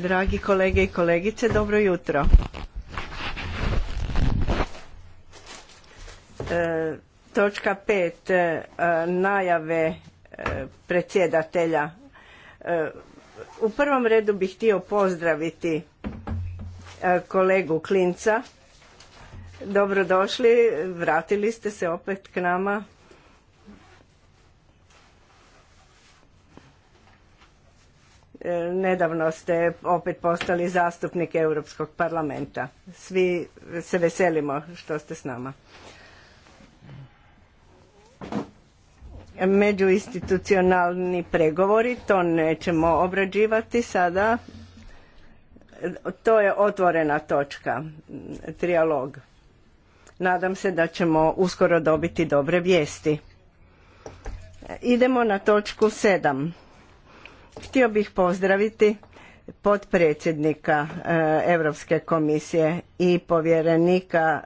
Dragi kolege i kolegice, dobro jutro. E, točka pet, e, najave e, predsjedatelja. U prvom redu bih htio pozdraviti kolegu Klinca. Dobrodošli, vratili ste se opet k nama. nedavno ste opet postali zastupnik Europskog parlamenta. Svi se veselimo što ste s nama. Međuinstitucionalni pregovori, to nećemo obrađivati sada. To je otvorena točka, trijalog. Nadam se da ćemo uskoro dobiti dobre vijesti. Idemo na točku sedam Htio bih pozdraviti potpredsjednika e, Europske komisije i povjerenika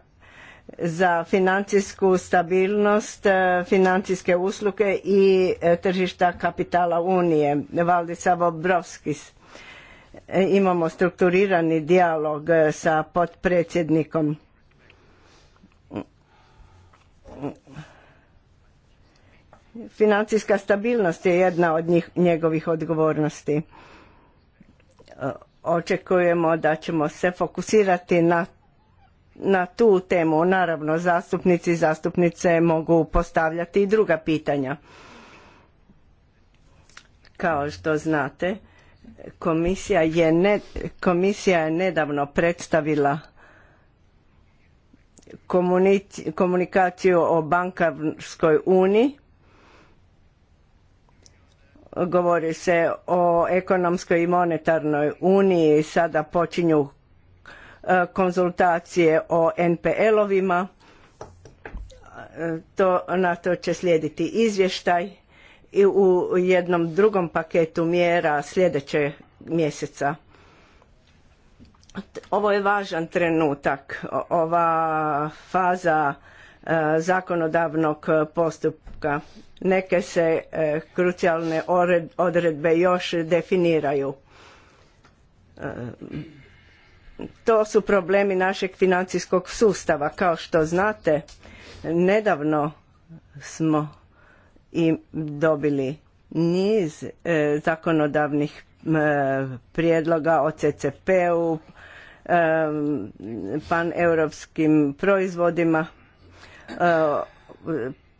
za financijsku stabilnost, e, financijske usluge i e, tržišta kapitala Unije, Valdisa Vobrovskis. Imamo strukturirani dijalog sa potpredsjednikom Financijska stabilnost je jedna od njih, njegovih odgovornosti. E, očekujemo da ćemo se fokusirati na, na tu temu. Naravno, zastupnici i zastupnice mogu postavljati i druga pitanja. Kao što znate, komisija je, ne, komisija je nedavno predstavila komunikaciju o bankarskoj uniji govori se o ekonomskoj i monetarnoj uniji, sada počinju e, konzultacije o NPL-ovima, e, to, na to će slijediti izvještaj i u jednom drugom paketu mjera sljedećeg mjeseca. Ovo je važan trenutak, ova faza e, zakonodavnog postupka neke se e, krucijalne odredbe još definiraju. E, to su problemi našeg financijskog sustava. Kao što znate, nedavno smo i dobili niz e, zakonodavnih prijedloga o CCP-u, paneuropskim proizvodima,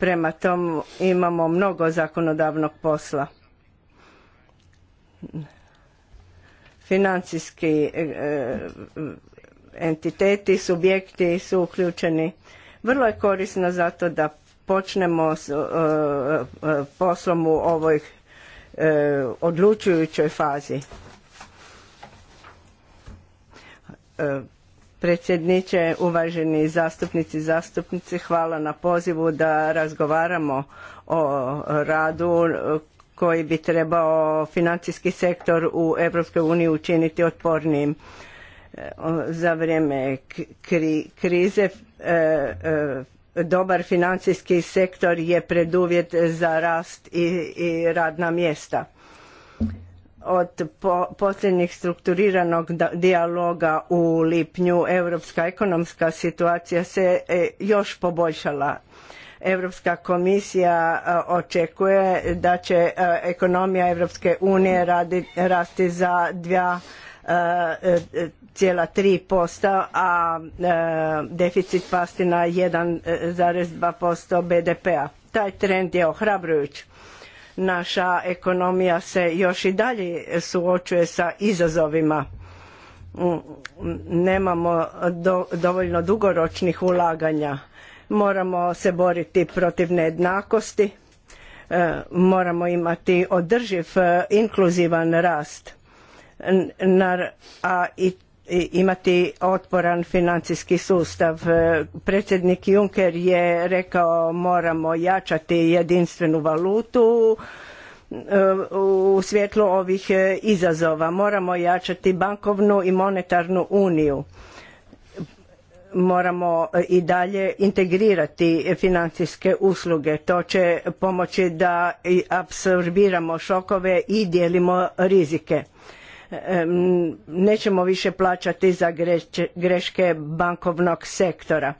Prema tom imamo mnogo zakonodavnog posla. Financijski e, e, entiteti, subjekti su uključeni. Vrlo je korisno zato da počnemo s e, poslom u ovoj odlučujućoj fazi predsjedniče, uvaženi zastupnici i zastupnici, hvala na pozivu da razgovaramo o radu koji bi trebao financijski sektor u EU učiniti otpornijim. E, za vrijeme krize e, e, dobar financijski sektor je preduvjet za rast i radna mjesta od posljednjih strukturiranog dijaloga u lipnju europska ekonomska situacija se e, još poboljšala. Europska komisija e, očekuje da će e, ekonomija Europske unije rasti za 2,3% a deficit pasti na 1,2% posto bdp a taj trend je ohrabrujući naša ekonomija se još i dalje suočuje sa izazovima mm, nemamo dovoljno dugoročnih ulaganja moramo se boriti protiv nejednakosti e, moramo imati održiv e, inkluzivan rast a i imati otporan financijski sustav. E, predsjednik Juncker je rekao moramo jačati jedinstvenu valutu e, u svjetlu ovih e, izazova. Moramo jačati bankovnu i monetarnu uniju. Moramo i dalje integrirati financijske usluge. To će pomoći da apsorbiramo šokove i dijelimo rizike nećemo više plaćati za greške bankovnog sektora.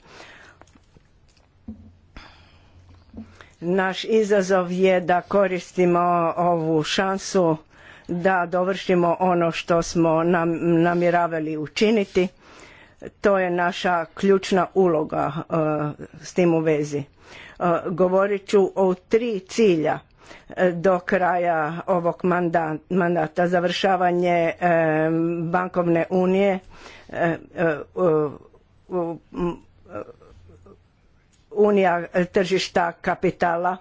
Naš izazov je da koristimo ovu šansu da dovršimo ono što smo nam, namjeravali učiniti. To je naša ključna uloga eh, s tim u vezi. Eh, govorit ću o tri cilja E, do kraja ovog mandata završavanje e, bankovne unije e, unija tržišta kapitala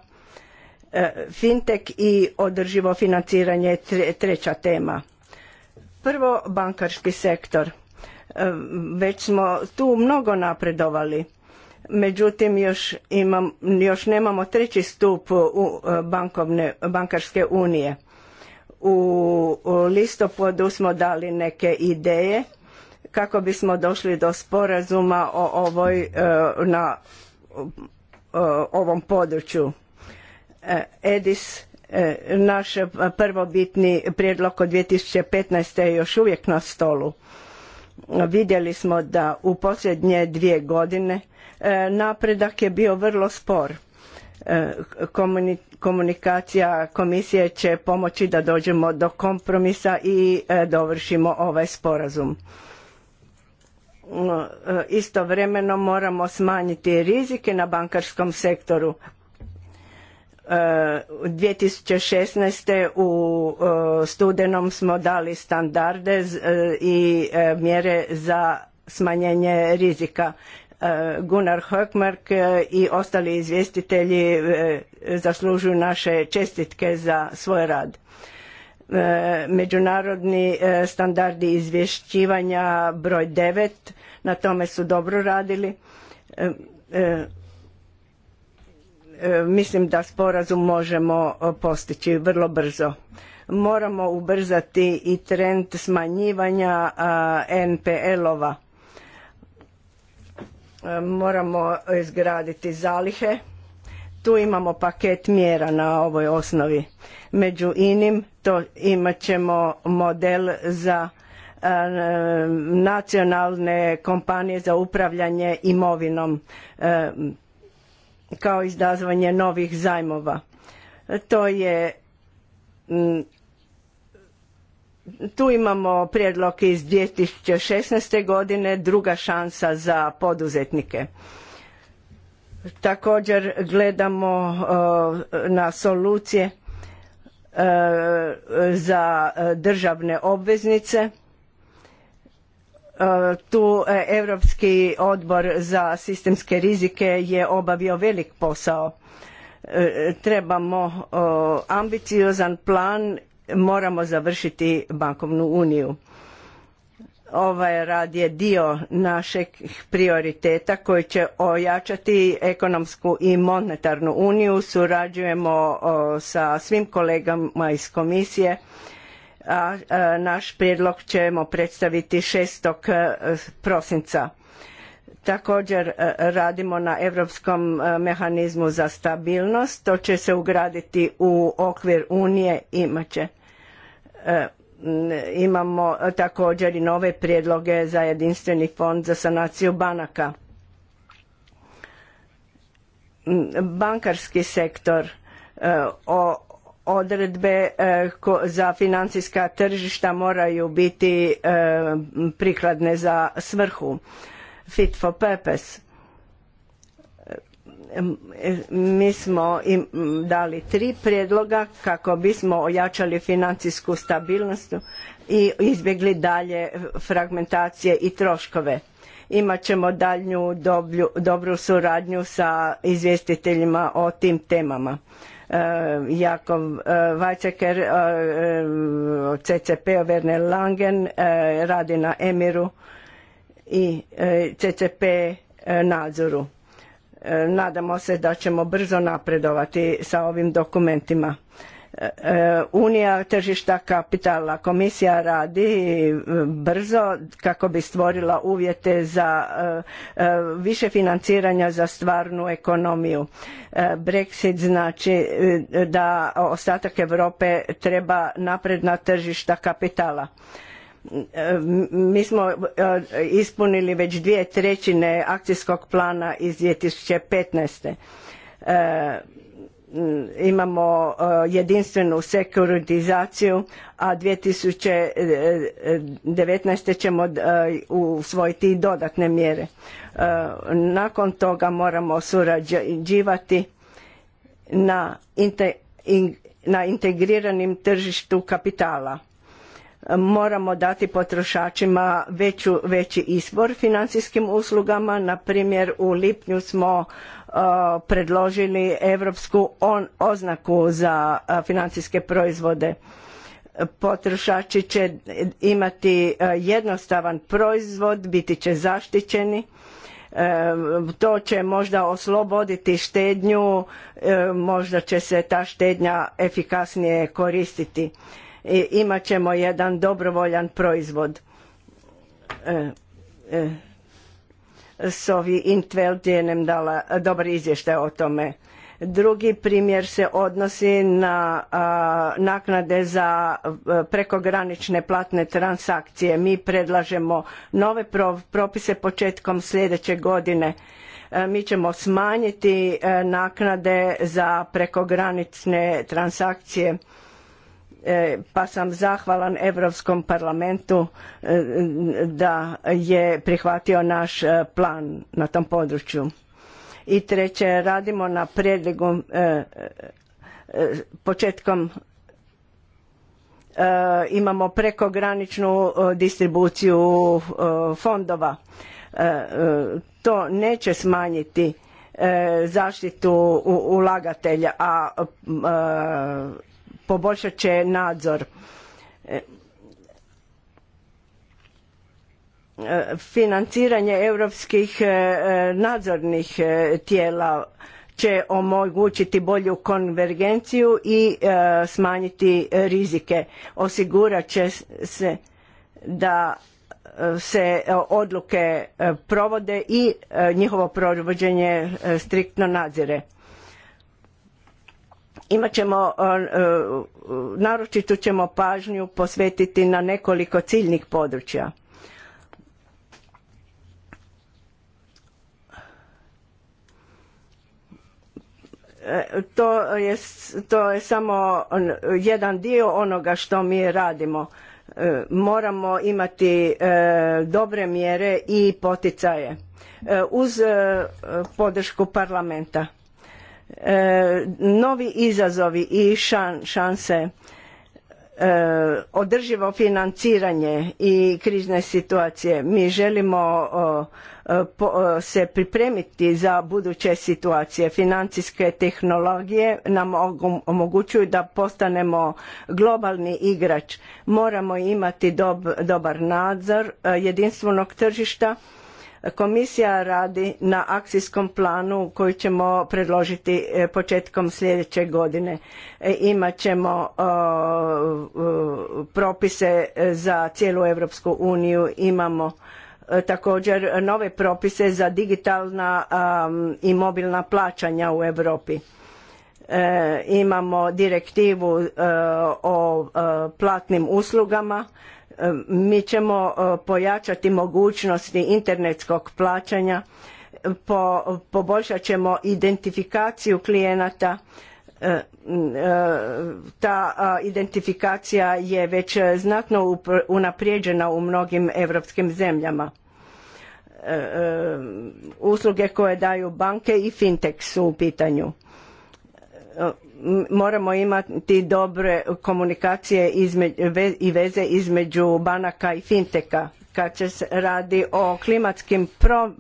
fintech i održivo financiranje je treća tema prvo bankarski sektor već smo tu mnogo napredovali međutim još, nemamo treći stup u bankovne, bankarske unije. U, listopadu smo dali neke ideje kako bismo došli do sporazuma o ovoj, e, na e, ovom području. E, Edis, naš prvobitni prijedlog od 2015. je još uvijek na stolu vidjeli smo da u posljednje dvije godine e, napredak je bio vrlo spor. E, komunikacija komisije će pomoći da dođemo do kompromisa i e, dovršimo ovaj sporazum. Istovremeno moramo smanjiti rizike na bankarskom sektoru 2016. u e, studenom smo dali standarde e, i e, mjere za smanjenje rizika. Gunnar Hökmark i ostali izvjestitelji zaslužuju naše čestitke za svoj rad. Međunarodni standardi izvješćivanja broj 9, na tome su dobro radili E, mislim da sporazum možemo e, postići vrlo brzo. Moramo ubrzati i trend smanjivanja NPL-ova. E, moramo izgraditi zalihe. Tu imamo paket mjera na ovoj osnovi. Među inim to imat ćemo model za nacionalne kompanije za upravljanje imovinom kao izdazvanje novih zajmova. To je mm, tu imamo prijedlog iz 2016. godine, druga šansa za poduzetnike. Također gledamo na solucije e, za državne obveznice E, tu Europski odbor za sistemske rizike je obavio velik posao. E, trebamo e, ambiciozan plan, moramo završiti bankovnu uniju. Ovaj rad je dio našeg prioriteta koji će ojačati ekonomsku i monetarnu uniju. Surađujemo sa svim kolegama iz komisije a naš prijedlog ćemo predstaviti 6. E, prosinca. Također e, radimo na europskom e, mehanizmu za stabilnost, to će se ugraditi u okvir Unije, imaće. Imamo također i nove prijedloge za jedinstveni fond za sanaciju banaka. Bankarski sektor o, odredbe e, za financijska tržišta moraju biti e, prikladne za svrhu fit for purpose e, mi smo im dali tri prijedloga kako bismo ojačali financijsku stabilnost i izbjegli dalje fragmentacije i troškove imat ćemo daljnju dobru suradnju sa izvjestiteljima o tim temama Eh, Jakov Vajceker, eh, eh, CCP, Werner Langen, radi na Emiru i CCP nadzoru. Nadamo se da ćemo brzo napredovati sa ovim dokumentima. E, e, unija tržišta kapitala komisija radi e, brzo kako bi stvorila uvjete za više financiranja za stvarnu ekonomiju. Brexit znači da ostatak Europe treba napredna tržišta kapitala mi smo ispunili već dvije trećine akcijskog plana iz 2015. Mm, imamo eh, jedinstvenu sekuritizaciju, a 2019. ćemo eh, usvojiti i dodatne mjere. Eh, nakon toga moramo surađivati na, integriranim tržištu kapitala. Moramo dati potrošačima veću, veći izbor financijskim uslugama. Na primjer, u lipnju smo Uh, predložili europsku oznaku za uh, financijske proizvode potrošači će imati uh, jednostavan proizvod biti će zaštićeni to će možda osloboditi štednju možda će se ta štednja efikasnije koristiti imat ćemo jedan dobrovoljan proizvod Sovi Intveld je nam dala dobar izvještaj o tome. Drugi primjer se odnosi na naknade za prekogranične platne transakcije. Mi predlažemo nove propise početkom sljedeće godine. mi ćemo smanjiti naknade za prekogranične transakcije E, pa sam zahvalan Europskom parlamentu e, da je prihvatio naš e, plan na tom području. I treće, radimo na prijedlogu početkom imamo prekograničnu distribuciju fondova. To neće smanjiti zaštitu ulagatelja, a poboljšat će nadzor e, e, financiranje europskih e, nadzornih tijela će omogućiti bolju konvergenciju i smanjiti rizike osigurat će se da se odluke provode i njihovo provođenje striktno nadzire imat ćemo, e, e, naročito ćemo pažnju posvetiti na nekoliko ciljnih područja. E, to je, to je samo jedan dio onoga što mi radimo. Moramo imati dobre mjere i poticaje uz podršku parlamenta E, novi izazovi i šanse e, održivo financiranje i krizne situacije mi želimo se pripremiti za buduće situacije financijske tehnologije nam omogućuju da postanemo globalni igrač moramo imati dobar nadzor e, jedinstvenog tržišta Komisija radi na akcijskom planu koji ćemo predložiti e, početkom sljedeće godine. E, imat ćemo propise za cijelu Europsku uniju, imamo e, također nove propise za digitalna i mobilna plaćanja u Europi. Imamo direktivu o platnim uslugama mi ćemo e, pojačati mogućnosti internetskog plaćanja po, poboljšat ćemo identifikaciju klijenata e, e, ta identifikacija je već znatno unaprijeđena u mnogim europskim zemljama usluge koje daju banke i fintech su u pitanju moramo imati dobre komunikacije i veze između banaka i finteka kad se radi o klimatskim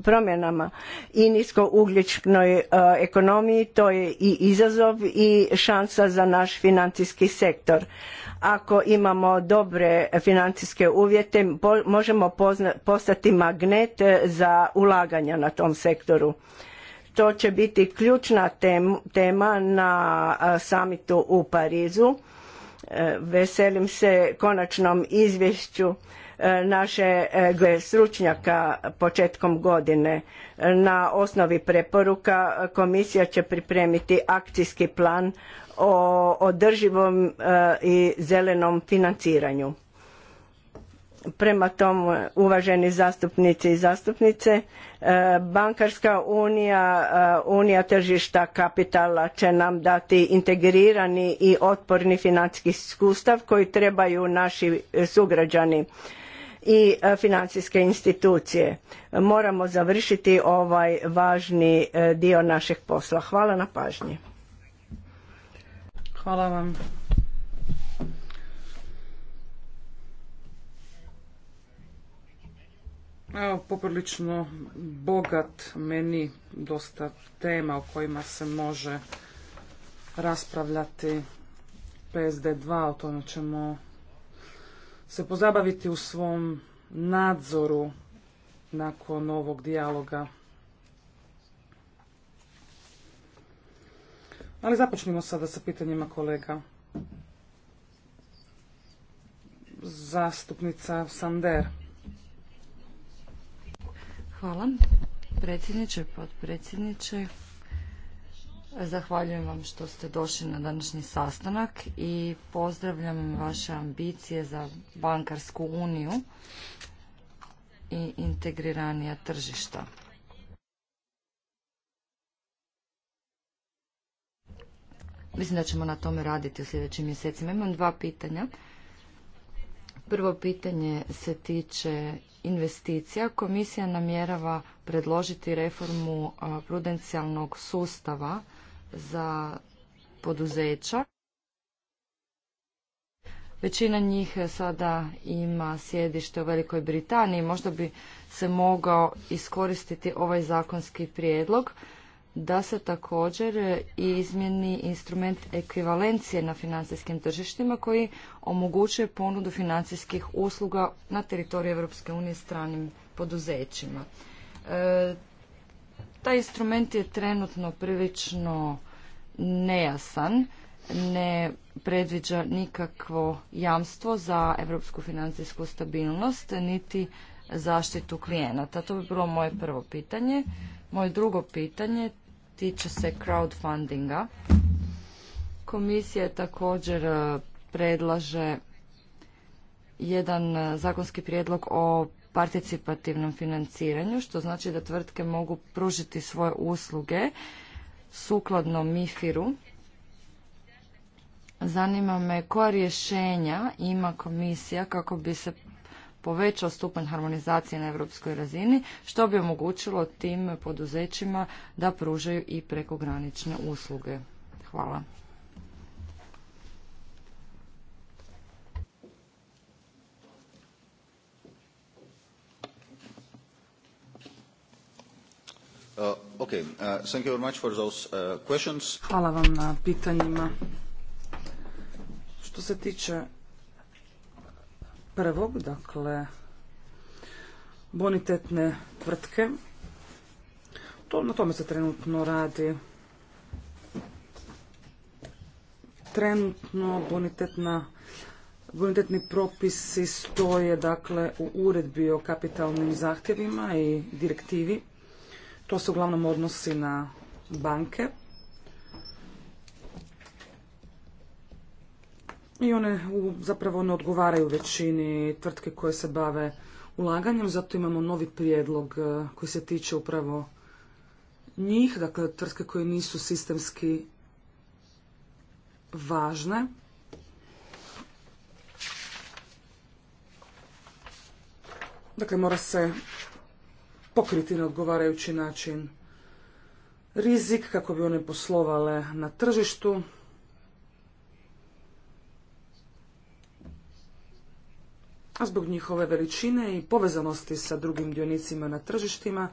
promjenama i niskougljičnoj e, ekonomiji to je i izazov i šansa za naš financijski sektor ako imamo dobre financijske uvjete možemo postati magnet e, za ulaganja na tom sektoru to će biti ključna tema na samitu u Parizu. E, veselim se konačnom izvješću e, naše e, stručnjaka početkom godine. Na osnovi preporuka komisija će pripremiti akcijski plan o održivom i zelenom financiranju. Prema tom, uvaženi zastupnici i zastupnice, e, bankarska unija, e, unija tržišta kapitala će nam dati integrirani i otporni financijski sustav koji trebaju naši e, sugrađani i financijske institucije. Moramo završiti ovaj važni dio našeg posla. Hvala na pažnji. Hvala vam. Evo, poprilično bogat meni dosta tema o kojima se može raspravljati PSD2, o tome ćemo se pozabaviti u svom nadzoru nakon ovog dijaloga. Ali započnimo sada sa pitanjima kolega. Zastupnica Sander. Hvala. Predsjedniče, potpredsjedniče, zahvaljujem vam što ste došli na današnji sastanak i pozdravljam vaše ambicije za bankarsku uniju i integriranija tržišta. Mislim da ćemo na tome raditi u sljedećim mjesecima. Imam dva pitanja. Prvo pitanje se tiče investicija komisija namjerava predložiti reformu prudencijalnog sustava za poduzeća. Većina njih e, sada ima sjedište u Velikoj Britaniji. Možda bi se mogao iskoristiti ovaj zakonski prijedlog da se također izmjeni instrument ekvivalencije na financijskim tržištima koji omogućuje ponudu financijskih usluga na teritoriju Europske unije stranim poduzećima. E, taj instrument je trenutno prilično nejasan, ne predviđa nikakvo jamstvo za europsku financijsku stabilnost niti zaštitu klijenata. To bi bilo moje prvo pitanje. Moje drugo pitanje tiče se crowdfundinga. Komisija također e, predlaže jedan e, zakonski prijedlog o participativnom financiranju, što znači da tvrtke mogu pružiti svoje usluge sukladno MIFIR-u. Zanima me koja rješenja ima komisija kako bi se povećao stupanj harmonizacije na europskoj razini, što bi omogućilo tim poduzećima da pružaju i prekogranične usluge. Hvala. Hvala vam na pitanjima. Što se tiče prvog, dakle, bonitetne tvrtke. To, na tome se trenutno radi. Trenutno bonitetna Bonitetni propisi stoje dakle u uredbi o kapitalnim zahtjevima i direktivi. To se uglavnom odnosi na banke. i one zapravo ne odgovaraju većini tvrtke koje se bave ulaganjem, zato imamo novi prijedlog e, koji se tiče upravo njih, dakle tvrtke koje nisu sistemski važne. Dakle, mora se pokriti na odgovarajući način rizik kako bi one poslovale na tržištu. a zbog njihove veličine i povezanosti sa drugim dionicima na tržištima,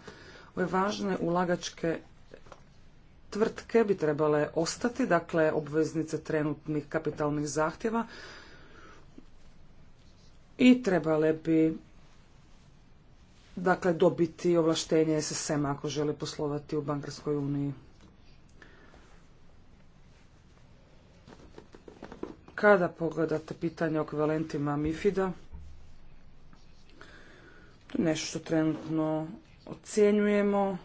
ove važne ulagačke tvrtke bi trebale ostati, dakle obveznice trenutnih kapitalnih zahtjeva i trebale bi dakle dobiti ovlaštenje SSM ako žele poslovati u bankarskoj uniji. Kada pogledate pitanje o kvalentima MIFID-a, to je nešto što trenutno ocjenjujemo.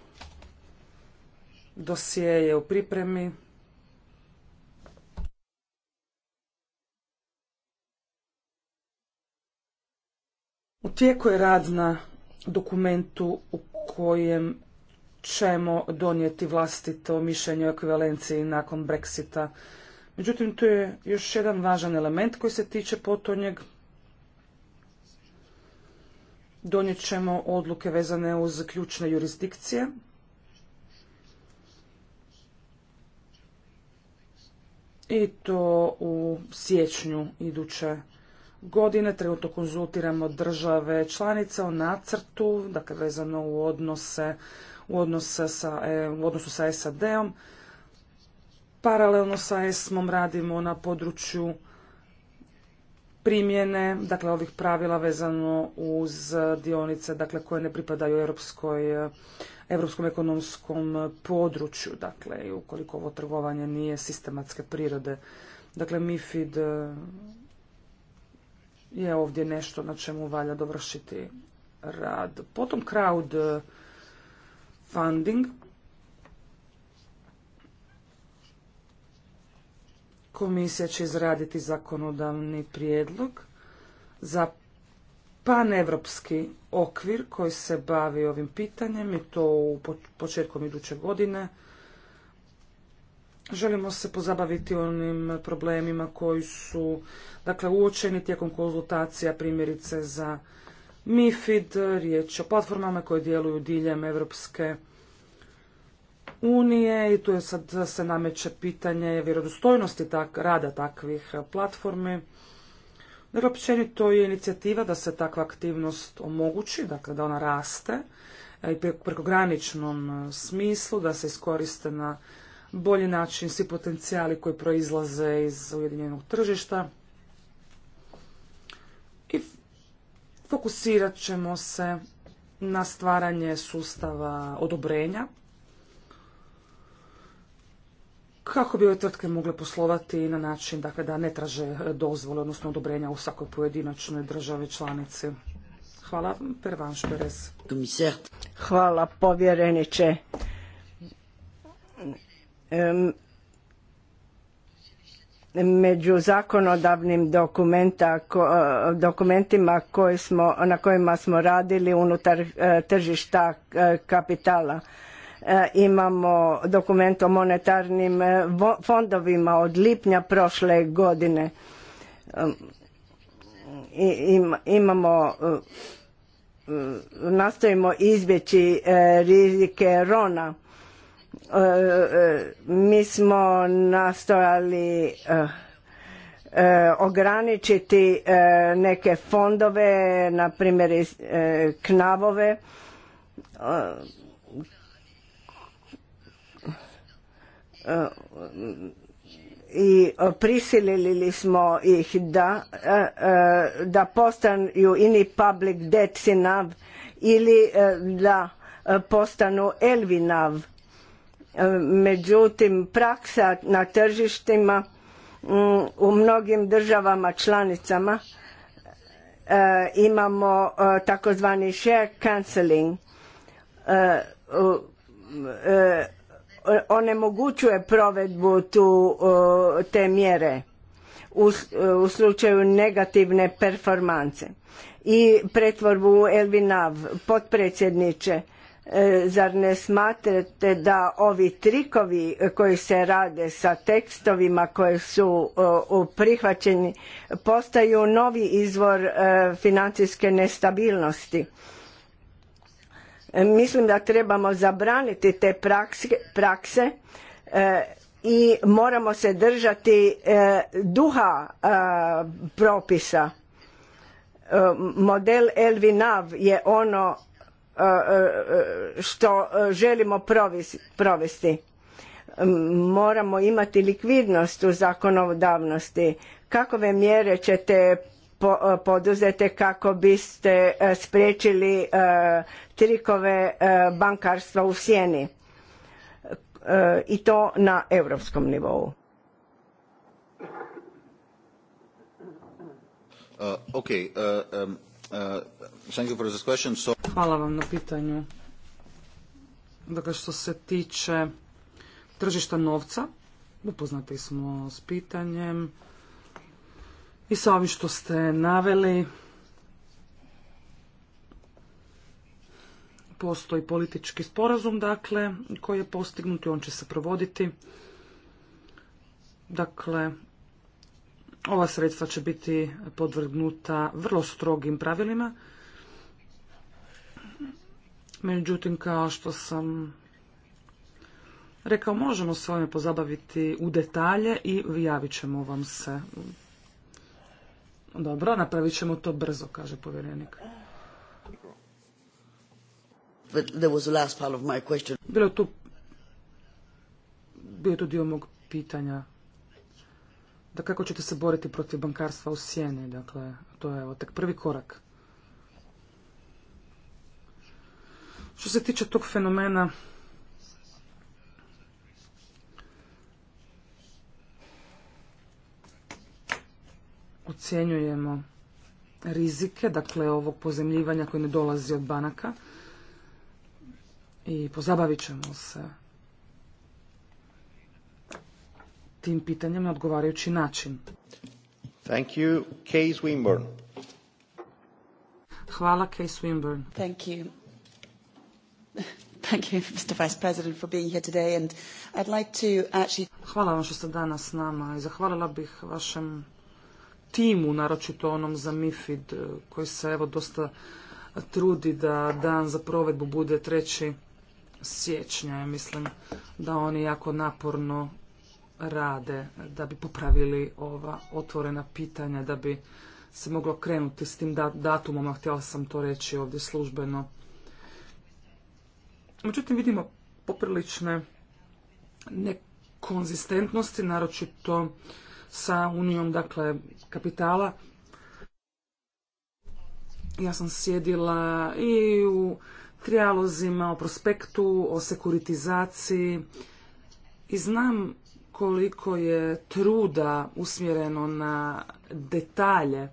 Dosije je u pripremi. U tijeku je rad na dokumentu u kojem ćemo donijeti vlastito mišljenje o ekvivalenciji nakon Brexita. Međutim, tu je još jedan važan element koji se tiče potonjeg Donijet ćemo odluke vezane uz ključne jurisdikcije. I to u siječnju iduće godine. Trenutno konzultiramo države članice o nacrtu, dakle vezano u odnose u, sa, e, u odnosu sa SAD-om. Paralelno sa ESM-om radimo na području primjene, dakle ovih pravila vezano uz dionice, dakle koje ne pripadaju europskoj, europskom ekonomskom području, dakle i ukoliko ovo trgovanje nije sistematske prirode. Dakle, MIFID eh, je ovdje nešto na čemu valja dovršiti rad. Potom crowd funding, Komisija će izraditi zakonodavni prijedlog za panevropski okvir koji se bavi ovim pitanjem i to u početkom iduće godine. Želimo se pozabaviti onim problemima koji su dakle, uočeni tijekom konzultacija primjerice za MIFID, riječ o platformama koje djeluju diljem Evropske unije i tu je sad se nameće pitanje vjerodostojnosti tak, rada takvih eh, platformi. Dakle, općenito je inicijativa da se takva aktivnost omogući, dakle da ona raste eh, i prekograničnom eh, smislu, da se iskoriste na bolji način svi potencijali koji proizlaze iz ujedinjenog tržišta. I fokusirat ćemo se na stvaranje sustava odobrenja kako bi ove tvrtke mogle poslovati na način dakle, da ne traže dozvole, odnosno odobrenja u svakoj pojedinačnoj državi članici. Hvala, Pervan Šperes. Hvala, povjereniče. Među zakonodavnim dokumenta, e, dokumentima na kojima smo radili unutar e, tržišta e, kapitala, Eh, imamo dokument o monetarnim eh, fondovima od lipnja prošle godine. Imamo eh, nastojimo izbjeći rizike Rona. Mi smo nastojali ograničiti neke fondove, na primjer knavove E, i e, prisilili smo ih da, e, da postanu ini public debt sinav ili da postanu elvinav. Međutim, praksa na tržištima u mnogim državama članicama imamo takozvani share cancelling E, onemogućuje provedbu tu, te mjere u, e, slučaju negativne performance i pretvorbu Elvina Elvinav potpredsjedniče e, zar ne smatrate da ovi trikovi koji se rade sa tekstovima koji su prihvaćeni postaju novi izvor financijske nestabilnosti Mislim da trebamo zabraniti te prakse, e, i moramo se držati e, duha e, propisa. Model Elvinav je ono što želimo provesti. Moramo imati likvidnost u zakonodavnosti. Kakove mjere ćete E, poduzete kako biste e, spriječili e, trikove bankarstva u sjeni i to na europskom nivou? Hvala vam na pitanju. Dakle, što se tiče tržišta novca, upoznati smo s pitanjem i sa ovim što ste naveli postoji politički sporazum dakle koji je postignut i on će se provoditi. Dakle, ova sredstva će biti podvrgnuta vrlo strogim pravilima. Međutim, kao što sam rekao, možemo se ovime pozabaviti u detalje i javit ćemo vam se dobro, napravit ćemo to brzo, kaže povjerenik. Bilo tu, bio tu dio mog pitanja. Da kako ćete se boriti protiv bankarstva u sjeni, dakle, to je prvi korak. Što se tiče tog fenomena ocjenjujemo rizike, dakle ovog pozemljivanja koji ne dolazi od banaka i pozabavit ćemo se tim pitanjem na odgovarajući način. Thank you, Case Winburn. Hvala, Case Winburn. Thank you. Thank you, Mr. Vice President, for being here today, and I'd like to actually... Hvala vam što ste danas s nama i zahvalila bih vašem timu, naročito onom za MIFID, e, koji se evo dosta trudi da dan za provedbu bude 3. siječnja. Ja mislim da oni jako naporno rade da bi popravili ova otvorena pitanja, da bi se moglo krenuti s tim datumom, a htjela sam to reći ovdje službeno. Međutim, vidimo poprilične nekonzistentnosti, naročito sa unijom dakle kapitala. Ja sam sjedila i u trijalozima o prospektu, o sekuritizaciji i znam koliko je truda usmjereno na detalje.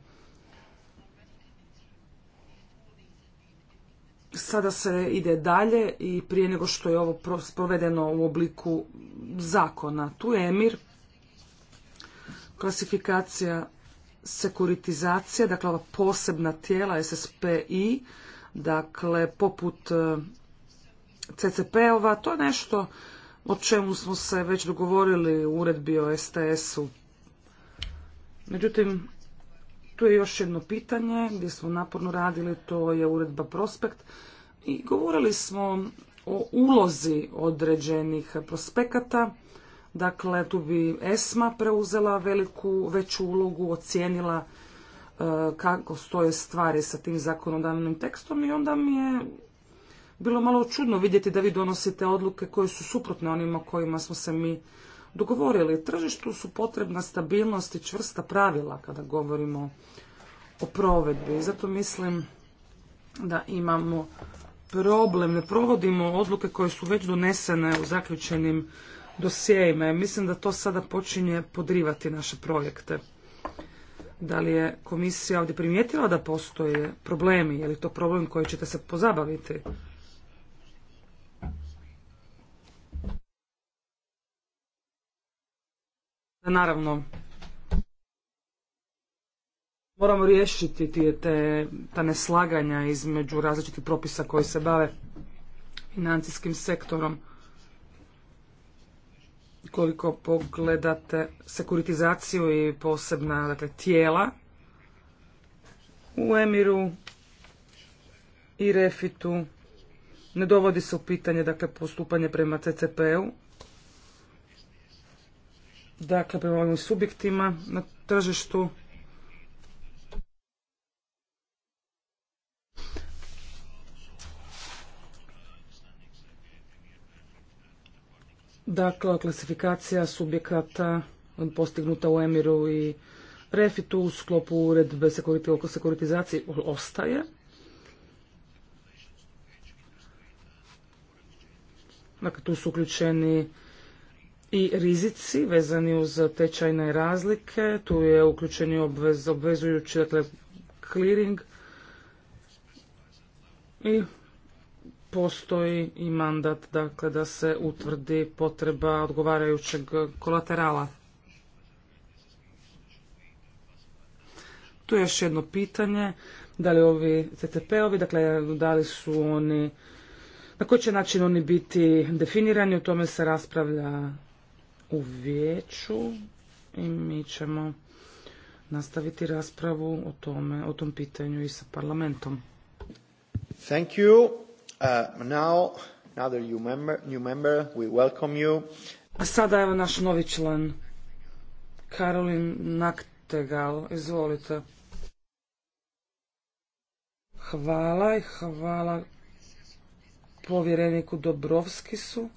Sada se ide dalje i prije nego što je ovo provedeno u obliku zakona. Tu je Emir klasifikacija sekuritizacija, dakle ova posebna tijela SSPI, dakle poput e, CCP-ova, to je nešto o čemu smo se već dogovorili u uredbi o STS-u. Međutim, tu je još jedno pitanje gdje smo naporno radili, to je uredba Prospekt i govorili smo o ulozi određenih prospekata Dakle, tu bi ESMA preuzela veliku, veću ulogu, ocijenila e, kako stoje stvari sa tim zakonodavnim tekstom i onda mi je bilo malo čudno vidjeti da vi donosite odluke koje su suprotne onima kojima smo se mi dogovorili. Tržištu su potrebna stabilnost i čvrsta pravila kada govorimo o provedbi. zato mislim da imamo problem. Ne provodimo odluke koje su već donesene u zaključenim dosjejima. Mislim da to sada počinje podrivati naše projekte. Da li je komisija ovdje primijetila da postoje problemi? Je li to problem koji ćete se pozabaviti? Da Naravno, moramo riješiti te, ta neslaganja između različitih propisa koji se bave financijskim sektorom koliko pogledate sekuritizaciju i posebna dakle, tijela u Emiru i Refitu ne dovodi se u pitanje dakle, postupanje prema CCP-u, dakle prema ovim subjektima na tržištu Dakle, klasifikacija subjekata postignuta u Emiru i Refitu u sklopu uredbe sekuriti, oko sekuritizaciji ostaje. Dakle, tu su uključeni i rizici vezani uz tečajne razlike, tu je uključeni obvez, obvezujući, dakle, clearing i postoji i mandat dakle, da se utvrdi potreba odgovarajućeg kolaterala. Tu je još jedno pitanje, da li ovi CTP-ovi, dakle da li su oni, na koji će način oni biti definirani, o tome se raspravlja u vijeću i mi ćemo nastaviti raspravu o tome, o tom pitanju i sa parlamentom. Uh, now, member, A sada evo naš novi član, Karolin Naktegal, izvolite. Hvala i hvala povjereniku Dobrovskisu.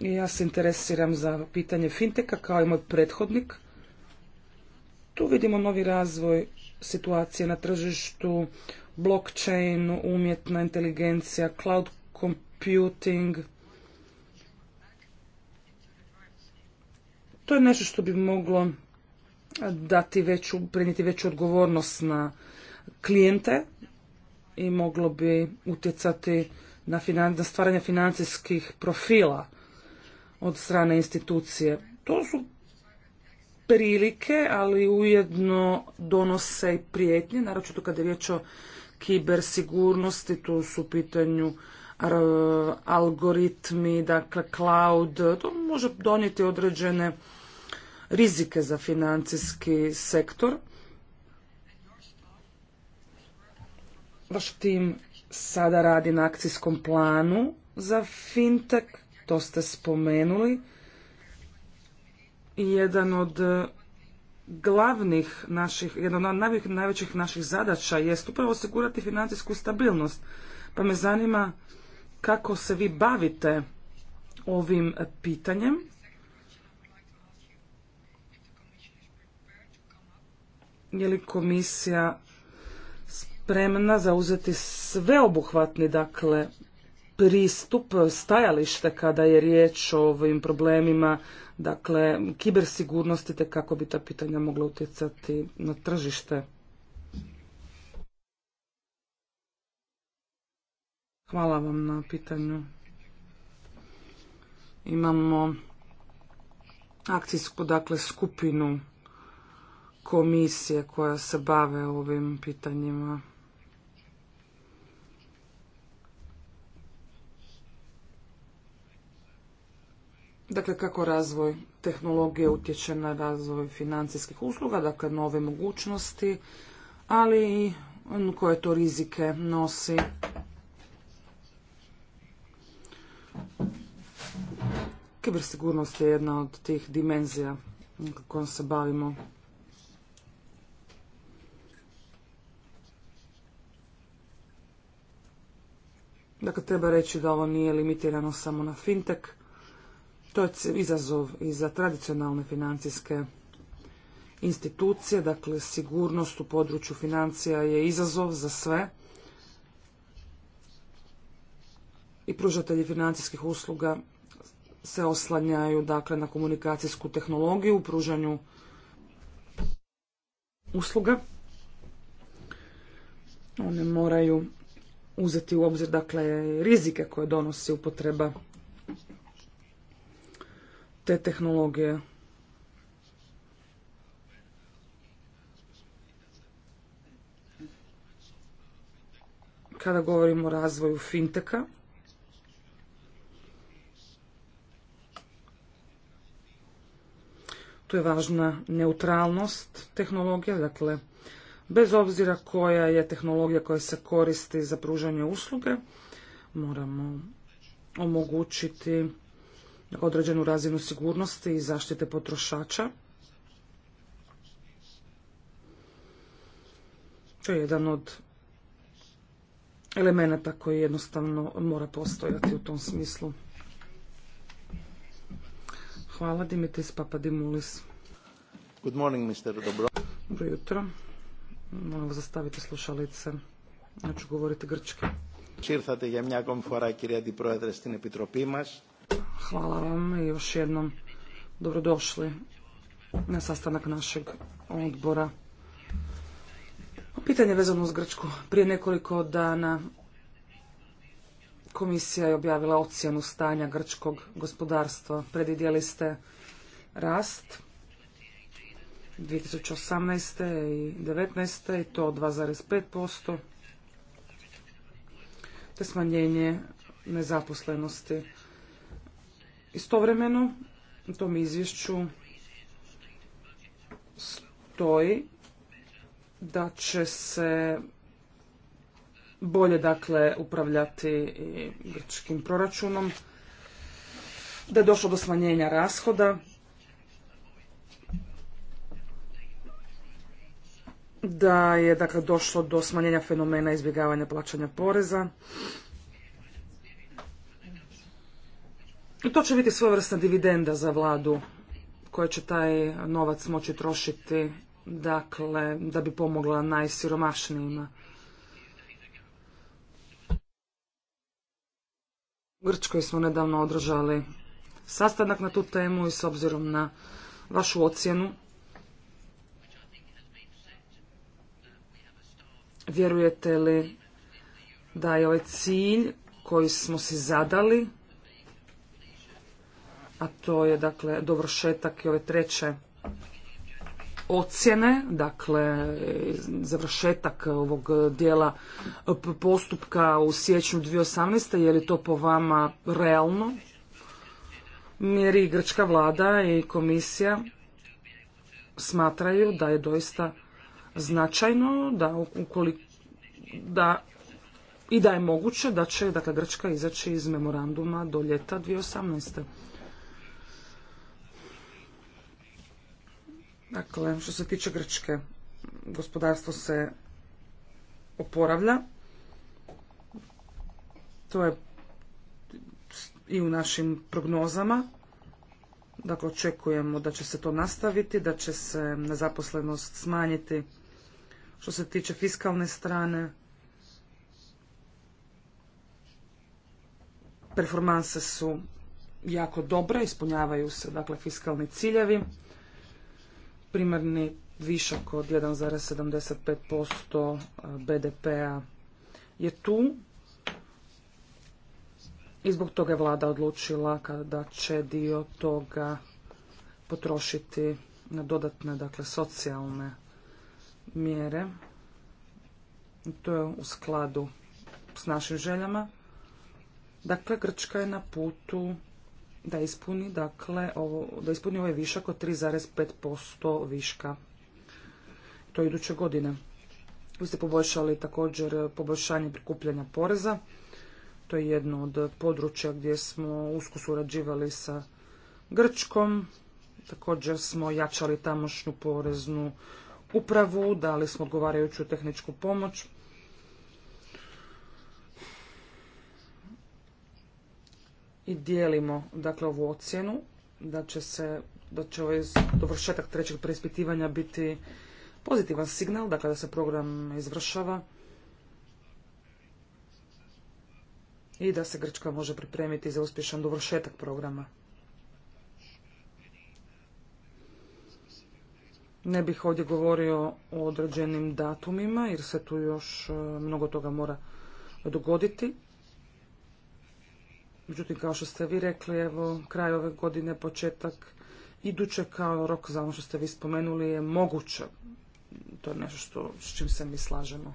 Ja se interesiram za pitanje finteka kao i moj prethodnik. Tu vidimo novi razvoj situacije na tržištu blockchain, umjetna inteligencija, cloud computing. To je nešto što bi moglo dati veću, prenijeti veću odgovornost na klijente i moglo bi utjecati na, na stvaranje financijskih profila od strane institucije. To su prilike, ali ujedno donose i prijetnje, naročito kada je riječ o kibersigurnosti, tu su u pitanju algoritmi, dakle cloud, to može donijeti određene rizike za financijski sektor. Vaš tim sada radi na akcijskom planu za fintech, to ste spomenuli. Jedan od glavnih naših, jedna od najvećih, naših zadaća jest upravo osigurati financijsku stabilnost. Pa me zanima kako se vi bavite ovim pitanjem. Je li komisija spremna zauzeti sveobuhvatni dakle pristup stajalište kada je riječ o ovim problemima dakle, kibersigurnosti, te kako bi ta pitanja mogla utjecati na tržište. Hvala vam na pitanju. Imamo akcijsku, dakle, skupinu komisije koja se bave ovim pitanjima. Dakle, kako razvoj tehnologije utječe na razvoj financijskih usluga, dakle nove mogućnosti, ali i koje to rizike nosi. Kibersigurnost je jedna od tih dimenzija kojom se bavimo. Dakle, treba reći da ovo nije limitirano samo na fintech, to je izazov i za tradicionalne financijske institucije, dakle sigurnost u području financija je izazov za sve i pružatelji financijskih usluga se oslanjaju dakle na komunikacijsku tehnologiju u pružanju usluga. One moraju uzeti u obzir dakle rizike koje donosi upotreba te tehnologije. Kada govorimo o razvoju finteka, tu je važna neutralnost tehnologija, dakle, bez obzira koja je tehnologija koja se koristi za pružanje usluge, moramo omogućiti određenu razinu sigurnosti i zaštite potrošača. To je jedan od elemenata koji jednostavno mora postojati u tom smislu. Hvala, Dimitris Papadimulis. Good morning, Mr. Dobro. jutro. Molim vas zastavite slušalice. Ja ću govoriti grčki. Ήρθατε je μια ακόμη φορά, di Αντιπρόεδρε, Hvala vam i još jednom dobrodošli na sastanak našeg odbora. Pitanje vezano uz Grčku. Prije nekoliko dana komisija je objavila ocjenu stanja grčkog gospodarstva. Predvidjeli ste rast 2018. i 2019. i to 2,5%, te smanjenje nezaposlenosti. Istovremeno u tom izvješću stoji da će se bolje dakle upravljati i grčkim proračunom, da je došlo do smanjenja rashoda, da je dakle došlo do smanjenja fenomena izbjegavanja plaćanja poreza I to će biti svojevrsna dividenda za vladu koja će taj novac moći trošiti dakle, da bi pomogla najsiromašnijima. U Grčkoj smo nedavno održali sastanak na tu temu i s obzirom na vašu ocjenu vjerujete li da je ovaj cilj koji smo si zadali a to je dakle dovršetak i ove treće ocjene, dakle završetak ovog dijela postupka u siječnju 2018. Je li to po vama realno? mjeri i grčka vlada i komisija smatraju da je doista značajno da ukoliko da i da je moguće da će dakle, Grčka izaći iz memoranduma do ljeta 2018. Dakle, što se tiče Grčke, gospodarstvo se oporavlja. To je i u našim prognozama. Dakle, očekujemo da će se to nastaviti, da će se nezaposlenost smanjiti. Što se tiče fiskalne strane, performanse su jako dobre, ispunjavaju se dakle fiskalni ciljevi primarni višak od 1,75% eh, BDP-a je tu i zbog toga je vlada odlučila da će dio toga potrošiti na dodatne dakle, socijalne mjere. I to je u skladu s našim željama. Dakle, Grčka je na putu da ispuni, dakle, ovo, da ispuni ovaj višak od 3,5% viška. To iduće godine. Vi ste poboljšali također poboljšanje prikupljanja poreza. To je jedno od područja gdje smo usko surađivali sa Grčkom. Također smo jačali tamošnju poreznu upravu, dali smo odgovarajuću tehničku pomoć. i dijelimo dakle ovu ocjenu da će se da će ovaj dovršetak trećeg preispitivanja biti pozitivan signal, dakle da se program izvršava i da se Grčka može pripremiti za uspješan dovršetak programa. Ne bih ovdje govorio o određenim datumima jer se tu još e, mnogo toga mora dogoditi. Međutim, kao što ste vi rekli, evo, kraj ove godine, početak iduće kao rok za ono što ste vi spomenuli je moguće. To je nešto što, s čim se mi slažemo.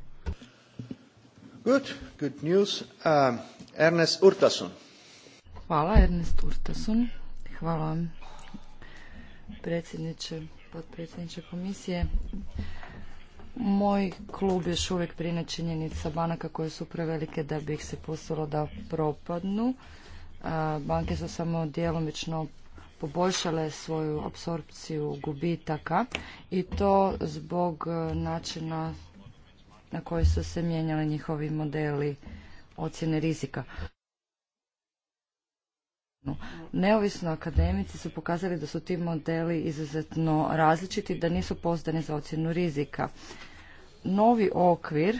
Good, good news. Um, Ernest Urtasun. Hvala, Ernest Urtasun. Hvala predsjedniče, potpredsjedniče komisije. Moj klub još uvijek brine činjenica banaka koje su prevelike da bi ih se poslalo da propadnu banke su samo djelomično poboljšale svoju apsorpciju gubitaka i to zbog e, načina na koji su se mijenjali njihovi modeli ocjene rizika. Neovisno akademici su pokazali da su ti modeli izuzetno različiti, da nisu pozdani za ocjenu rizika. Novi okvir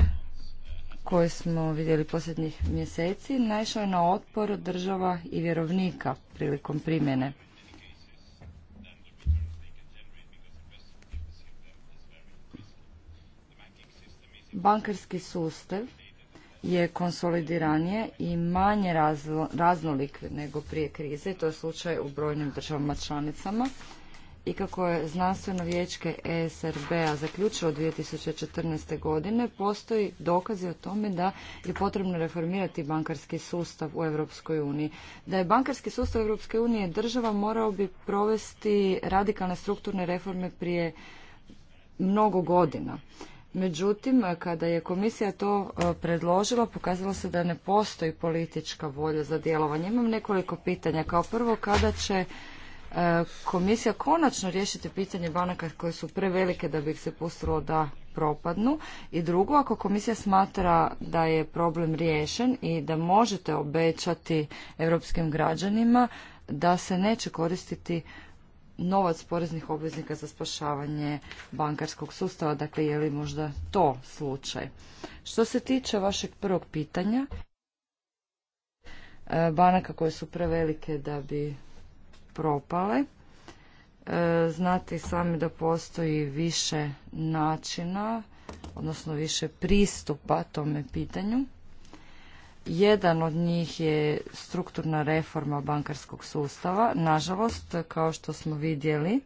koje smo vidjeli posljednjih mjeseci naišao je na otpor država i vjerovnika prilikom primjene. Bankarski sustav je konsolidiranije i manje raznolik nego prije krize. To je slučaj u brojnim državama članicama i kako je znanstveno vječke ESRB-a zaključilo 2014. godine, postoji dokazi o tome da je potrebno reformirati bankarski sustav u Europskoj uniji. Da je bankarski sustav Europske unije država morao bi provesti radikalne strukturne reforme prije mnogo godina. Međutim, kada je komisija to e, predložila, pokazalo se da ne postoji politička volja za djelovanje. Imam nekoliko pitanja. Kao prvo, kada će komisija konačno riješiti pitanje banaka koje su prevelike da bi ih se pustilo da propadnu? I drugo, ako komisija smatra da je problem riješen i da možete obećati europskim građanima da se neće koristiti novac poreznih obveznika za spašavanje bankarskog sustava, dakle je li možda to slučaj. Što se tiče vašeg prvog pitanja, e, banaka koje su prevelike da bi propale. E, znate i sami da postoji više načina, odnosno više pristupa tome pitanju. Jedan od njih je strukturna reforma bankarskog sustava. Nažalost, kao što smo vidjeli,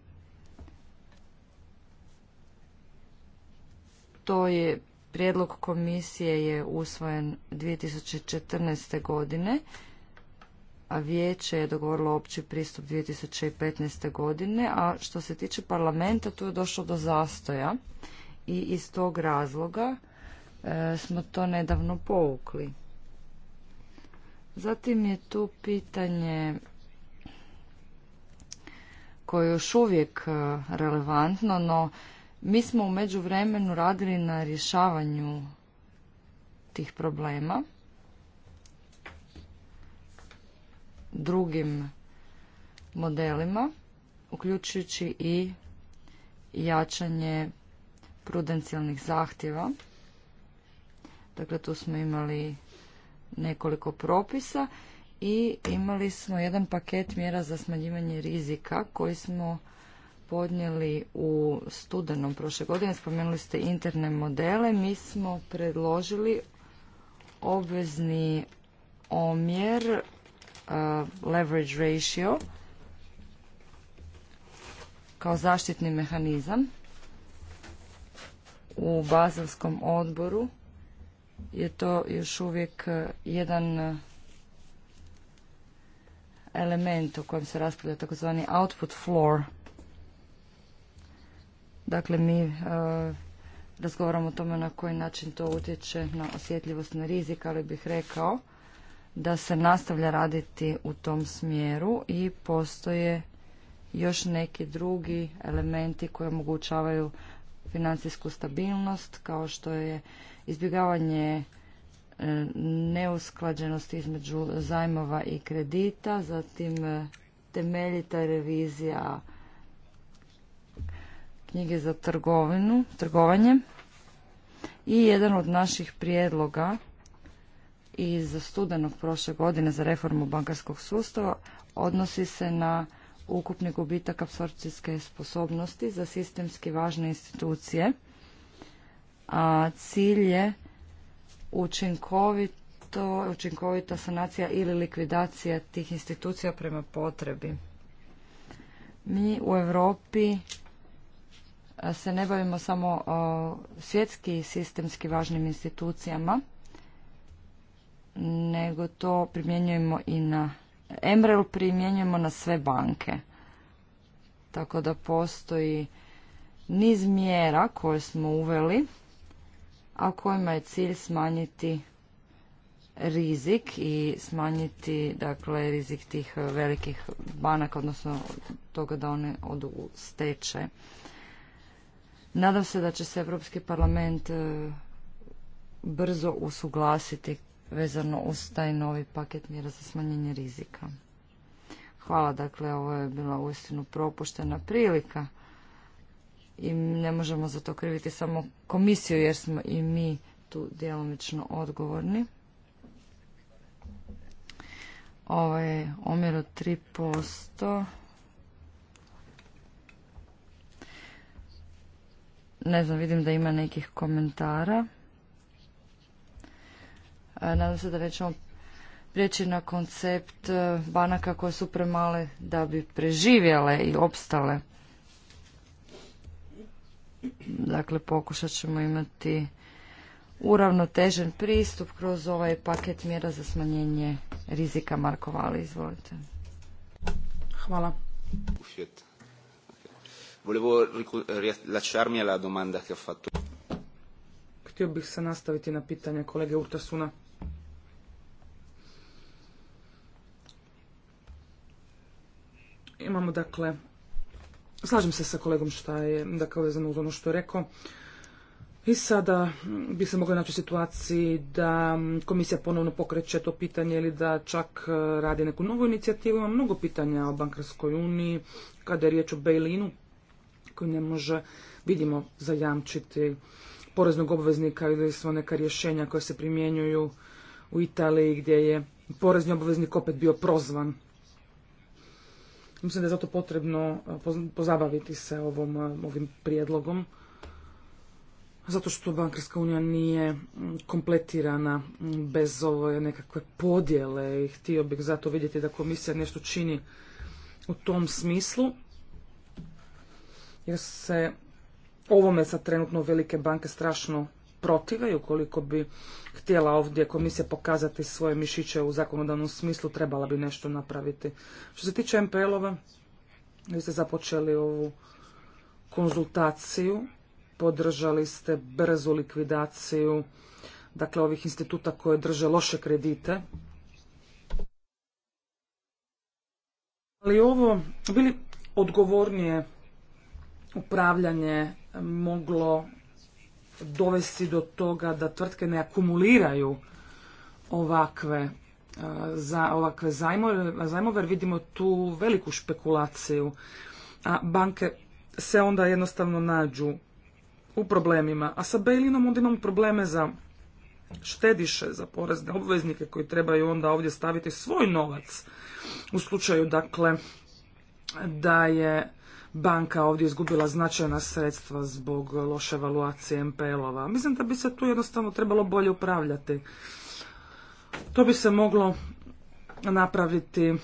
to je prijedlog komisije je usvojen 2014. godine a vijeće je dogovorilo opći pristup 2015. godine, a što se tiče parlamenta tu je došlo do zastoja i iz tog razloga e, smo to nedavno poukli. Zatim je tu pitanje koje je još uvijek e, relevantno, no mi smo u međuvremenu radili na rješavanju tih problema drugim modelima, uključujući i jačanje prudencijalnih zahtjeva. Dakle, tu smo imali nekoliko propisa i imali smo jedan paket mjera za smanjivanje rizika koji smo podnijeli u studenom prošle godine. Spomenuli ste interne modele. Mi smo predložili obvezni omjer Uh, leverage ratio kao zaštitni mehanizam u bazelskom odboru je to još uvijek uh, jedan uh, element o kojem se raspravlja takozvani output floor. Dakle, mi razgovaramo o tome na koji način to utječe na osjetljivost na rizik, ali bih rekao da se nastavlja raditi u tom smjeru i postoje još neki drugi elementi koji omogućavaju financijsku stabilnost kao što je izbjegavanje e, neusklađenosti između zajmova i kredita, zatim e, temeljita revizija knjige za trgovinu, trgovanje i jedan od naših prijedloga iz studenog prošle godine za reformu bankarskog sustava odnosi se na ukupni gubitak apsorpcijske sposobnosti za sistemski važne institucije, a cilj je učinkovito, učinkovita sanacija ili likvidacija tih institucija prema potrebi. Mi u Europi se ne bavimo samo svjetski sistemski važnim institucijama, nego to primjenjujemo i na Emrel primjenjujemo na sve banke. Tako da postoji niz mjera koje smo uveli, a kojima je cilj smanjiti rizik i smanjiti dakle rizik tih velikih banaka odnosno toga da one odu u Nadam se da će se Europski parlament e, brzo usuglasiti vezano uz taj novi paket mjera za smanjenje rizika. Hvala, dakle, ovo je bila uistinu propuštena prilika i ne možemo za to kriviti samo komisiju jer smo i mi tu djelomično odgovorni. Ovo je omjer od 3%. Ne znam, vidim da ima nekih komentara. Nadam se da nećemo prijeći na koncept e, banaka koje su premale da bi preživjele i opstale. Dakle, pokušat ćemo imati uravnotežen pristup kroz ovaj paket mjera za smanjenje rizika. Markovali. izvolite. Hvala. Htio bih se nastaviti na pitanje kolege Urtasuna. Imamo dakle, slažem se sa kolegom šta je, dakle, vezano uz ono što je rekao. I sada bi se mogli naći u situaciji da komisija ponovno pokreće to pitanje ili da čak e, radi neku novu inicijativu. Ima mnogo pitanja o bankarskoj uniji, kada je riječ o Bejlinu, koji ne može, vidimo, zajamčiti poreznog obveznika ili su neka rješenja koja se primjenjuju u Italiji gdje je porezni obveznik opet bio prozvan Mislim da je zato potrebno e, pozabaviti se ovom, e, ovim prijedlogom, zato što bankarska unija nije kompletirana bez ove nekakve podjele i htio bih zato vidjeti da komisija nešto čini u tom smislu, jer se ovome sad trenutno velike banke strašno protive i ukoliko bi htjela ovdje komisija pokazati svoje mišiće u zakonodavnom smislu, trebala bi nešto napraviti. Što se tiče MPL-ova, vi ste započeli ovu konzultaciju, podržali ste brzu likvidaciju dakle ovih instituta koje drže loše kredite. Ali ovo, bili odgovornije upravljanje moglo dovesti do toga da tvrtke ne akumuliraju ovakve e, za ovakve zajmove, zajmove jer vidimo tu veliku špekulaciju, a banke se onda jednostavno nađu u problemima. A sa Bejlinom onda imamo probleme za štediše, za porezne obveznike koji trebaju onda ovdje staviti svoj novac u slučaju dakle da je banka ovdje izgubila značajna sredstva zbog loše evaluacije MPL-ova. Mislim da bi se tu jednostavno trebalo bolje upravljati. To bi se moglo napraviti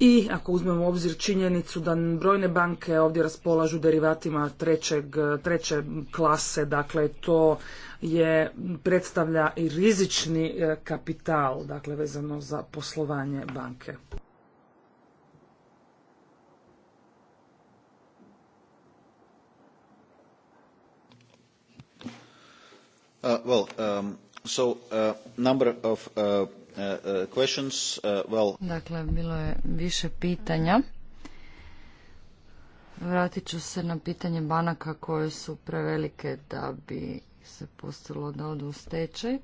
i ako uzmemo u obzir činjenicu da brojne banke ovdje raspolažu derivatima trećeg, treće klase, dakle to je predstavlja i rizični e, kapital, dakle vezano za poslovanje banke. Uh, well, um, so uh, number of uh, Uh, uh, uh, dakle, bilo je više pitanja. Vratit ću se na pitanje banaka koje su prevelike da bi se pustilo da odu u stečaj.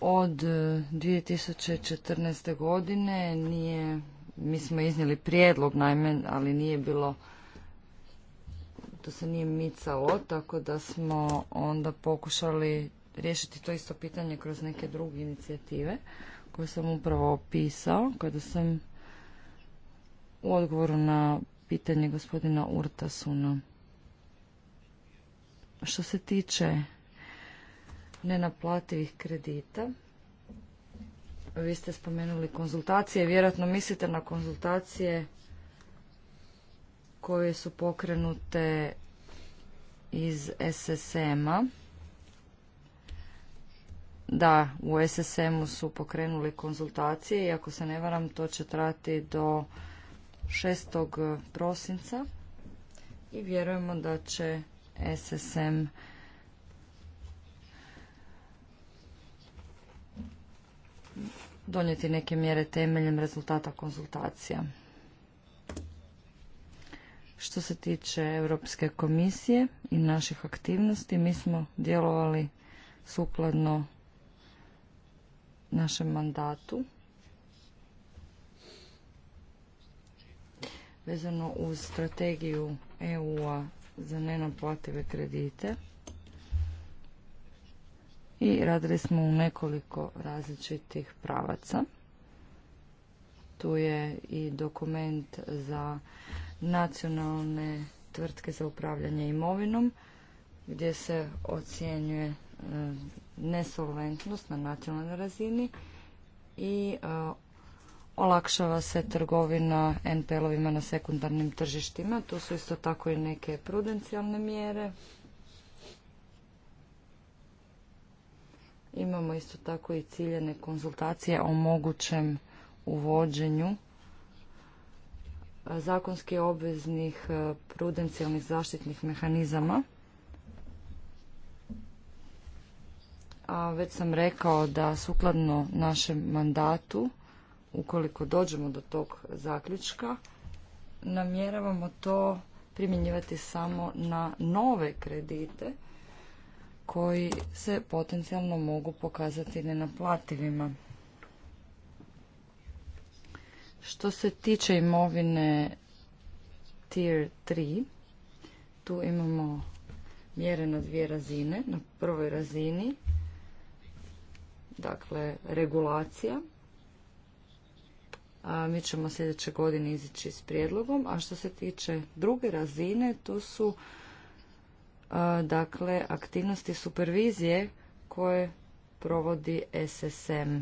Od 2014. godine nije, mi smo iznijeli prijedlog naime, ali nije bilo to se nije micalo, tako da smo onda pokušali riješiti to isto pitanje kroz neke druge inicijative koje sam upravo opisao kada sam u odgovoru na pitanje gospodina Urtasuna. Što se tiče nenaplativih kredita, vi ste spomenuli konzultacije, vjerojatno mislite na konzultacije koje su pokrenute iz SSM-a da, u SSM-u su pokrenuli konzultacije i ako se ne varam to će trati do 6. E, prosinca i vjerujemo da će SSM donijeti neke mjere temeljem rezultata konzultacija. Što se tiče Europske komisije i naših aktivnosti, mi smo djelovali sukladno našem mandatu vezano uz strategiju EU-a za nenaplative kredite i radili smo u nekoliko različitih pravaca. Tu je i dokument za nacionalne tvrtke za upravljanje imovinom gdje se ocjenjuje e, nesolventnost na nacionalnoj razini i e, olakšava se trgovina NPL-ovima na sekundarnim tržištima. Tu su isto tako i neke prudencijalne mjere. Imamo isto tako i ciljene konzultacije o mogućem uvođenju e, zakonski obveznih prudencijalnih zaštitnih mehanizama a već sam rekao da sukladno našem mandatu, ukoliko dođemo do tog zaključka, namjeravamo to primjenjivati samo na nove kredite koji se potencijalno mogu pokazati nenaplativima. Što se tiče imovine Tier 3, tu imamo mjere na dvije razine. Na prvoj razini dakle regulacija. mi ćemo sljedeće godine izići s prijedlogom, a što se tiče druge razine, to su dakle aktivnosti supervizije koje provodi SSM.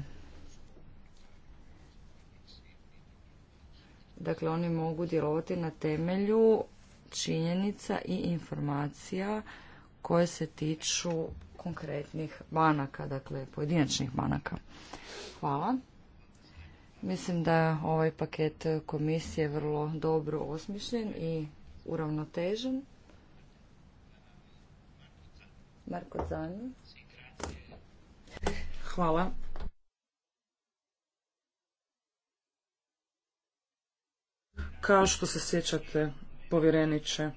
Dakle, oni mogu djelovati na temelju činjenica i informacija koje se tiču konkretnih banaka, dakle pojedinačnih banaka. Hvala. Mislim da je ovaj paket komisije vrlo dobro osmišljen i uravnotežen. Marko Hvala. Kao što se sjećate, povjereniče,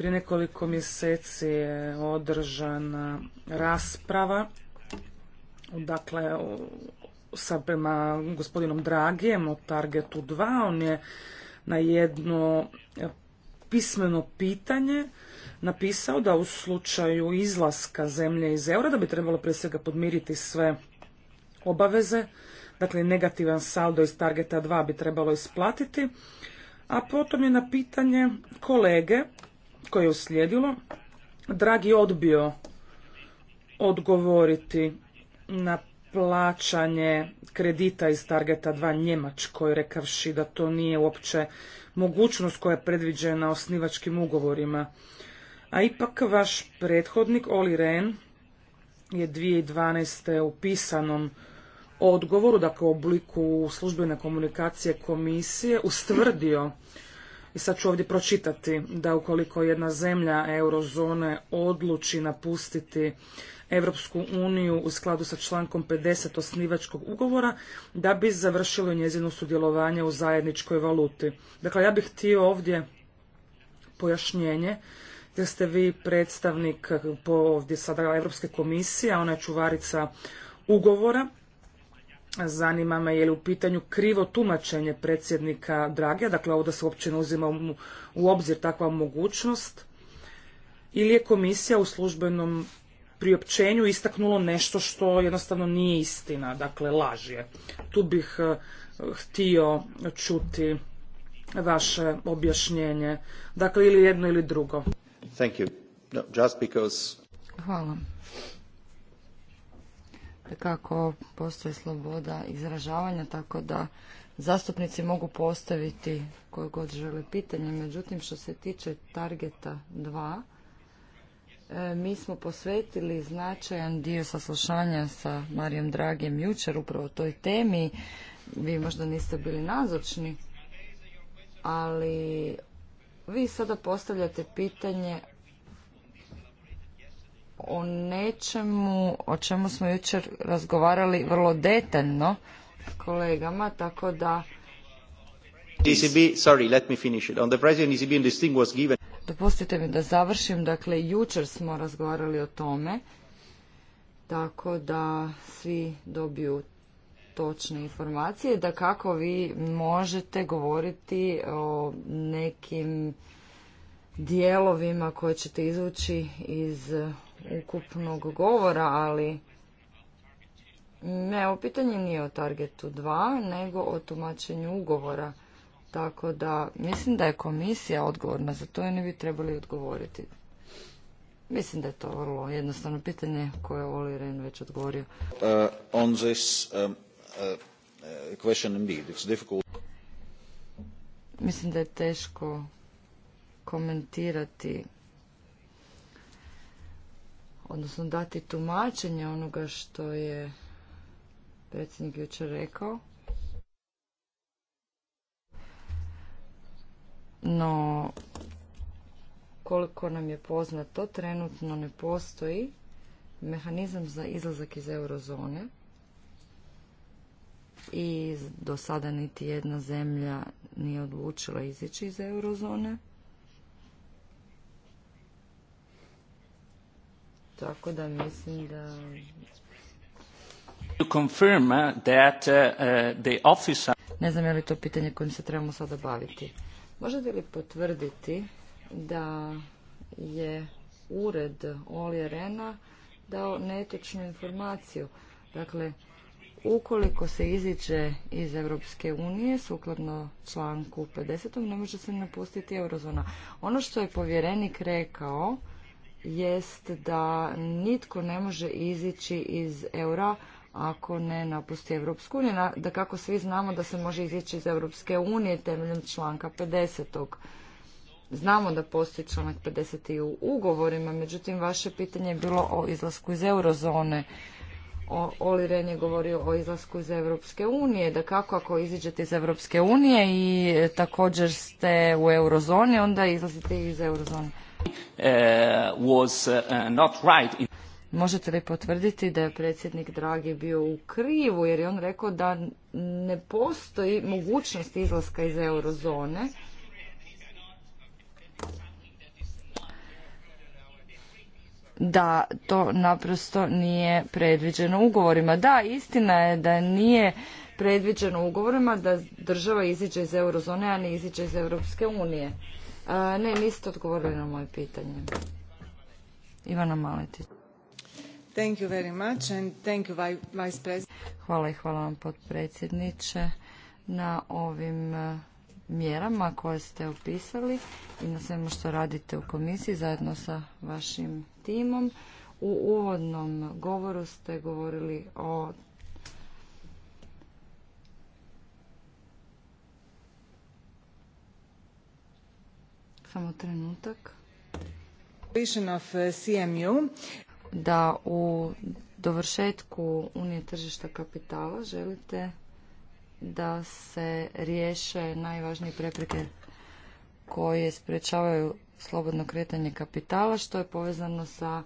prije nekoliko mjeseci je održana rasprava dakle sa prema gospodinom Dragijem o Targetu 2. On je na jedno pismeno pitanje napisao da u slučaju izlaska zemlje iz eura da bi trebalo prije svega podmiriti sve obaveze, dakle negativan saldo iz targeta 2 bi trebalo isplatiti, a potom je na pitanje kolege koje je uslijedilo. Dragi odbio odgovoriti na plaćanje kredita iz Targeta 2 Njemačkoj, rekavši da to nije uopće mogućnost koja je predviđena osnivačkim ugovorima. A ipak vaš prethodnik Oli Ren je 2012. u pisanom odgovoru, dakle u obliku službene komunikacije komisije, ustvrdio i sad ću ovdje pročitati da ukoliko jedna zemlja eurozone odluči napustiti Europsku uniju u skladu sa člankom 50 osnivačkog ugovora da bi završilo njezino sudjelovanje u zajedničkoj valuti. Dakle, ja bih htio ovdje pojašnjenje jer ste vi predstavnik po ovdje sada Europske komisije, a ona je čuvarica ugovora Zanima me je li u pitanju krivo tumačenje predsjednika Drage, dakle ovo da se uopće ne uzima u obzir takva mogućnost, ili je komisija u službenom priopćenju istaknulo nešto što jednostavno nije istina, dakle laž je. Tu bih eh, htio čuti vaše objašnjenje, dakle ili jedno ili drugo. Thank Hvala kako postoji sloboda izražavanja, tako da zastupnici mogu postaviti koje god žele pitanje. Međutim, što se tiče targeta 2, e, mi smo posvetili značajan dio saslušanja sa Marijom Dragijem jučer upravo o toj temi. Vi možda niste bili nazočni, ali vi sada postavljate pitanje o nečemu o čemu smo jučer razgovarali vrlo detaljno s kolegama, tako da... ECB, e sorry, let me finish it. On the president ECB was given... Dopustite mi da završim, dakle jučer smo razgovarali o tome, tako da svi dobiju točne informacije, da kako vi možete govoriti o nekim dijelovima koje ćete izvući iz ukupnog govora, ali ne, ovo pitanje nije o Targetu 2, nego o tumačenju ugovora. Tako da mislim da je komisija odgovorna za to i ne bi trebali odgovoriti. Mislim da je to vrlo jednostavno pitanje koje je Oli Ren već odgovorio. Uh, on this, um, uh, question indeed. It's difficult. Mislim da je teško komentirati odnosno dati tumačenje onoga što je predsjednik jučer rekao. No, koliko nam je poznato, trenutno ne postoji mehanizam za izlazak iz eurozone i do sada niti jedna zemlja nije odlučila izići iz eurozone. Tako da mislim da eh, eh, eh, ne znam je li to pitanje kojim se trebamo sada baviti. Možete li potvrditi da je ured Oli Arena dao netočnu informaciju? Dakle, ukoliko se iziđe iz Europske unije sukladno članku 50. ne može se napustiti eurozona. Ono što je povjerenik rekao jest da nitko ne može izići iz eura ako ne napusti Evropsku uniju. Da kako svi znamo da se može izići iz Evropske unije temeljem članka 50. Znamo da postoji članak 50 i u ugovorima, međutim vaše pitanje je bilo o izlasku iz eurozone. Oli Ren je govorio o izlasku iz Evropske unije, da kako ako iziđete iz Evropske unije i također ste u eurozoni, onda izlazite iz eurozone. Uh, uh, Možete li potvrditi da je predsjednik Dragi bio u krivu jer je on rekao da ne postoji mogućnost izlaska iz eurozone? da to naprosto nije predviđeno ugovorima. Da, istina je da nije predviđeno ugovorima da država iziđe iz eurozone, a ne iziđe iz Europske unije. Ne, niste odgovorili na moje pitanje. Ivana Maletić. Thank you very much and thank you vice hvala i hvala vam potpredsjedniče na ovim e, mjerama koje ste opisali i na svemu što radite u komisiji zajedno sa vašim timom. U uvodnom govoru ste govorili o Samo trenutak. Eh, da u dovršetku Unije tržišta kapitala želite da se riješe najvažnije prepreke koje sprečavaju slobodno kretanje kapitala, što je povezano sa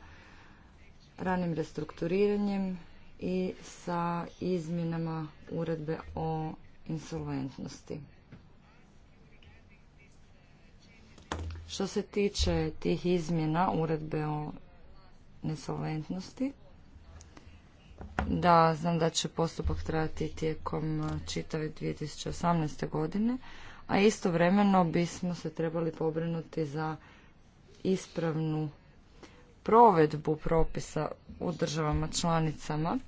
ranim restrukturiranjem i sa izmjenama uredbe o insolventnosti. Što se tiče tih izmjena uredbe o nesolventnosti, da znam da će postupak trajati tijekom čitave 2018. godine, a istovremeno bismo se trebali pobrinuti za ispravnu provedbu propisa u državama članicama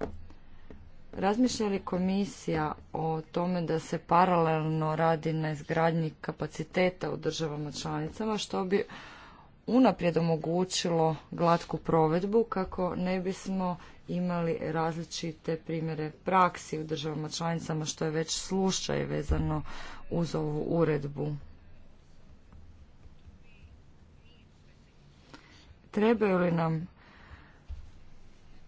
Razmišlja li komisija o tome da se paralelno radi na izgradnji kapaciteta u državama članicama što bi unaprijed omogućilo glatku provedbu kako ne bismo imali različite primjere praksi u državama članicama što je već slučaj vezano uz ovu uredbu. Trebaju li nam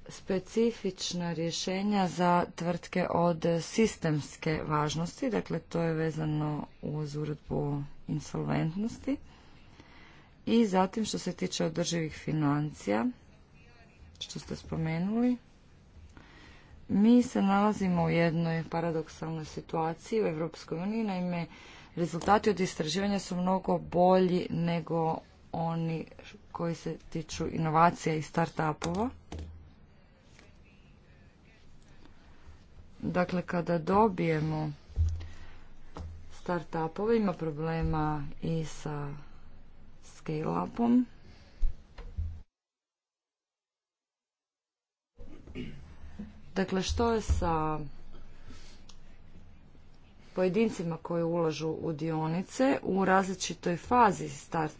specifična rješenja za tvrtke od sistemske važnosti, dakle to je vezano uz uredbu insolventnosti. I zatim što se tiče održivih financija, što ste spomenuli, mi se nalazimo u jednoj paradoksalnoj situaciji u Europskoj uniji, naime rezultati od istraživanja su mnogo bolji nego oni koji se tiču inovacija i start-upova. Dakle, kada dobijemo start-upove, ima problema i sa scale-upom. Dakle, što je sa pojedincima koji ulažu u dionice u različitoj fazi start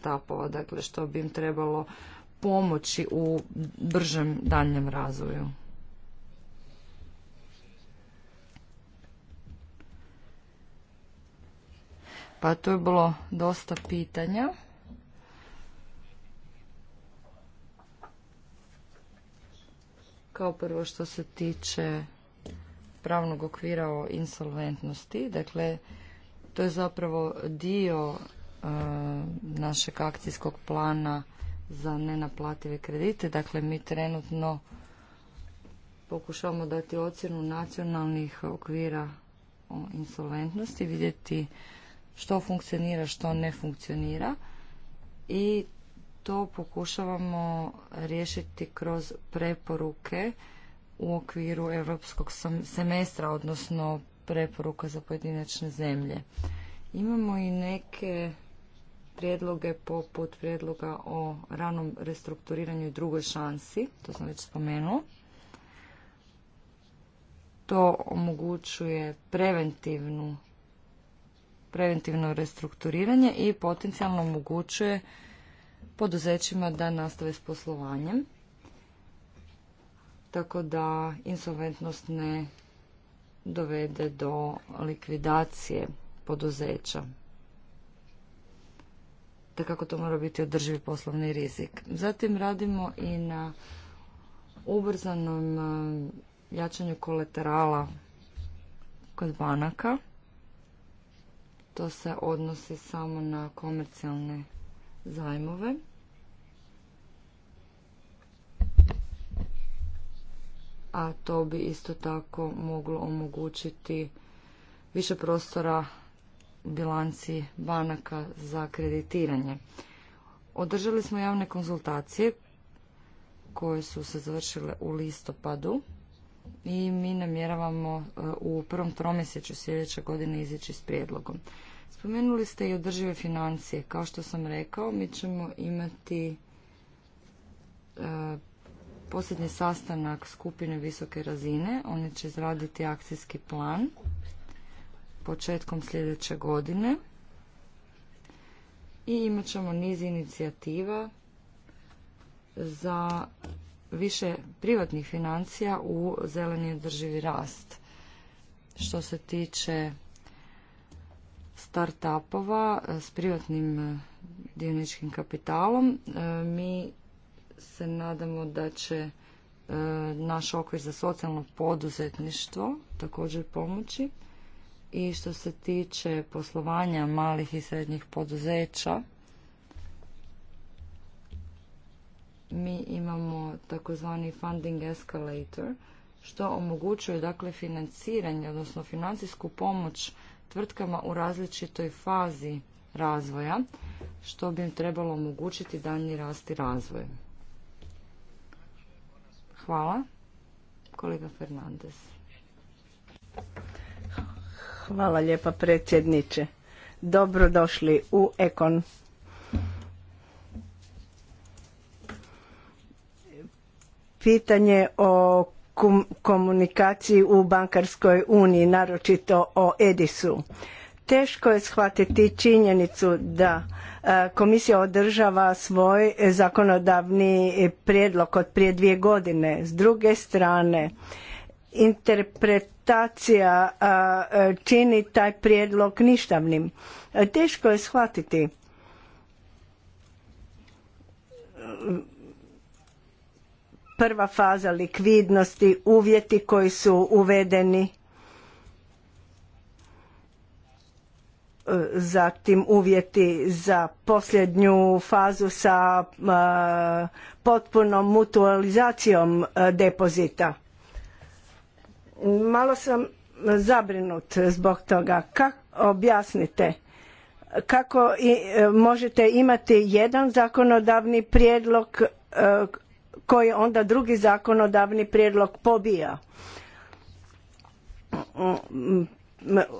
dakle što bi im trebalo pomoći u bržem daljnjem razvoju? Pa tu je bilo dosta pitanja. Kao prvo što se tiče pravnog okvira o insolventnosti, dakle to je zapravo dio e, našeg akcijskog plana za nenaplative kredite. Dakle, mi trenutno pokušavamo dati ocjenu nacionalnih okvira o insolventnosti, vidjeti što funkcionira, što ne funkcionira i to pokušavamo riješiti kroz preporuke u okviru europskog semestra, odnosno preporuka za pojedinačne zemlje. Imamo i neke prijedloge poput prijedloga o ranom restrukturiranju i drugoj šansi, to sam već spomenuo. To omogućuje preventivnu preventivno restrukturiranje i potencijalno omogućuje poduzećima da nastave s poslovanjem. Tako da insolventnost ne dovede do likvidacije poduzeća. Te kako to mora biti održivi poslovni rizik. Zatim radimo i na ubrzanom eh, jačanju kolaterala kod banaka to se odnosi samo na komercijalne zajmove. A to bi isto tako moglo omogućiti više prostora bilanci banaka za kreditiranje. Održali smo javne konzultacije koje su se završile u listopadu i mi namjeravamo e, u prvom tromjesečju sljedeće godine izići s prijedlogom. Spomenuli ste i održive financije. Kao što sam rekao, mi ćemo imati e, posljednji sastanak skupine visoke razine. Oni će izraditi akcijski plan početkom sljedeće godine i imat ćemo niz inicijativa za više privatnih financija u zeleni održivi rast. Što se tiče start-upova e, s privatnim e, dioničkim kapitalom, e, mi se nadamo da će naš okvir za socijalno poduzetništvo također pomoći. I što se tiče poslovanja malih i srednjih poduzeća, mi imamo takozvani funding escalator što omogućuje dakle financiranje odnosno financijsku pomoć tvrtkama u različitoj fazi razvoja što bi im trebalo omogućiti daljnji rast i razvoj. Hvala. Kolega Fernandez. Hvala lijepa predsjedniče. Dobrodošli u Ekon pitanje o komunikaciji u bankarskoj uniji, naročito o Edisu. Teško je shvatiti činjenicu da e, komisija održava svoj zakonodavni prijedlog od prije dvije godine. S druge strane, interpretacija e, čini taj prijedlog ništavnim. E, teško je shvatiti prva faza likvidnosti, uvjeti koji su uvedeni, e, zatim uvjeti za posljednju fazu sa e, potpunom mutualizacijom e, depozita. Malo sam zabrinut zbog toga. Kako objasnite? Kako možete imati jedan zakonodavni prijedlog koji onda drugi zakonodavni prijedlog pobija.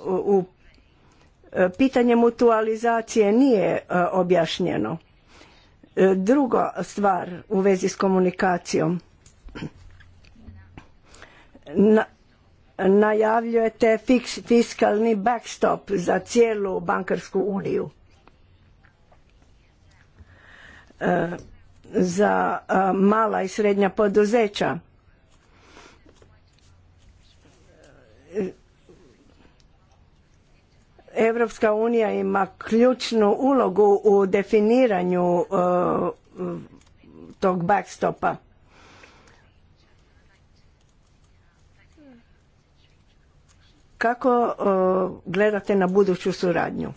U e, pitanje mutualizacije nije e, objašnjeno. E, Druga stvar u vezi s komunikacijom. najavljujete fiskalni backstop za cijelu bankarsku uniju za mala i srednja poduzeća. Evropska unija ima ključnu ulogu u definiranju tog backstopa. Kako gledate na buduću suradnju?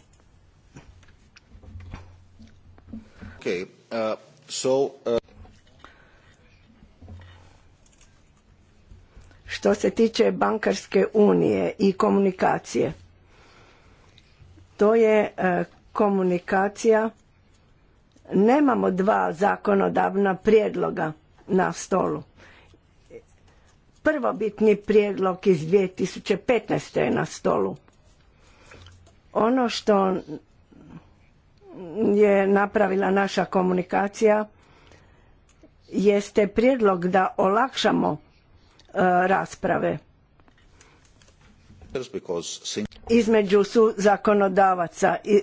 Uh, Uh, što se tiče bankarske unije i komunikacije, to je uh, komunikacija. Nemamo dva zakonodavna prijedloga na stolu. Prvobitni prijedlog iz 2015. je na stolu. Ono što je napravila naša komunikacija jeste prijedlog da olakšamo e, rasprave između su zakonodavaca i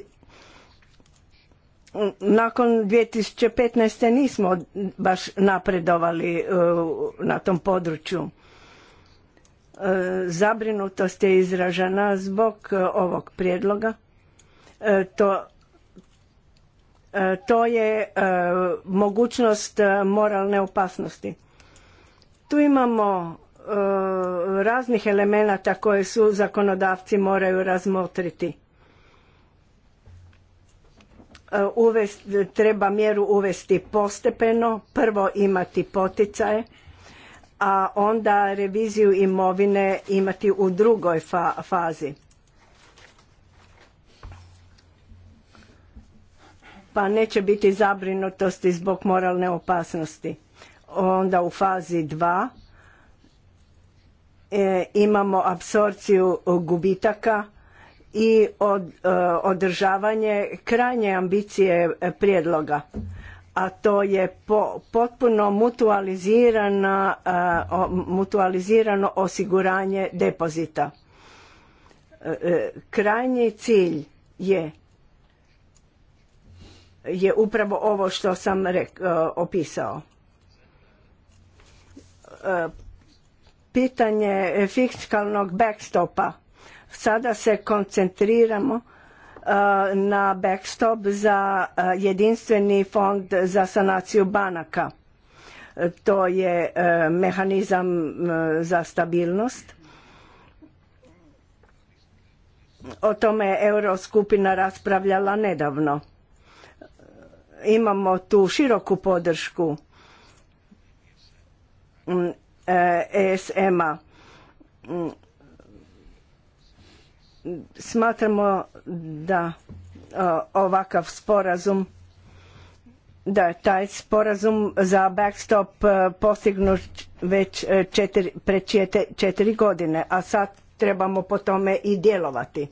nakon 2015. nismo baš napredovali e, na tom području. E, zabrinutost je izražena zbog ovog prijedloga. To E, to je e, mogućnost e, moralne opasnosti. Tu imamo raznih elemenata koje su zakonodavci moraju razmotriti. Uvest, treba mjeru uvesti postepeno, prvo imati poticaje, a onda reviziju imovine imati u drugoj fazi pa neće biti zabrinutosti zbog moralne opasnosti. Onda u fazi 2 e, imamo apsorciju gubitaka i od, e, održavanje krajnje ambicije prijedloga a to je potpuno e, mutualizirano osiguranje depozita. Krajnji cilj je je upravo ovo što sam e, opisao. E, pitanje fiskalnog backstopa. Sada se koncentriramo e, na backstop za jedinstveni fond za sanaciju banaka. To je mehanizam za stabilnost. O tome je Euroskupina raspravljala nedavno imamo tu široku podršku mm, ESM-a. E Smatramo da e, ovakav sporazum da je taj sporazum za backstop e, postignut već pred četiri godine, a sad trebamo po tome i djelovati.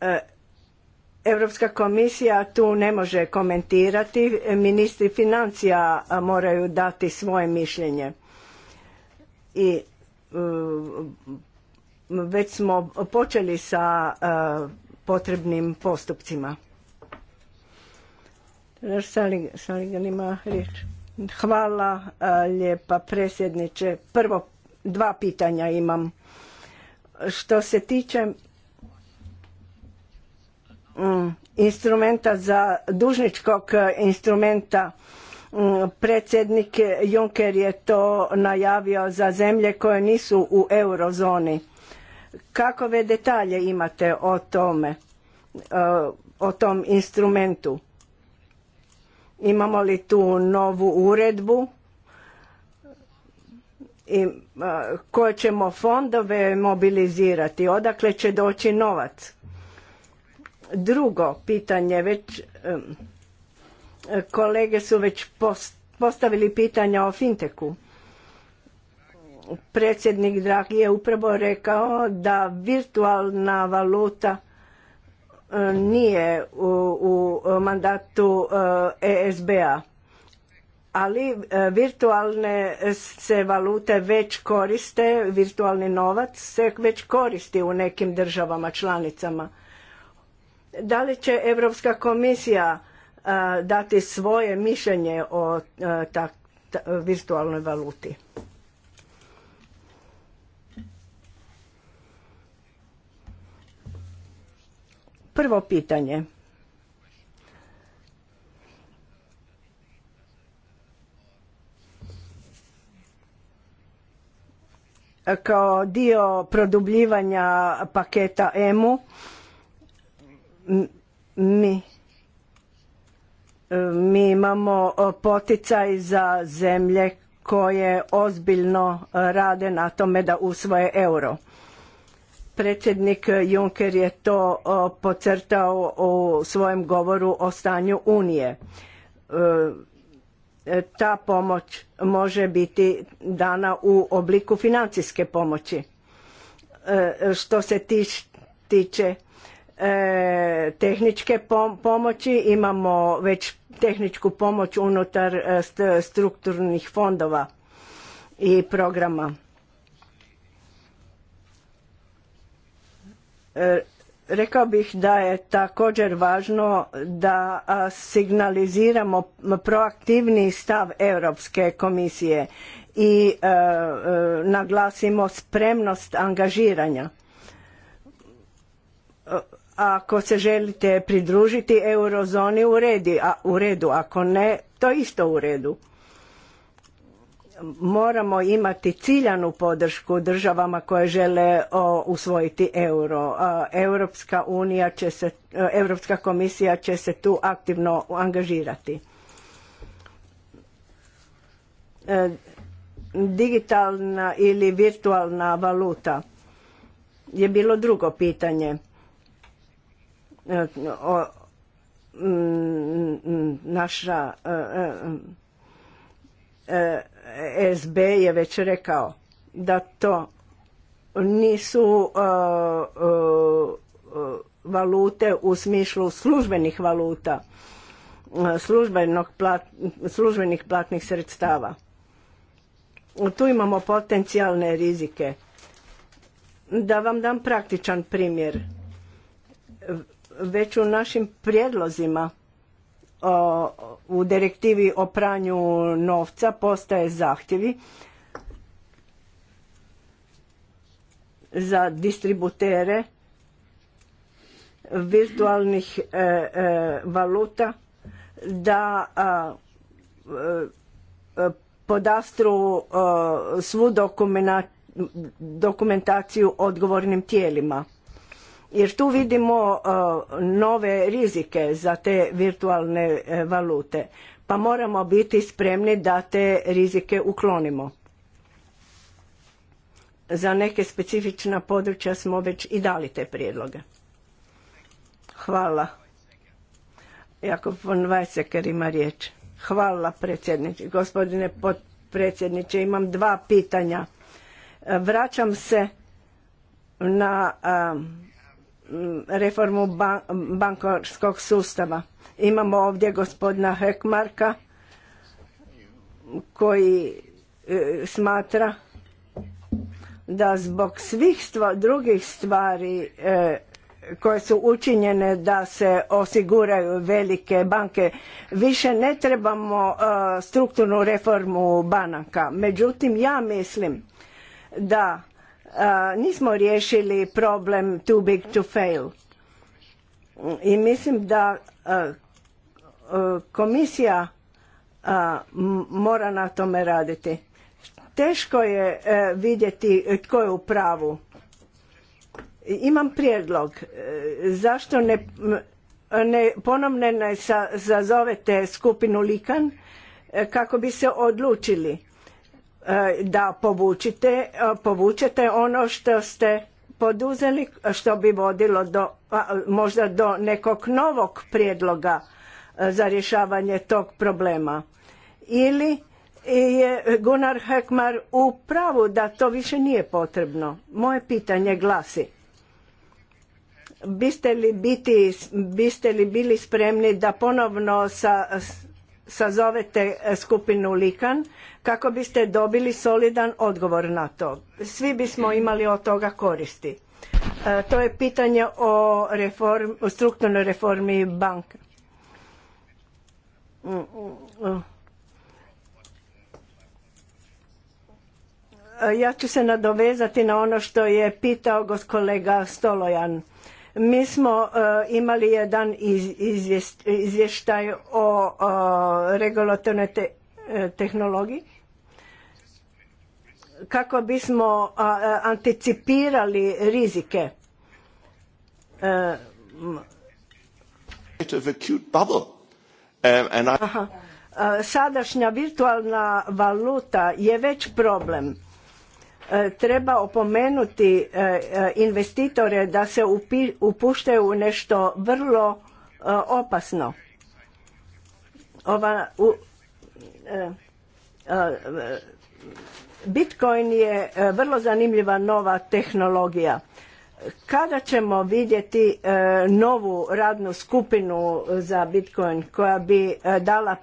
E, Europska komisija tu ne može komentirati, ministri financija moraju dati svoje mišljenje. I već smo počeli sa e, potrebnim postupcima. Hvala e, lijepa predsjedniče. Prvo dva pitanja imam. Što se tiče Mm, instrumenta za dužničkog e, instrumenta mm, predsjednik Juncker je to najavio za zemlje koje nisu u eurozoni. Kakove detalje imate o tome, e, o tom instrumentu? Imamo li tu novu uredbu? I e, koje ćemo fondove mobilizirati? Odakle će doći novac? Drugo pitanje, već kolege su već postavili pitanja o finteku. Predsjednik Dragi je upravo rekao da virtualna valuta e, nije u, mandatu ESBA, e ali e, virtualne se valute već koriste, virtualni novac se već koristi u nekim državama članicama da li će Europska komisija e, dati svoje mišljenje o e, virtualnoj valuti? Prvo pitanje. Kao dio produbljivanja paketa EMU mi mi imamo poticaj za zemlje koje ozbiljno rade na tome da usvoje euro. Predsjednik Juncker je to pocrtao u svojem govoru o stanju Unije. E, ta pomoć može biti dana u obliku financijske pomoći. E, što se tiče E, tehničke pomoći, imamo već tehničku pomoć unutar e, strukturnih fondova i programa. E, rekao bih da je također važno da signaliziramo proaktivni stav Europske komisije i naglasimo spremnost angažiranja ako se želite pridružiti eurozoni u, redi, a, u redu, ako ne, to isto u redu. Moramo imati ciljanu podršku državama koje žele usvojiti euro. Europska unija e, Europska komisija će se tu aktivno angažirati. E, digitalna ili virtualna valuta je bilo drugo pitanje E, mm, mm, naša e, e, SB je već rekao da to nisu valute u smislu službenih valuta, službenih platnih sredstava. Tu imamo potencijalne rizike. Da vam dam praktičan primjer već u našim prijedlozima u direktivi o pranju novca postaje zahtjevi za distributere virtualnih e, e, valuta da e, podastru svu dokumentaciju odgovornim tijelima jer tu vidimo e, nove rizike za te virtualne e, valute pa moramo biti spremni da te rizike uklonimo za neke specifična područja smo već i dali te prijedloge hvala Jakob von Weizsäcker ima riječ. Hvala predsjedniče. Gospodine predsjedniče, imam dva pitanja. E, vraćam se na reformu bankarskog sustava. Imamo ovdje gospodina Hekmarka koji e, smatra da zbog svih drugih stvari e, koje su učinjene da se osiguraju velike banke više ne trebamo e, strukturnu reformu banaka međutim ja mislim da Eh, nismo riješili problem too big to fail. I mislim da eh, eh, komisija mora na tome raditi. Teško je vidjeti tko je u pravu. Imam prijedlog. Zašto ne, ne ponovno ne sazovete skupinu likan kako bi se odlučili E, da e, povučete ono što ste poduzeli što bi vodilo do, možda do nekog novog prijedloga e, za rješavanje tog problema. Ili je Gunnar Hekmar u pravu da to više nije potrebno. Moje pitanje glasi. Biste li, biste li bili spremni da ponovno sa sazovete e, skupinu Likan kako biste dobili solidan odgovor na to. Svi bismo imali od toga koristi. E, to je pitanje o, strukturnoj reformi banka. Mm, mm, mm. e, ja ću se nadovezati na ono što je pitao kolega Stolojan mi smo e, imali jedan izvještaj o e, regulatornoj e, tehnologiji kako bismo anticipirali rizike. Um, sadašnja virtualna valuta je već problem E, treba opomenuti e, e, investitore da se upuštaju u nešto vrlo opasno. Ova, u, Bitcoin je vrlo zanimljiva nova tehnologija. Kada ćemo vidjeti novu radnu skupinu za Bitcoin koja bi dala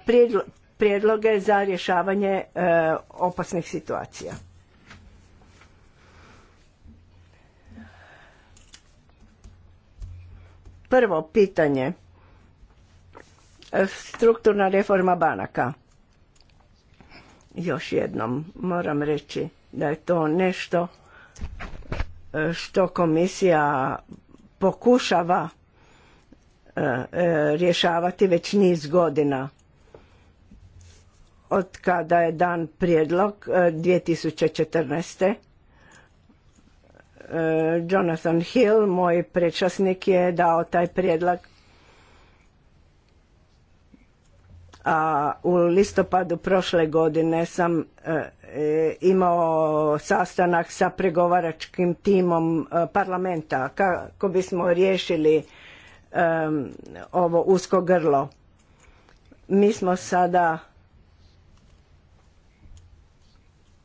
prijedloge za rješavanje opasnih situacija? Prvo pitanje, strukturna reforma banaka. Još jednom moram reći da je to nešto e, što komisija pokušava e, e, rješavati već niz godina od kada je dan prijedlog 2014. Eh, Jonathan Hill, moj prečasnik, je dao taj prijedlog. A u listopadu prošle godine sam eh, imao sastanak sa pregovaračkim timom eh, parlamenta kako bismo riješili ovo usko grlo. Mi smo sada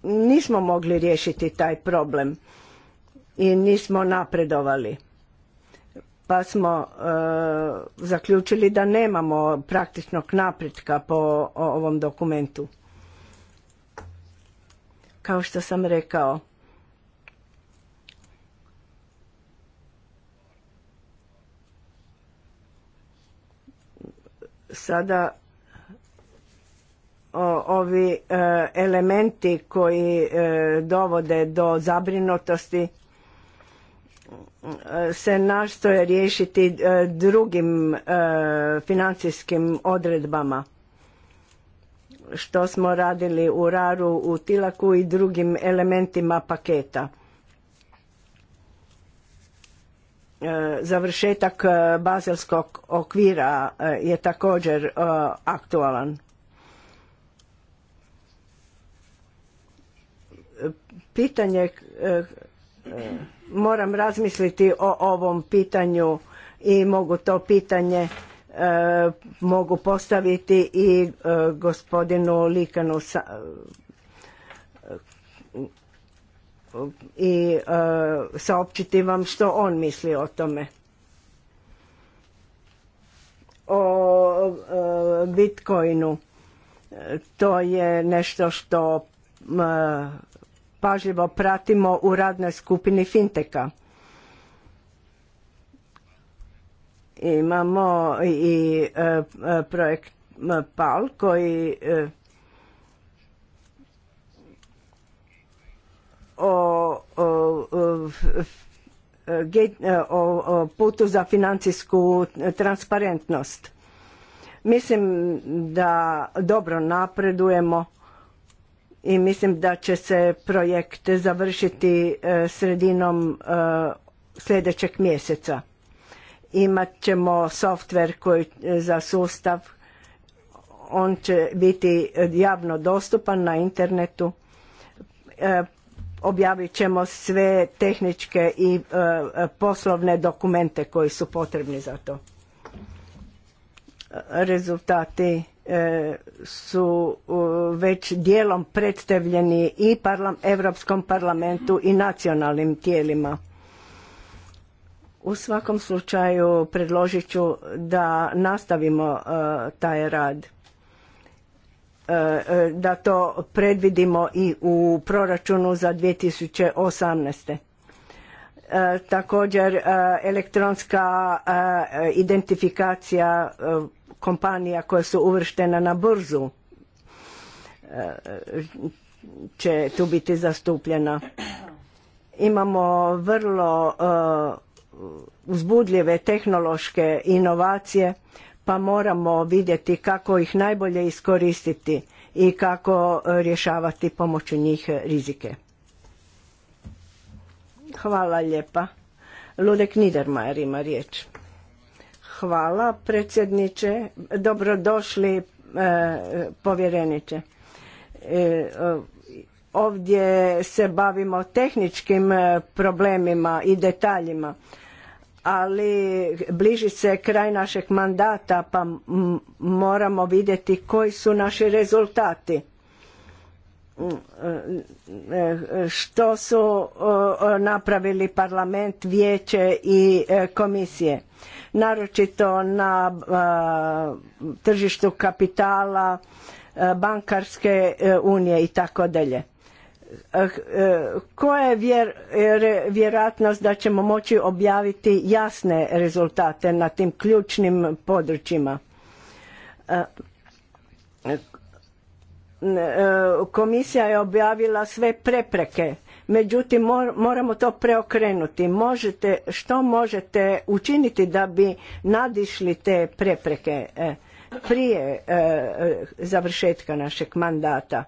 nismo mogli riješiti taj problem i nismo napredovali pa smo e, zaključili da nemamo praktičnog napretka po ovom dokumentu kao što sam rekao sada ovi e, elementi koji e, dovode do zabrinutosti se nastoje riješiti e, drugim e, financijskim odredbama što smo radili u Raru, u Tilaku i drugim elementima paketa. E, završetak bazelskog okvira je također aktualan. Pitanje moram razmisliti o ovom pitanju i mogu to pitanje e, mogu postaviti i e, gospodinu Likanu e, i e, vam što on misli o tome. O Bitcoinu to je nešto što pažljivo pratimo u radnoj skupini Finteka. Imamo i e, e, projekt PAL koji e, o, o putu za financijsku transparentnost. Mislim da dobro napredujemo i mislim da će se projekt završiti e, sredinom e, sljedećeg mjeseca. Imat ćemo softver koji e, za sustav, on će biti javno dostupan na internetu. Objavit ćemo sve tehničke i poslovne dokumente koji su potrebni za to. Rezultati E, su već dijelom predstavljeni i Europskom parlamentu i nacionalnim tijelima. U svakom slučaju predložit ću da nastavimo e, taj rad e, da to predvidimo i u proračunu za 2018. Također elektronska identifikacija kompanija koja su uvrštena na brzu e, će tu biti zastupljena. Imamo vrlo e, uzbudljive tehnološke inovacije pa moramo vidjeti kako ih najbolje iskoristiti i kako rješavati pomoću njih rizike. Hvala lijepa. Ludek Niedermayer ima riječ. Hvala predsjedniče, dobrodošli e, povjereniče. E, ovdje se bavimo tehničkim e, problemima i detaljima, ali bliži se kraj našeg mandata pa moramo vidjeti koji su naši rezultati mm, što su napravili parlament, vijeće i komisije naročito na tržištu kapitala, bankarske e, unije i tako dalje. E, e, koja je vjerojatnost da ćemo moći objaviti jasne rezultate na tim ključnim područjima? Komisija je objavila sve prepreke Međutim, moramo to preokrenuti. Možete, što možete učiniti da bi nadišli te prepreke e, prije e, e, završetka našeg mandata?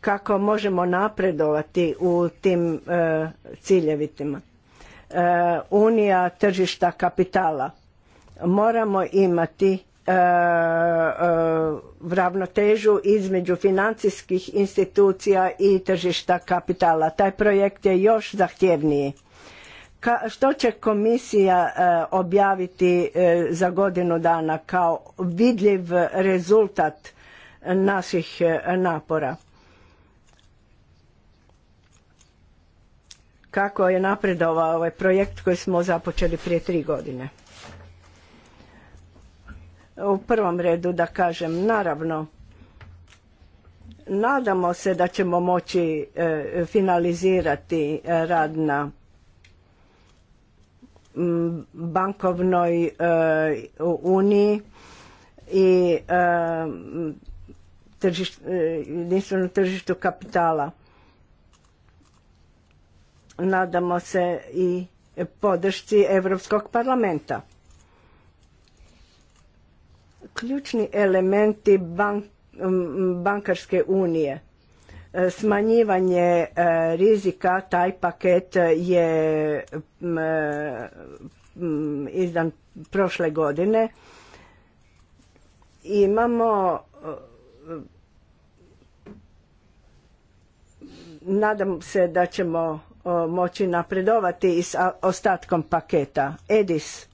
Kako možemo napredovati u tim ciljevitima? Unija tržišta kapitala. Moramo imati E, e, ravnotežu između financijskih institucija i tržišta kapitala. Taj projekt je još zahtjevniji. što će komisija e, objaviti za godinu dana kao vidljiv rezultat naših napora? Kako je napredovao ovaj projekt koji smo započeli prije tri godine? u prvom redu da kažem naravno nadamo se da ćemo moći e, finalizirati e, rad na bankovnoj e, uniji i jedinstvenom tržištu kapitala nadamo se i podršci Europskog parlamenta ključni elementi bankarske unije e, smanjivanje e, rizika taj paket je e, izdan prošle godine imamo nadam se da ćemo moći napredovati i s ostatkom paketa edis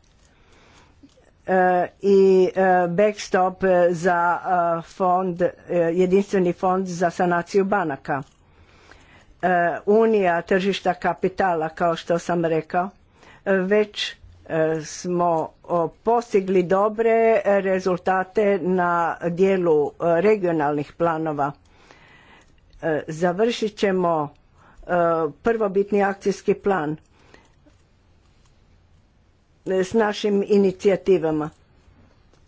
i e, backstop e, za e, fond, jedinstveni fond za sanaciju banaka. Unija tržišta kapitala, kao što sam rekao, već smo postigli dobre rezultate na dijelu regionalnih planova. Završit ćemo prvobitni akcijski plan s našim inicijativama.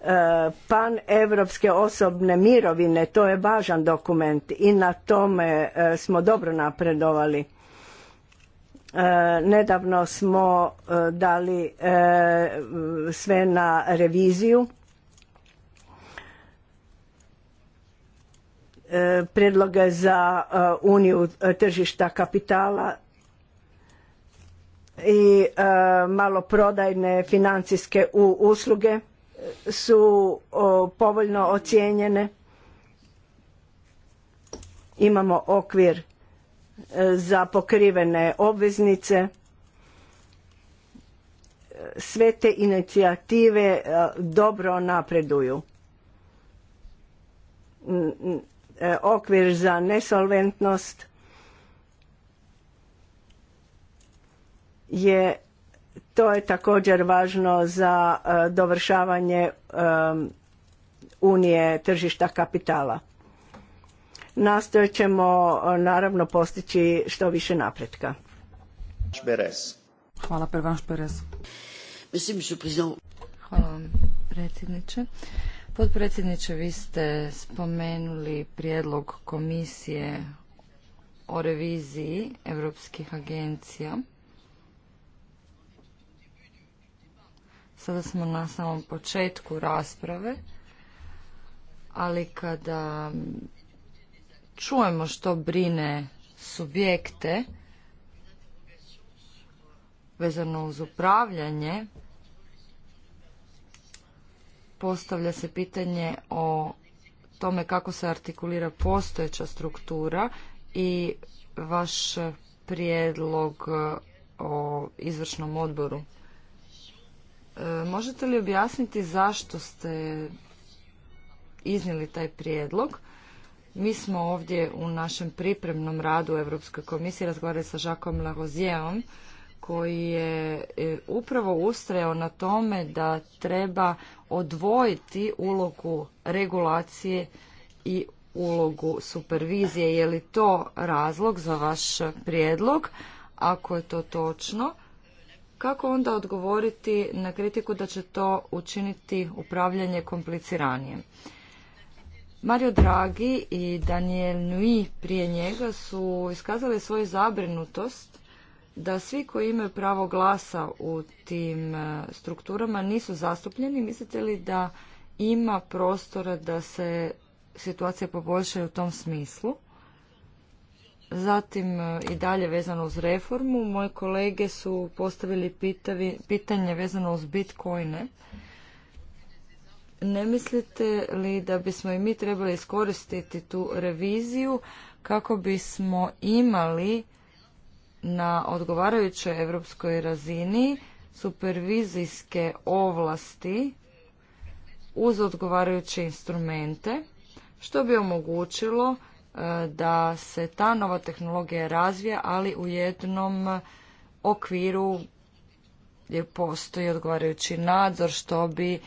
E, pan Evropske osobne mirovine, to je važan dokument i na tome e, smo dobro napredovali. E, nedavno smo dali sve na reviziju. Predloge za uniju tržišta kapitala i e, maloprodajne financijske usluge su povoljno ocijenjene. Imamo okvir e, za pokrivene obveznice. E, sve te inicijative dobro napreduju. Okvir za nesolventnost je to je također važno za e, dovršavanje unije tržišta kapitala. Nastojat ćemo e, naravno postići što više napretka. Hvala Hvala vam predsjedniče. Potpredsjedniče, vi ste spomenuli prijedlog komisije o reviziji europskih agencija Sada smo na samom početku rasprave, ali kada čujemo što brine subjekte vezano uz upravljanje, postavlja se pitanje o tome kako se artikulira postojeća struktura i vaš prijedlog o izvršnom odboru E, možete li objasniti zašto ste iznijeli taj prijedlog? Mi smo ovdje u našem pripremnom radu u Europskoj komisiji razgovarali sa Žakom Lagozijevom koji je e, upravo ustrajao na tome da treba odvojiti ulogu regulacije i ulogu supervizije. Je li to razlog za vaš prijedlog? Ako je to točno, kako onda odgovoriti na kritiku da će to učiniti upravljanje kompliciranije? Mario Draghi i Daniel Nui prije njega su iskazali svoju zabrinutost da svi koji imaju pravo glasa u tim e, strukturama nisu zastupljeni. Mislite li da ima prostora da se situacija poboljša u tom smislu? Zatim e, i dalje vezano uz reformu, moje kolege su postavili pitanje vezano uz bitcoine. Ne mislite li da bismo i mi trebali iskoristiti tu reviziju kako bismo imali na odgovarajućoj europskoj razini supervizijske ovlasti uz odgovarajuće instrumente što bi omogućilo da se ta nova tehnologija razvija, ali u jednom okviru gdje postoji odgovarajući nadzor što bi e,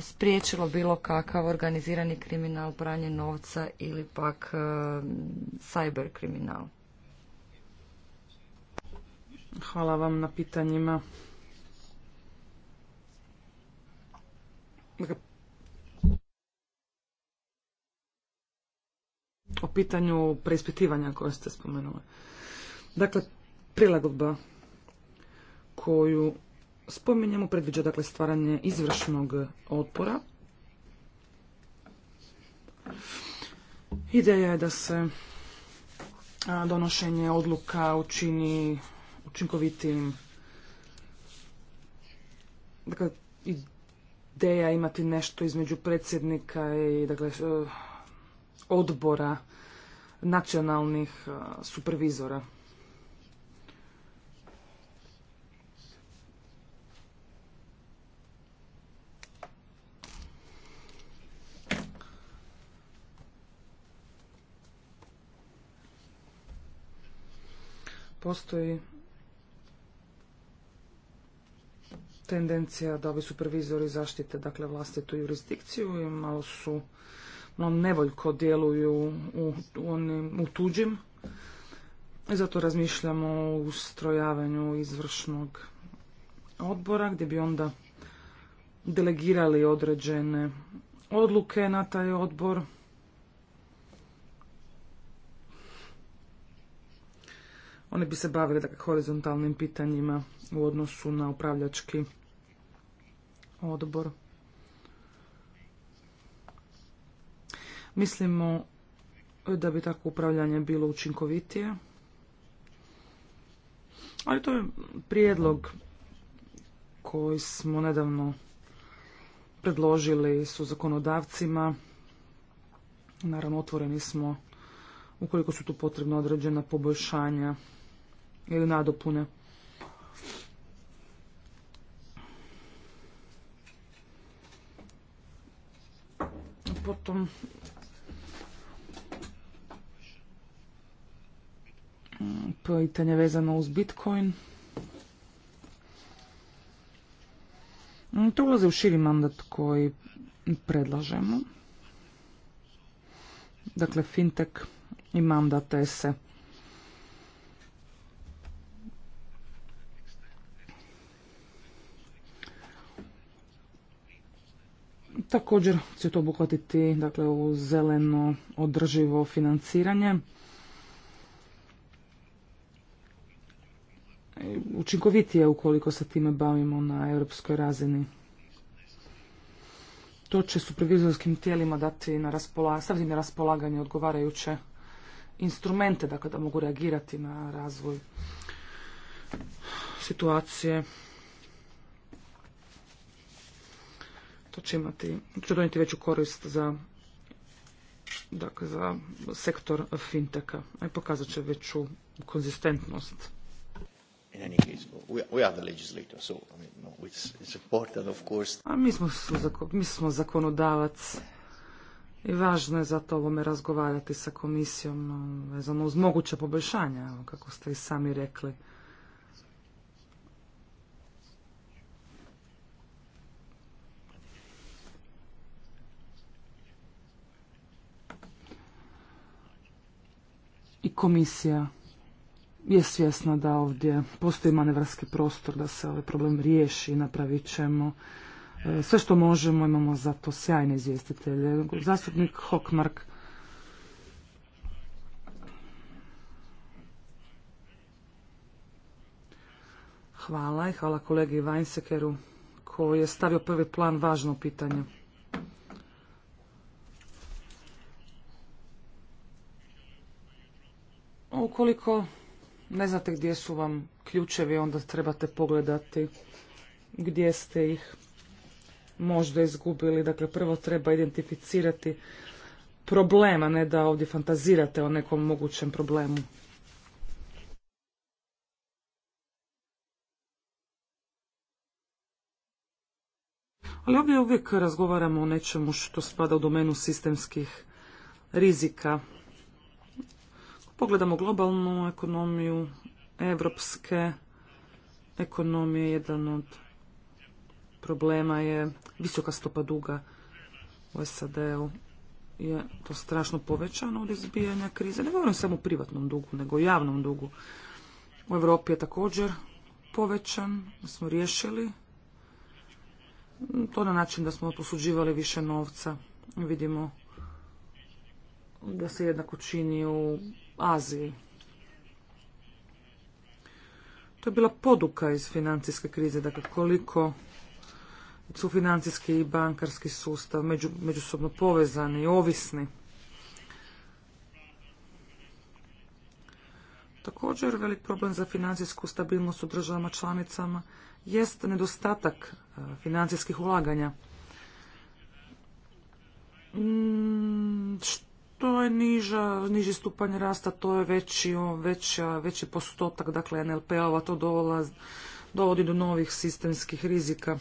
spriječilo bilo kakav organizirani kriminal, pranje novca ili pak e, cyber kriminal. Hvala vam na pitanjima. Dakle, pitanju preispitivanja koje ste spomenuli. Dakle, prilagodba koju spominjemo predviđa dakle stvaranje izvršnog otpora. Ideja je da se donošenje odluka učini učinkovitim. Dakle, ideja imati nešto između predsjednika i dakle, odbora nacionalnih e, supervizora. Postoji tendencija da ovi supervizori zaštite dakle vlastitu jurisdikciju i malo su nevoljko djeluju u, onim, u tuđim i zato razmišljamo o ustrojavanju izvršnog odbora gdje bi onda delegirali određene odluke na taj odbor. Oni bi se bavili dakle, horizontalnim pitanjima u odnosu na upravljački odbor. Mislimo da bi takvo upravljanje bilo učinkovitije. Ali to je prijedlog koji smo nedavno predložili su zakonodavcima. Naravno, otvoreni smo ukoliko su tu potrebna određena poboljšanja ili nadopune. Potom pitanje vezano uz Bitcoin. To ulaze u širi mandat koji predlažemo. Dakle, fintech i mandat se. Također će to obuhvatiti dakle, zeleno održivo financiranje. učinkovitije ukoliko se time bavimo na europskoj razini. To će supervizorskim tijelima dati na na raspolaganje odgovarajuće instrumente, dakle da mogu reagirati na razvoj situacije. To će imati, će donijeti veću korist za dakle, za sektor finteka, i pokazat će veću konzistentnost in any case, we, we are the legislator, so I mean, no, it's, it's important, of course. A mi smo, mi smo zakonodavac i važno je zato ovome razgovarati sa komisijom vezano uz moguće poboljšanja, kako ste i sami rekli. I komisija je svjesna da ovdje postoji manevarski prostor da se ovaj problem riješi i napravit ćemo e, sve što možemo, imamo za to sjajne izvjestitelje. Zastupnik Hockmark. Hvala i hvala kolegi Weinsekeru koji je stavio prvi plan važno pitanje. Ukoliko ne znate gdje su vam ključevi, onda trebate pogledati gdje ste ih možda izgubili. Dakle, prvo treba identificirati problem, a ne da ovdje fantazirate o nekom mogućem problemu. Ali ovdje uvijek razgovaramo o nečemu što spada u domenu sistemskih rizika. Pogledamo globalnu ekonomiju, evropske ekonomije, jedan od problema je visoka stopa duga u SAD-u je to strašno povećano od izbijanja krize. Ne govorim samo o privatnom dugu, nego o javnom dugu. U Europi je također povećan, smo riješili to na način da smo posuđivali više novca. Vidimo da se jednako čini u Aziji. To je bila poduka iz financijske krize, dakle koliko su financijski i bankarski sustav međusobno povezani i ovisni. Također velik problem za financijsku stabilnost u državama članicama jest nedostatak e, financijskih ulaganja. Mm, što je niža, niži stupanj rasta, to je veći, veća, veći postotak, dakle NLP-ova to dolaz, dovodi do novih sistemskih rizika.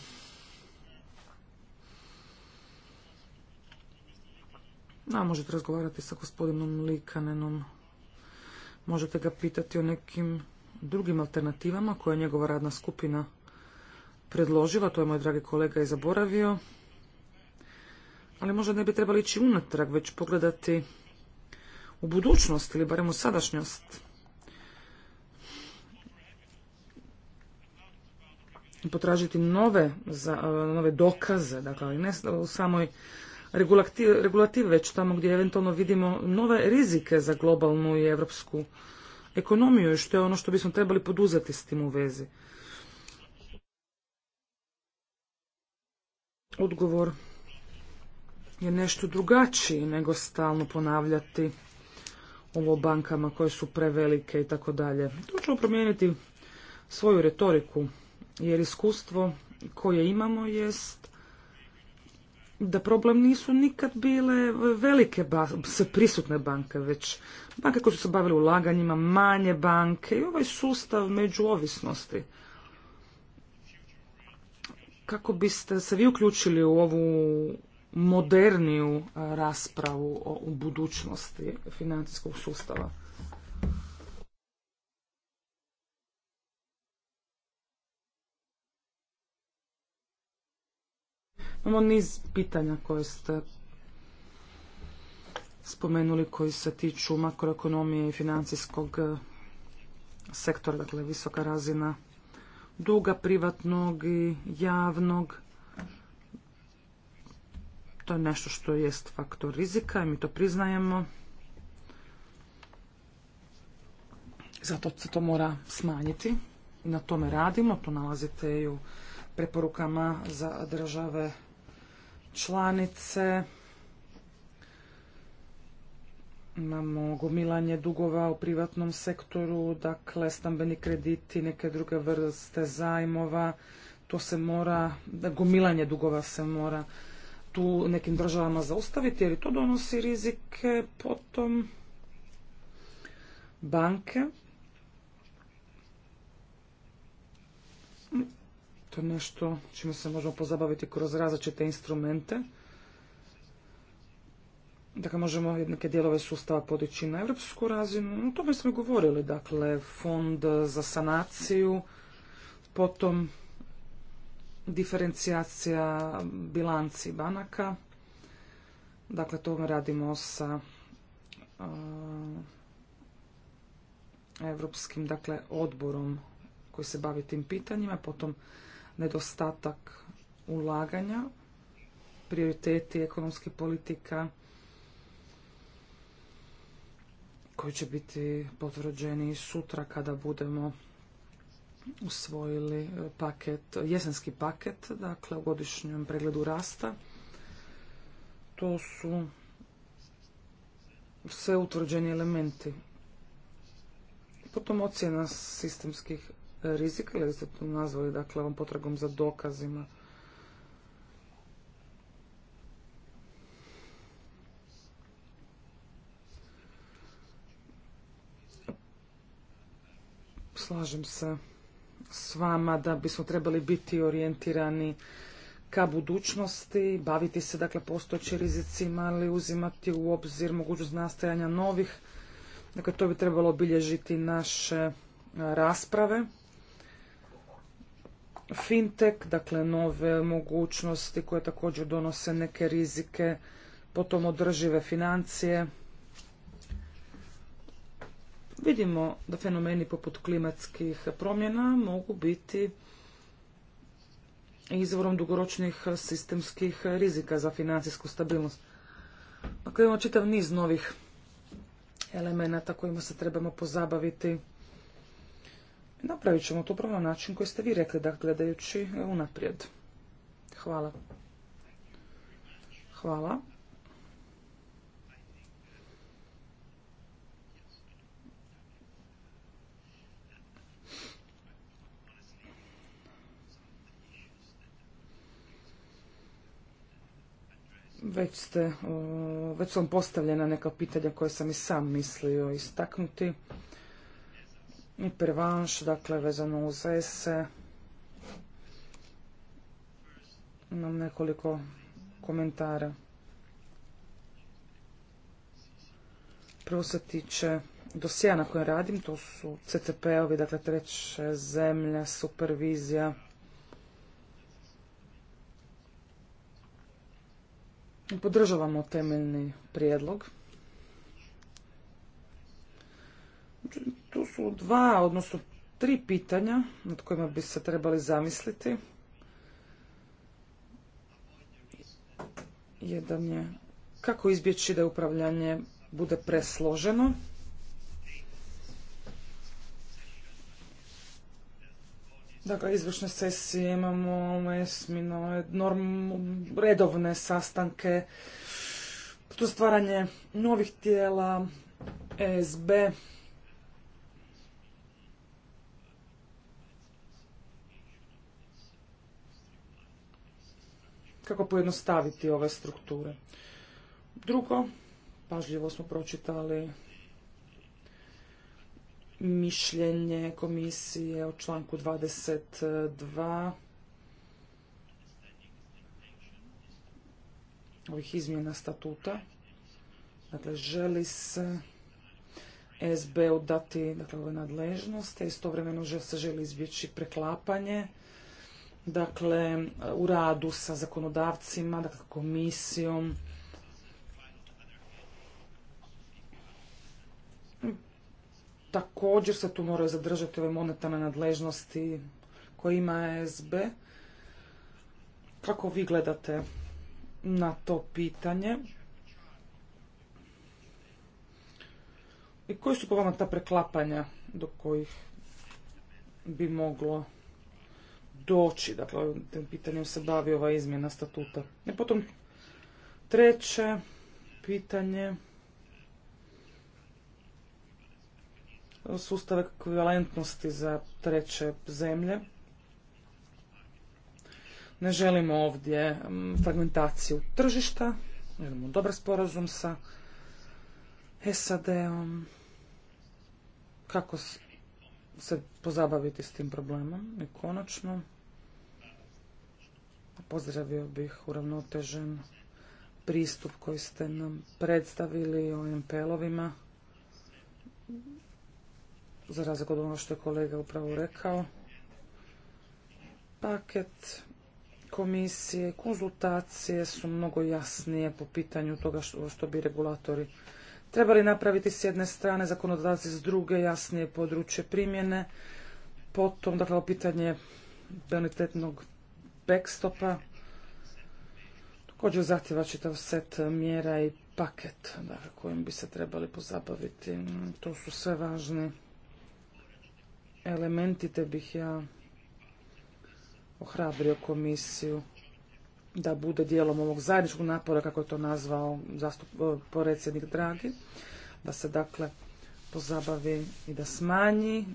Da, možete razgovarati sa gospodinom Likanenom, možete ga pitati o nekim drugim alternativama koje je njegova radna skupina predložila, to je moj dragi kolega i zaboravio ali možda ne bi trebali ići unatrag, već pogledati u budućnost ili barem u sadašnjost. Potražiti nove, za, e, nove dokaze, dakle, ne u samoj regulativi, regulativ, već tamo gdje eventualno vidimo nove rizike za globalnu i evropsku ekonomiju i što je ono što bismo trebali poduzeti s tim u vezi. Odgovor je nešto drugačiji nego stalno ponavljati ovo bankama koje su prevelike i tako dalje. Tu ćemo promijeniti svoju retoriku jer iskustvo koje imamo jest da problem nisu nikad bile velike prisutne banke, već banke koje su se bavile ulaganjima, manje banke i ovaj sustav međuovisnosti. Kako biste se vi uključili u ovu moderniju e, raspravu o budućnosti financijskog sustava. Imamo niz pitanja koje ste spomenuli koji se tiču makroekonomije i financijskog e, sektora, dakle visoka razina duga privatnog i javnog. To je nešto što jest faktor rizika i mi to priznajemo. Zato se to mora smanjiti. Na tome radimo, to nalazite i u preporukama za države članice. Imamo gomilanje dugova u privatnom sektoru, dakle stambeni krediti, neke druge vrste zajmova. To se mora, gomilanje dugova se mora tu nekim državama zaustaviti, jer to donosi rizike potom banke. To je nešto čime se možemo pozabaviti kroz različite instrumente. Dakle, možemo neke dijelove sustava podići na evropsku razinu. O tome smo govorili, dakle, fond za sanaciju, potom diferencijacija bilanci banaka. Dakle, to radimo sa Europskim dakle, odborom koji se bavi tim pitanjima, potom nedostatak ulaganja, prioriteti ekonomskih politika koji će biti potvrđeni sutra kada budemo usvojili e, paket, jesenski paket, dakle u godišnjem pregledu rasta. To su sve utvrđeni elementi. Potom ocjena sistemskih rizika, ili ste to nazvali, dakle, ovom potragom za dokazima. Slažem se s vama da bismo trebali biti orijentirani ka budućnosti, baviti se dakle postojećim rizicima, ali uzimati u obzir mogućnost nastajanja novih. Dakle, to bi trebalo obilježiti naše rasprave. Fintech, dakle nove mogućnosti koje također donose neke rizike, potom održive financije, Vidimo da fenomeni poput klimatskih promjena mogu biti izvorom dugoročnih sistemskih rizika za financijsku stabilnost. Dakle, imamo čitav niz novih elemenata kojima se trebamo pozabaviti. Napravit ćemo to upravo na način koji ste vi rekli, da dakle, gledajući unaprijed. Hvala. Hvala. Već, ste, već su vam postavljena neka pitanja koje sam i sam mislio istaknuti. I prevanš, dakle, vezano uz ESE. Imam nekoliko komentara. Prvo se tiče dosija na radim, to su ccp ovi dakle treće zemlje, supervizija, Podržavamo temeljni prijedlog. Tu su dva, odnosno tri pitanja nad kojima bi se trebali zamisliti. Jedan je kako izbjeći da upravljanje bude presloženo. Dakle, izvršne sesije imamo, mesmino, ovaj, norm, redovne sastanke, tu stvaranje novih tijela, ESB. Kako pojednostaviti ove strukture. Drugo, pažljivo smo pročitali mišljenje komisije o članku 22 ovih izmjena statuta. Dakle, želi se SB-u dati dakle, ove nadležnosti, istovremeno se želi izbjeći preklapanje dakle, u radu sa zakonodavcima, dakle, komisijom, Također se tu moraju zadržati ove monetarne nadležnosti koje ima ESB. Kako vi gledate na to pitanje? I koji su po vama ta preklapanja do kojih bi moglo doći? Dakle, tim pitanjem se bavi ova izmjena statuta. I e, potom treće pitanje. sustav ekvivalentnosti za treće zemlje. Ne želimo ovdje fragmentaciju tržišta, želimo dobar sporazum sa SAD-om, kako se pozabaviti s tim problemom i konačno pozdravio bih uravnotežen pristup koji ste nam predstavili o MPL-ovima za razliku od ono što je kolega upravo rekao. Paket komisije, konzultacije su mnogo jasnije po pitanju toga što, bi regulatori trebali napraviti s jedne strane, zakonodavci s druge, jasnije područje primjene, potom, dakle, pitanje benitetnog backstopa, također zahtjeva čitav set mjera i paket dakle, kojim bi se trebali pozabaviti. To su sve važne elementi, te bih ja ohrabrio komisiju da bude dijelom ovog zajedničkog napora, kako je to nazvao zastup, Dragi, da se dakle pozabavi i da smanji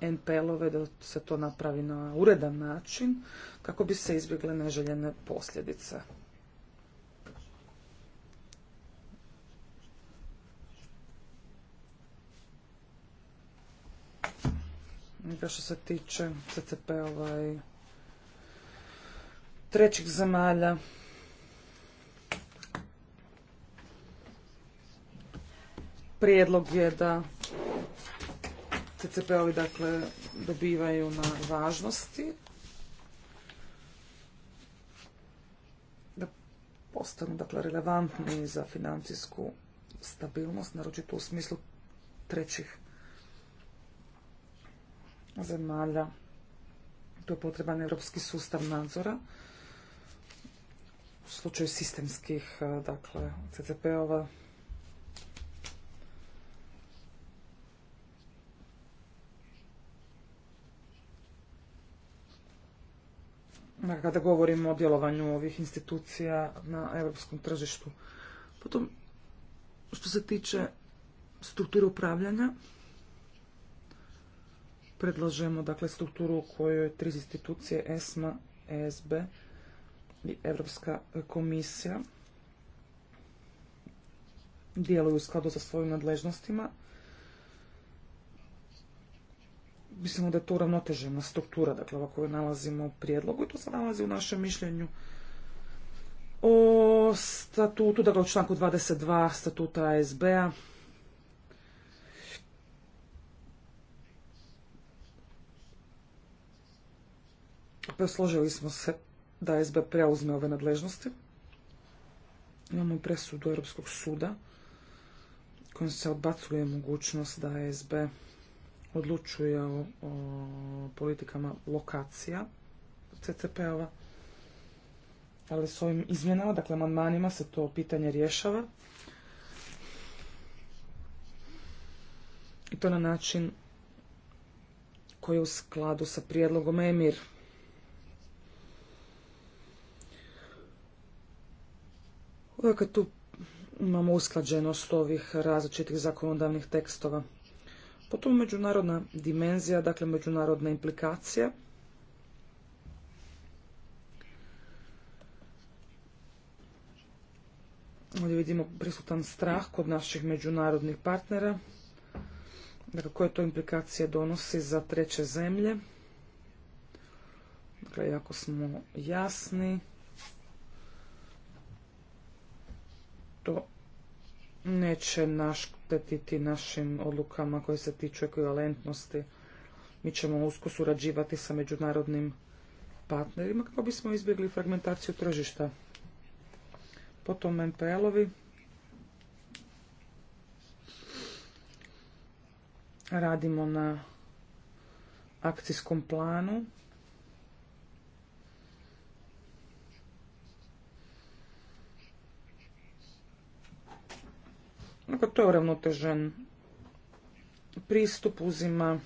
NPL-ove, da se to napravi na uredan način, kako bi se izbjegle neželjene posljedice. da što se tiče CCP-ova i trećih zemalja. Prijedlog je da CCP-ovi dakle dobivaju na važnosti, da postanu dakle relevantni za financijsku stabilnost, naročito u smislu trećih zemalja. to je potreban europski sustav nadzora u slučaju sistemskih, e, dakle, CCP-ova. Kada govorimo o djelovanju ovih institucija na europskom tržištu. Potom, što se tiče strukture upravljanja, Predlažemo dakle strukturu u kojoj tri institucije ESMA, ESB i Europska komisija djeluju u skladu sa svojim nadležnostima. Mislimo da je to uravnotežena struktura, dakle ova koju nalazimo u prijedlogu i to se nalazi u našem mišljenju o statutu, dakle u članku 22 statuta ASB-a. E Posložili smo se da SB preuzme ove nadležnosti. Imamo presudu Europskog suda kojom se odbacuje mogućnost da SB odlučuje o, politikama lokacija CCP-ova. Ali s ovim izmjenama, dakle amandmanima se to pitanje rješava. I to na način koji je u skladu sa prijedlogom EMIR Uvijek tu imamo usklađenost ovih različitih zakonodavnih tekstova. Potom međunarodna dimenzija, dakle međunarodna implikacija. Ovdje vidimo prisutan strah kod naših međunarodnih partnera. Dakle, koje to implikacije donosi za treće zemlje. Dakle, jako smo jasni. to neće naštetiti našim odlukama koje se tiču ekvivalentnosti. Mi ćemo usko surađivati sa međunarodnim partnerima kako bismo izbjegli fragmentaciju tržišta. Potom MPL-ovi radimo na akcijskom planu Dakle, to je uravnotežen pristup uzima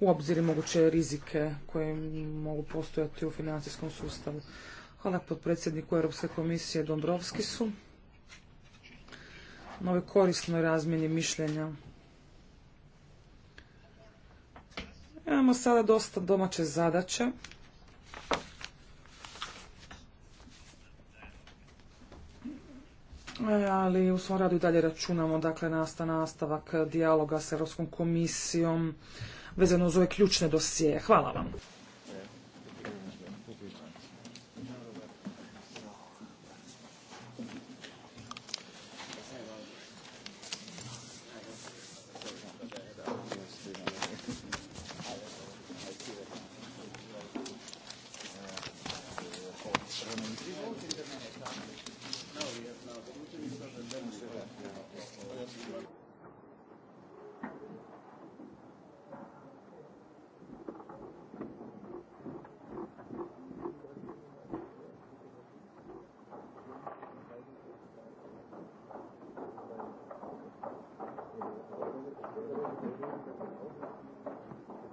u obzir moguće rizike koje mogu postojati u financijskom sustavu. Hvala podpredsjedniku Europske komisije su. na ovoj korisnoj razmjeni mišljenja. Imamo sada dosta domaće zadaće E, ali u svom radu i dalje računamo dakle nasta nastavak dijaloga s Europskom komisijom vezano uz ove ključne dosije. Hvala vam.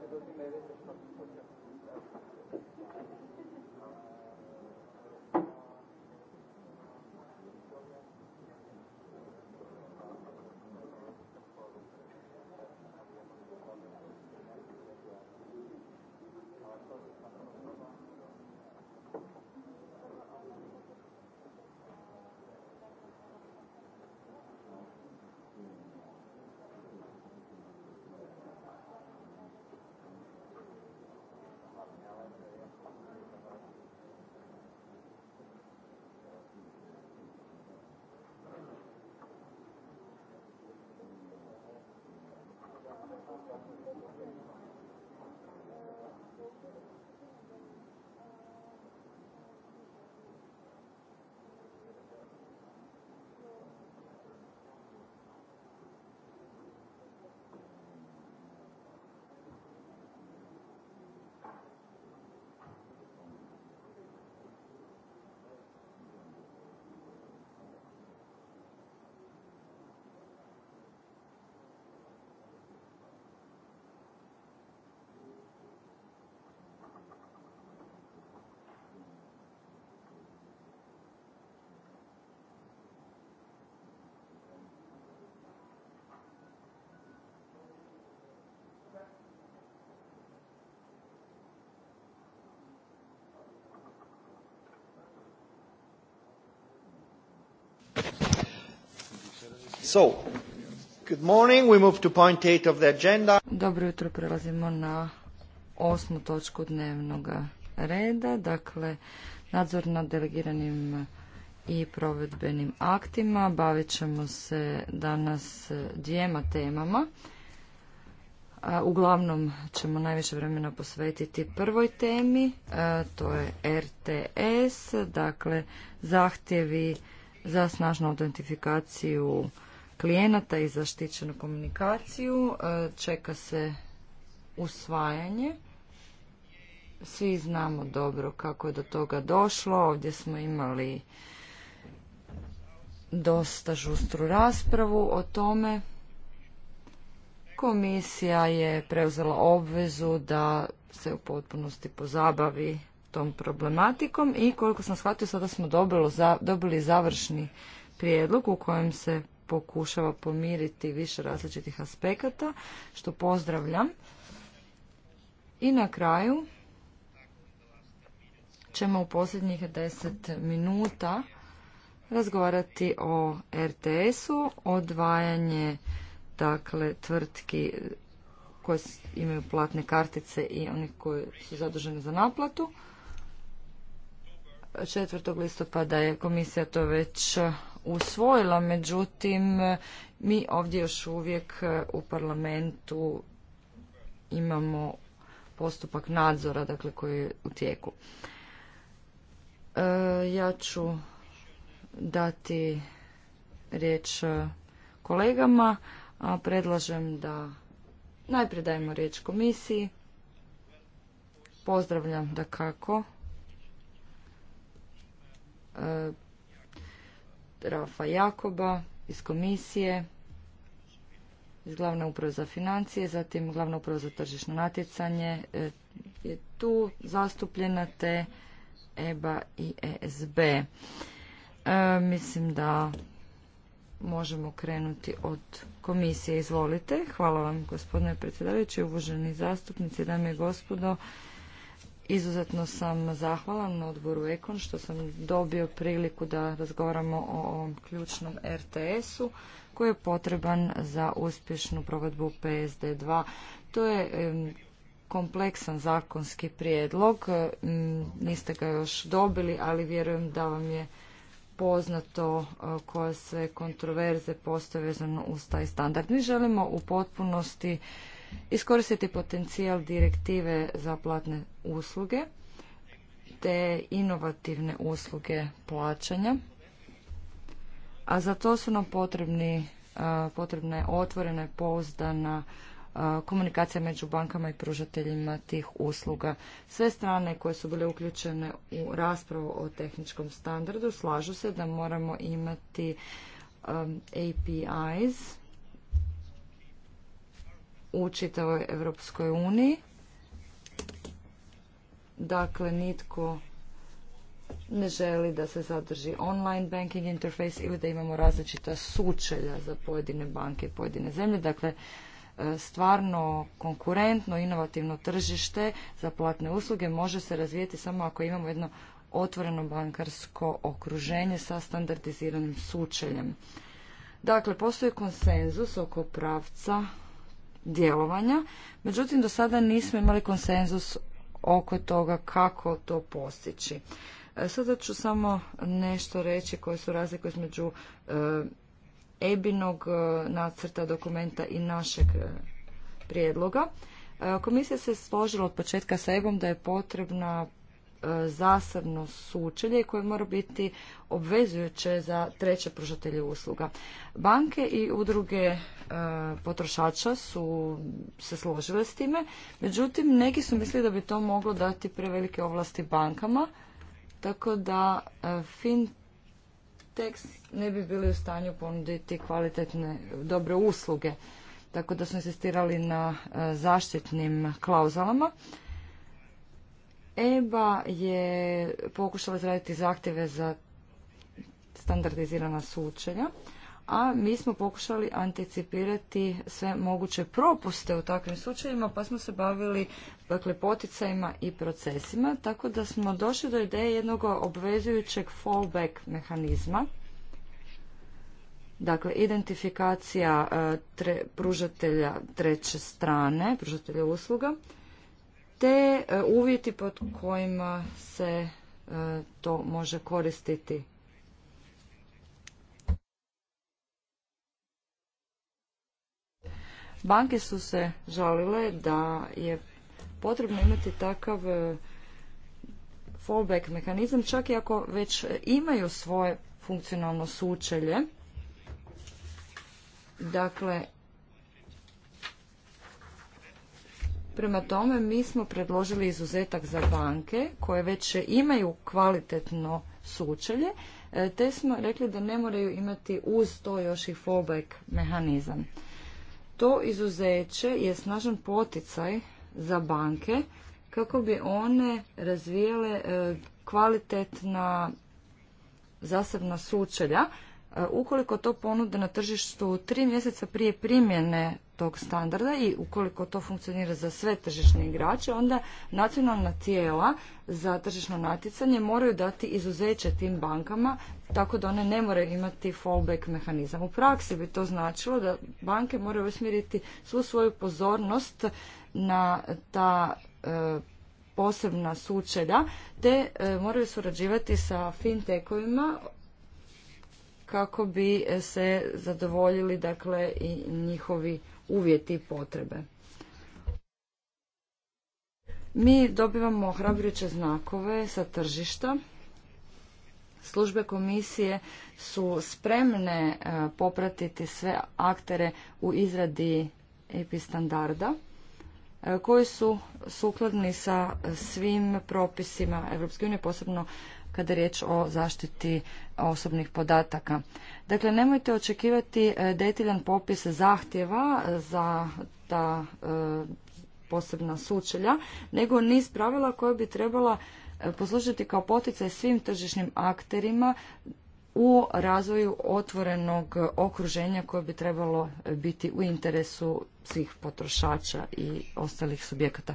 Međutim, So, good morning. Dobro jutro, prelazimo na osmu točku dnevnog reda, dakle nadzor nad delegiranim i provedbenim aktima. Bavit ćemo se danas dvijema temama. Uglavnom ćemo najviše vremena posvetiti prvoj temi, to je RTS, dakle zahtjevi za snažnu identifikaciju klijenata i zaštićenu komunikaciju. E, čeka se usvajanje. Svi znamo dobro kako je do toga došlo. Ovdje smo imali dosta žustru raspravu o tome. Komisija je preuzela obvezu da se u potpunosti pozabavi tom problematikom i koliko sam shvatio sada smo dobili završni prijedlog u kojem se pokušava pomiriti više različitih aspekata, što pozdravljam. I na kraju ćemo u posljednjih deset minuta razgovarati o RTS-u, odvajanje dakle tvrtki koje imaju platne kartice i onih koji su zaduženi za naplatu. 4. listopada je komisija to već usvojila, međutim mi ovdje još uvijek e, u parlamentu imamo postupak nadzora dakle koji je u tijeku. E, ja ću dati riječ e, kolegama, a predlažem da najprije dajemo riječ komisiji. Pozdravljam da kako Rafa Jakoba iz komisije, iz glavne uprave za financije, zatim glavna uprava za tržišno natjecanje e, je tu zastupljena te EBA i ESB. E, mislim da možemo krenuti od komisije. Izvolite. Hvala vam gospodine predsjedavajući, uvaženi zastupnici, dame i gospodo. Izuzetno sam zahvalan na odboru Ekon što sam dobio priliku da razgovaramo o ovom ključnom RTS-u koji je potreban za uspješnu provedbu PSD2. To je kompleksan zakonski prijedlog, niste ga još dobili, ali vjerujem da vam je poznato e, koje se kontroverze postoje vezano uz taj standard. Mi želimo u potpunosti iskoristiti potencijal direktive za platne usluge te inovativne usluge plaćanja, a za to su nam potrebni, potrebna je otvorena pouzdana komunikacija među bankama i pružateljima tih usluga. Sve strane koje su bile uključene u raspravu o tehničkom standardu slažu se da moramo imati APIs u čitavoj Europskoj uniji. Dakle, nitko ne želi da se zadrži online banking interface ili da imamo različita sučelja za pojedine banke i pojedine zemlje. Dakle, stvarno konkurentno, inovativno tržište za platne usluge može se razvijeti samo ako imamo jedno otvoreno bankarsko okruženje sa standardiziranim sučeljem. Dakle, postoji konsenzus oko pravca djelovanja. Međutim, do sada nismo imali konsenzus oko toga kako to postići. E, sada ću samo nešto reći koje su razlike između EBINog e e, nacrta dokumenta i našeg prijedloga. Komisija se složila od početka sa EBom da je potrebna E, zasebno sučelje koje mora biti obvezujuće za treće pružatelje usluga. Banke i udruge e, potrošača su se složile s time, međutim neki su mislili da bi to moglo dati prevelike ovlasti bankama, tako da e, tekst ne bi bili u stanju ponuditi kvalitetne dobre usluge, tako da su insistirali na zaštitnim klauzulama. EBA je pokušala izraditi zahtjeve za standardizirana sučelja, a mi smo pokušali anticipirati sve moguće propuste u takvim slučajevima, pa smo se bavili dakle, poticajima i procesima, tako da smo došli do ideje jednog obvezujućeg fallback mehanizma, Dakle, identifikacija e, tre, pružatelja treće strane, pružatelja usluga, te e, uvjeti pod kojima se e, to može koristiti. Banke su se žalile da je potrebno imati takav e, fallback mehanizam, čak i ako već imaju svoje funkcionalno sučelje. Dakle, Prema tome, mi smo predložili izuzetak za banke koje već imaju kvalitetno sučelje, e, te smo rekli da ne moraju imati uz to još i fallback mehanizam. To izuzeće je snažan poticaj za banke kako bi one razvijele e, kvalitetna zasebna sučelja e, ukoliko to ponude na tržištu tri mjeseca prije primjene tog standarda i ukoliko to funkcionira za sve tržišne igrače, onda nacionalna tijela za tržišno natjecanje moraju dati izuzeće tim bankama tako da one ne moraju imati fallback mehanizam. U praksi bi to značilo da banke moraju usmjeriti svu svoju pozornost na ta e, posebna sučelja te e, moraju surađivati sa fintekovima kako bi se zadovoljili dakle i njihovi uvjeti i potrebe. Mi dobivamo ohrabrujuće znakove sa tržišta. Službe komisije su spremne e, popratiti sve aktere u izradi EPI standarda e, koji su sukladni sa svim propisima Europske unije, posebno kada je riječ o zaštiti osobnih podataka. Dakle, nemojte očekivati e, detaljan popis zahtjeva za ta e, posebna sučelja, nego niz pravila koje bi trebala e, poslužiti kao poticaj svim tržišnim akterima u razvoju otvorenog okruženja koje bi trebalo biti u interesu svih potrošača i ostalih subjekata.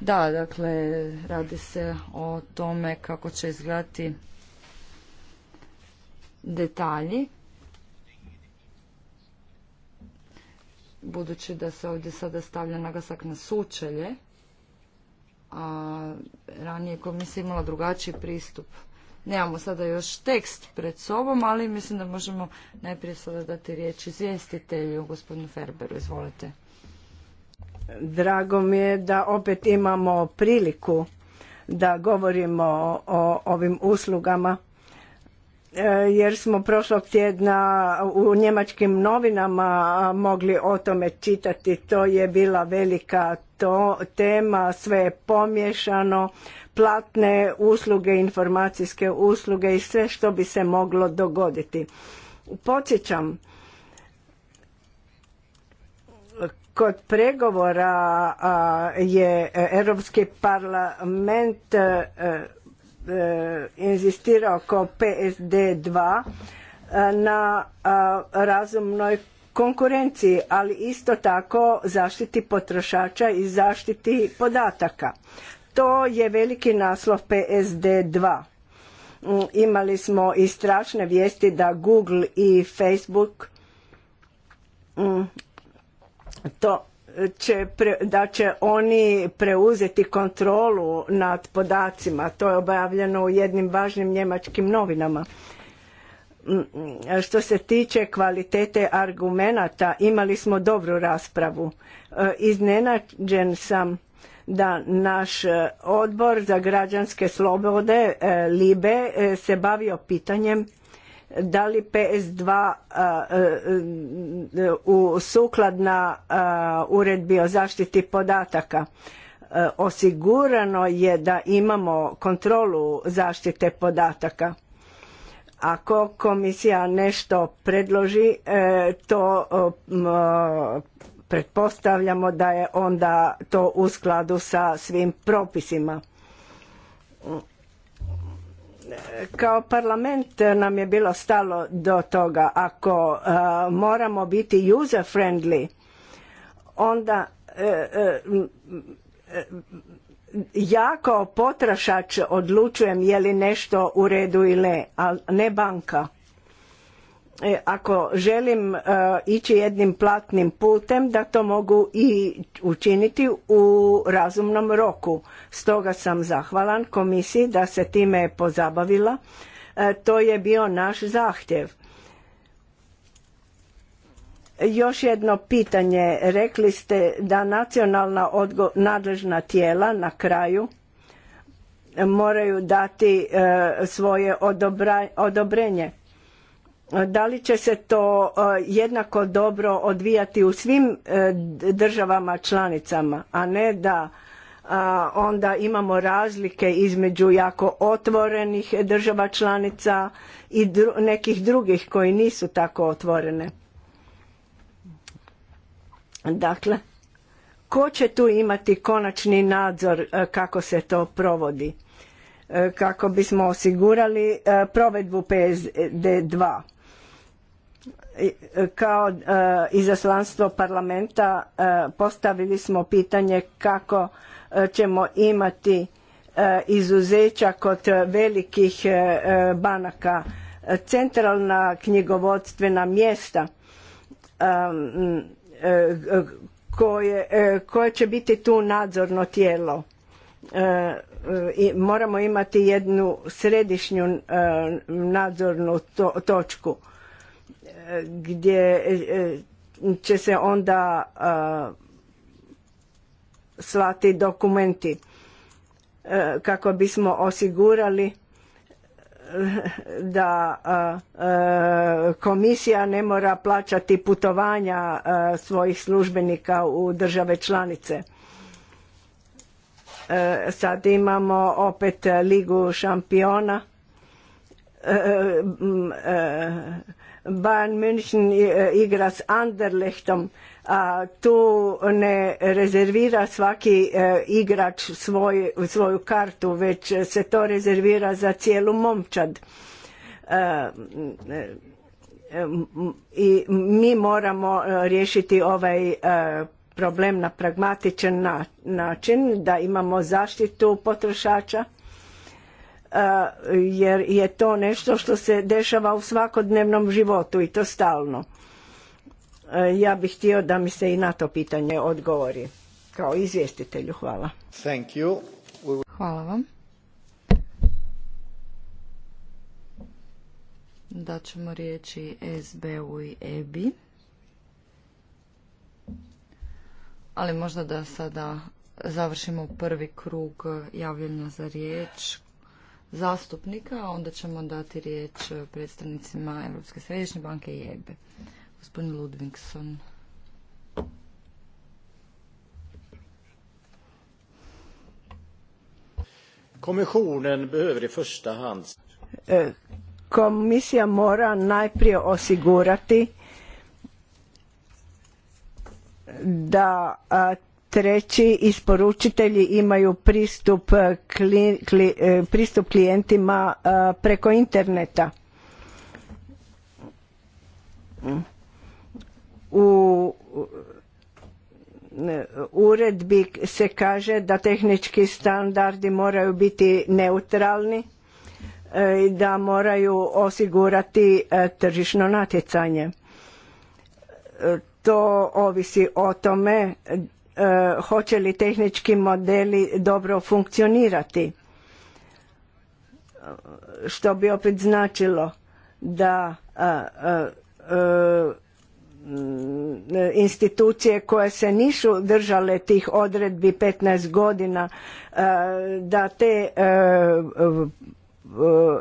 Da, dakle, radi se o tome kako će izgledati detalji. Budući da se ovdje sada stavlja naglasak na sučelje, a ranije komisija imala drugačiji pristup. Nemamo sada još tekst pred sobom, ali mislim da možemo najprije sada dati riječ izvjestitelju, gospodinu Ferberu. Izvolite. Drago mi je da opet imamo priliku da govorimo o, ovim uslugama e, jer smo prošlog tjedna u njemačkim novinama mogli o tome čitati. To je bila velika to, tema, sve je pomješano, platne usluge, informacijske usluge i sve što bi se moglo dogoditi. Podsjećam kod pregovora je e, Europski parlament e, e, inzistirao kao PSD2 na razumnoj konkurenciji, ali isto tako zaštiti potrošača i zaštiti podataka. To je veliki naslov PSD2. Mm, imali smo i strašne vijesti da Google i Facebook mm, to da će oni preuzeti kontrolu nad podacima. To je objavljeno u jednim važnim njemačkim novinama. Mm, mm, što se tiče kvalitete argumenata, imali smo dobru raspravu. E, iznenađen sam da naš e, odbor za građanske slobode e, Libe se bavio pitanjem da li PS2 u sukladna uredbi o zaštiti podataka e, osigurano je da imamo kontrolu zaštite podataka. Ako komisija nešto predloži, e, to pretpostavljamo da je onda to u skladu sa svim propisima kao parlament nam je bilo stalo do toga ako e, moramo biti user friendly onda e, e, ja kao potrošač odlučujem je li nešto u redu ili ne, ali ne banka E, ako želim e, ići jednim platnim putem da to mogu i učiniti u razumnom roku. Stoga sam zahvalan komisiji da se time pozabavila. E, to je bio naš zahtjev. Još jedno pitanje. Rekli ste da nacionalna nadležna tijela na kraju moraju dati svoje odobrenje da li će se to e, jednako dobro odvijati u svim e, državama članicama a ne da onda imamo razlike između jako otvorenih država članica i nekih drugih koji nisu tako otvorene dakle ko će tu imati konačni nadzor e, kako se to provodi kako bismo osigurali provedbu PSD2 E, kao e, izaslanstvo parlamenta e, postavili smo pitanje kako ćemo imati izuzeća kod velikih banaka centralna knjigovodstvena mjesta koje, koje će biti tu nadzorno tijelo i moramo imati jednu središnju nadzornu točku gdje e, će se onda e, slati dokumenti e, kako bismo osigurali da komisija ne mora plaćati putovanja svojih službenika u države članice. Sad imamo opet ligu šampiona Bayern München e, igra s Anderlechtom, a tu ne rezervira svaki e, igrač svoj, svoju kartu, već se to rezervira za cijelu momčad. E, I mi moramo riješiti ovaj problem na pragmatičan način, da imamo zaštitu potrošača jer je to nešto što se dešava u svakodnevnom životu i to stalno. Ja bih htio da mi se i na to pitanje odgovori kao izvjestitelju. Hvala. Thank you. Hvala vam. Da ćemo riječi SBU i EBI. Ali možda da sada završimo prvi krug javljanja za riječ zastupnika, onda ćemo dati riječ predstavnicima Europske središnje banke i EBE. E. Gospodin Ludvigson. behöver i första hand e, komisija mora najprije osigurati da treći isporučitelji imaju pristup, eh, eh, pristup klijentima eh, preko interneta u uredbi se kaže da tehnički standardi moraju biti neutralni i da moraju osigurati tržišno natjecanje. To ovisi o tome E, hoće li tehnički modeli dobro funkcionirati što bi opet značilo da e, institucije koje se nisu držale tih odredbi 15 godina da te e,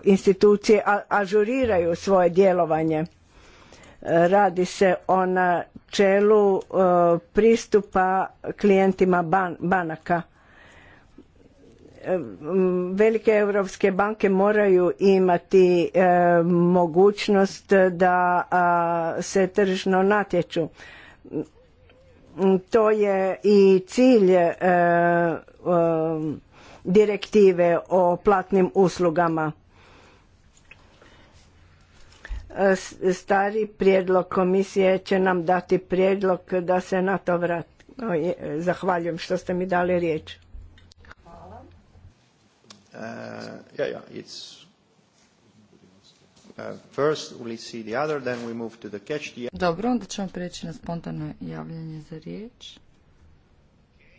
institucije ažuriraju svoje djelovanje Radi se o načelu e, pristupa klijentima banaka. E, velike europske banke moraju imati e, mogućnost da se tržišno natječu. To je i cilj direktive o platnim uslugama stari prijedlog komisije će nam dati prijedlog da se na to vrati. Zahvaljujem što ste mi dali riječ. Hvala. Dobro, onda ćemo prijeći na spontano javljanje za riječ.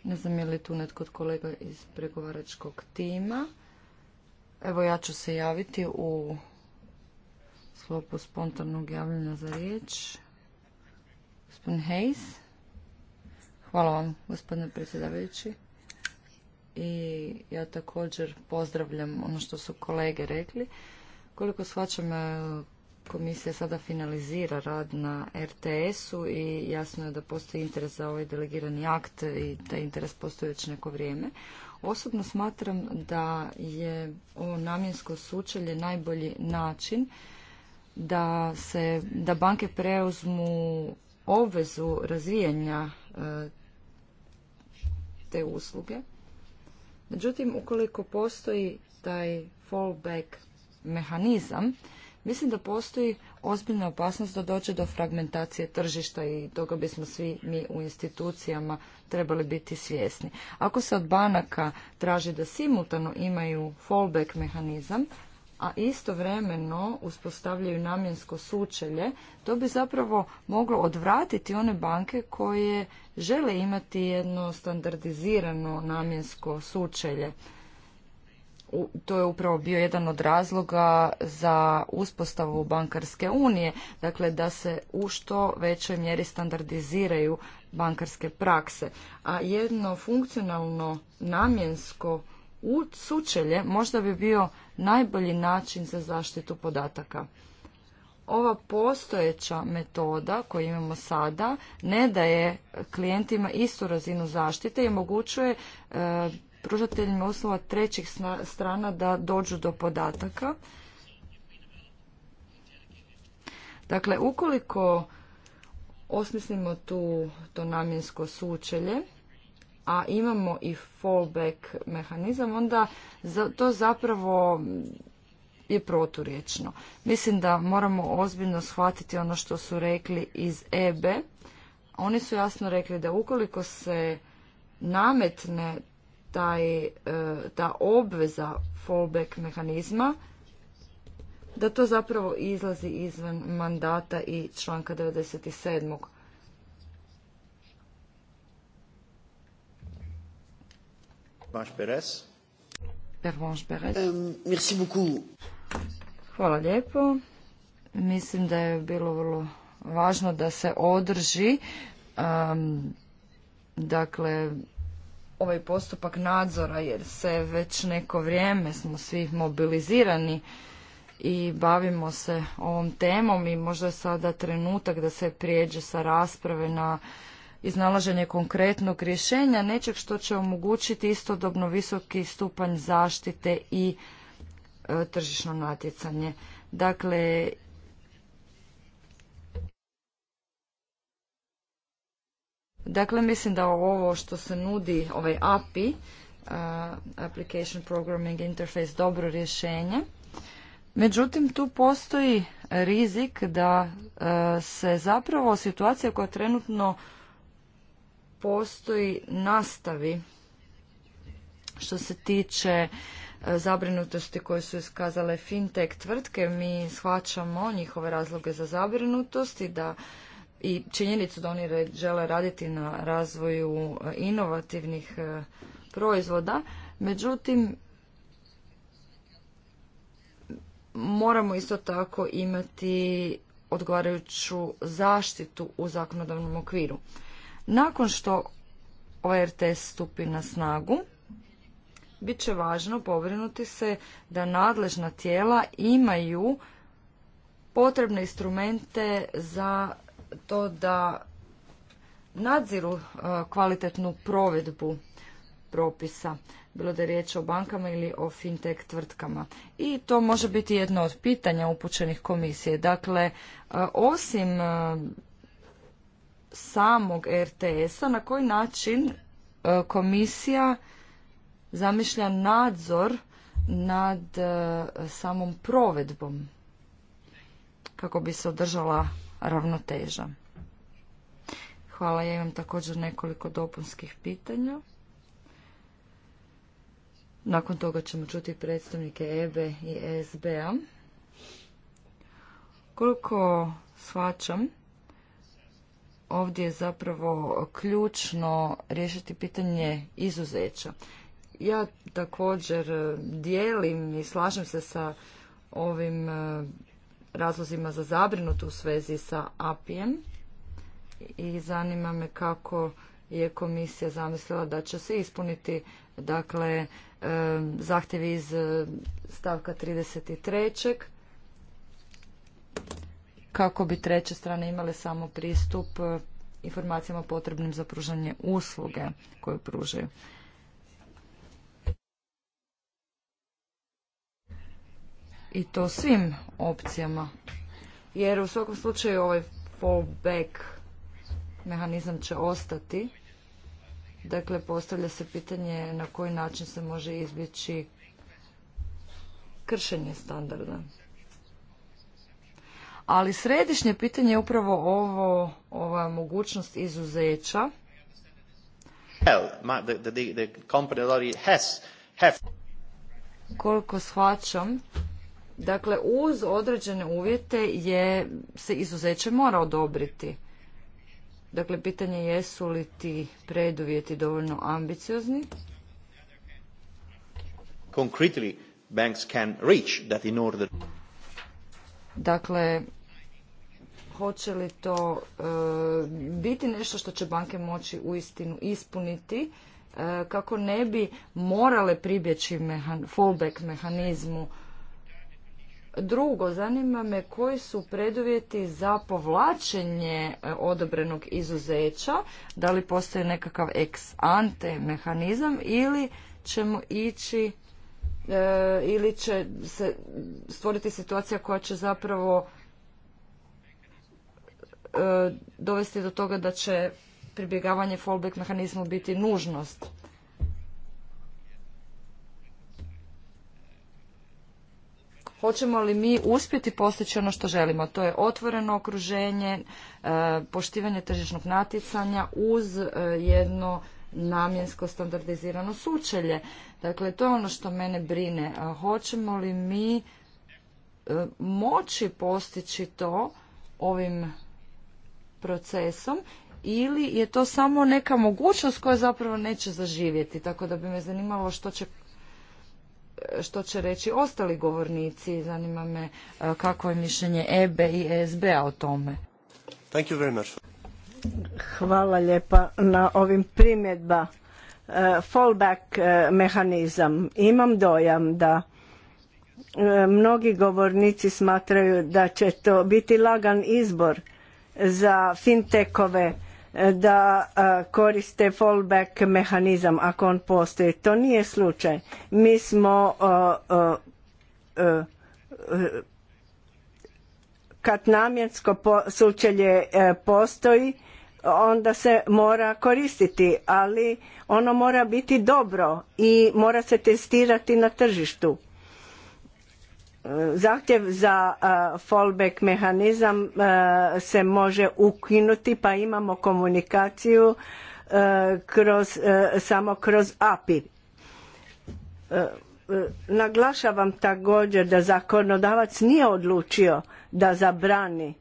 Ne znam je li tu netko od kolega iz pregovaračkog tima. Evo ja ću se javiti u sklopu spontanog javljanja za riječ. Gospodin Hayes. Hvala vam, gospodine predsjedavajući. I ja također pozdravljam ono što su kolege rekli. Koliko shvaćam, e, komisija sada finalizira rad na RTS-u i jasno je da postoji interes za ovaj delegirani akt i taj interes postoji već neko vrijeme. Osobno smatram da je ovo namjensko sučelje najbolji način da, se, da banke preuzmu obvezu razvijanja e, te usluge. Međutim, ukoliko postoji taj fallback mehanizam, mislim da postoji ozbiljna opasnost da dođe do fragmentacije tržišta i toga bismo svi mi u institucijama trebali biti svjesni. Ako se od banaka traži da simultano imaju fallback mehanizam, a istovremeno uspostavljaju namjensko sučelje, to bi zapravo moglo odvratiti one banke koje žele imati jedno standardizirano namjensko sučelje. to je upravo bio jedan od razloga za uspostavu bankarske unije, dakle da se u što većoj mjeri standardiziraju bankarske prakse. A jedno funkcionalno namjensko u sučelje možda bi bio najbolji način za zaštitu podataka. Ova postojeća metoda koju imamo sada ne daje klijentima istu razinu zaštite i omogućuje e, pružateljima usluga trećih strana da dođu do podataka. Dakle, ukoliko osmislimo tu to namjensko sučelje, a imamo i fallback mehanizam, onda to zapravo je proturječno. Mislim da moramo ozbiljno shvatiti ono što su rekli iz EBE. Oni su jasno rekli da ukoliko se nametne taj, e, ta obveza fallback mehanizma, da to zapravo izlazi izvan mandata i članka 97. Hvala lijepo. Mislim da je bilo vrlo važno da se održi dakle ovaj postupak nadzora jer se već neko vrijeme smo svi mobilizirani i bavimo se ovom temom i možda je sada trenutak da se prijeđe sa rasprave na iznalaženje konkretnog rješenja, nečeg što će omogućiti istodobno visoki stupanj zaštite i e, tržišno natjecanje. Dakle, Dakle, mislim da ovo što se nudi, ovaj API, e, Application Programming Interface, dobro rješenje. Međutim, tu postoji rizik da e, se zapravo situacija koja trenutno postoji nastavi što se tiče e, zabrinutosti koje su iskazale fintech tvrtke. Mi shvaćamo njihove razloge za zabrinutost i da i činjenicu da oni žele raditi na razvoju e, inovativnih e, proizvoda. Međutim, moramo isto tako imati odgovarajuću zaštitu u zakonodavnom okviru. Nakon što ORT stupi na snagu, bit će važno pobrinuti se da nadležna tijela imaju potrebne instrumente za to da nadziru e, kvalitetnu provedbu propisa, bilo da je riječ o bankama ili o fintech tvrtkama. I to može biti jedno od pitanja upućenih komisije. Dakle, e, osim e, samog RTS-a, na koji način e, komisija zamišlja nadzor nad e, samom provedbom kako bi se održala ravnoteža. Hvala, ja imam također nekoliko dopunskih pitanja. Nakon toga ćemo čuti predstavnike EBE i ESB-a. Koliko shvaćam, ovdje je zapravo ključno riješiti pitanje izuzeća. Ja također dijelim i slažem se sa ovim e, razlozima za zabrinutu u svezi sa APM i zanima me kako je komisija zamislila da će se ispuniti dakle e, zahtjevi iz e, stavka 33 kako bi treće strane imale samo pristup e, informacijama potrebnim za pružanje usluge koje pružaju. I to svim opcijama. Jer u svakom slučaju ovaj fallback mehanizam će ostati. Dakle, postavlja se pitanje na koji način se može izbjeći kršenje standarda. Ali središnje pitanje je upravo ovo, ova mogućnost izuzeća. Koliko shvaćam, dakle uz određene uvjete je, se izuzeće mora odobriti. Dakle, pitanje jesu li ti preduvjeti dovoljno ambiciozni? Concretely, banks can reach that Dakle, hoće li to e, biti nešto što će banke moći istinu ispuniti e, kako ne bi morale pribjeći mehan, fallback mehanizmu. Drugo, zanima me koji su preduvjeti za povlačenje e, odobrenog izuzeća, da li postoji nekakav ex ante mehanizam ili ćemo ići ili će se stvoriti situacija koja će zapravo E, dovesti do toga da će pribjegavanje fallback mehanizmu biti nužnost. Hoćemo li mi uspjeti postići ono što želimo? To je otvoreno okruženje, e, poštivanje tržišnog natjecanja uz e, jedno namjensko standardizirano sučelje. Dakle, to je ono što mene brine. Hoćemo li mi moći postići to ovim procesom ili je to samo neka mogućnost koja zapravo neće zaživjeti. Tako da bi me zanimalo što će što će reći ostali govornici. Zanima me e, kako je mišljenje EBE i esb o tome. Thank you very much. Hvala lijepa na ovim primjedba. E, fallback e, mehanizam. Imam dojam da mnogi govornici smatraju da će to biti lagan izbor za fintekove e, da e, koriste fallback mehanizam ako on postoji. To nije slučaj. Mi smo e, kad namjensko sučelje postoji onda se mora koristiti, ali ono mora biti dobro i mora se testirati na tržištu zahtjev za fallback mehanizam se može ukinuti pa imamo komunikaciju samo kroz API. Naglašavam također da zakonodavac nije odlučio da zabrani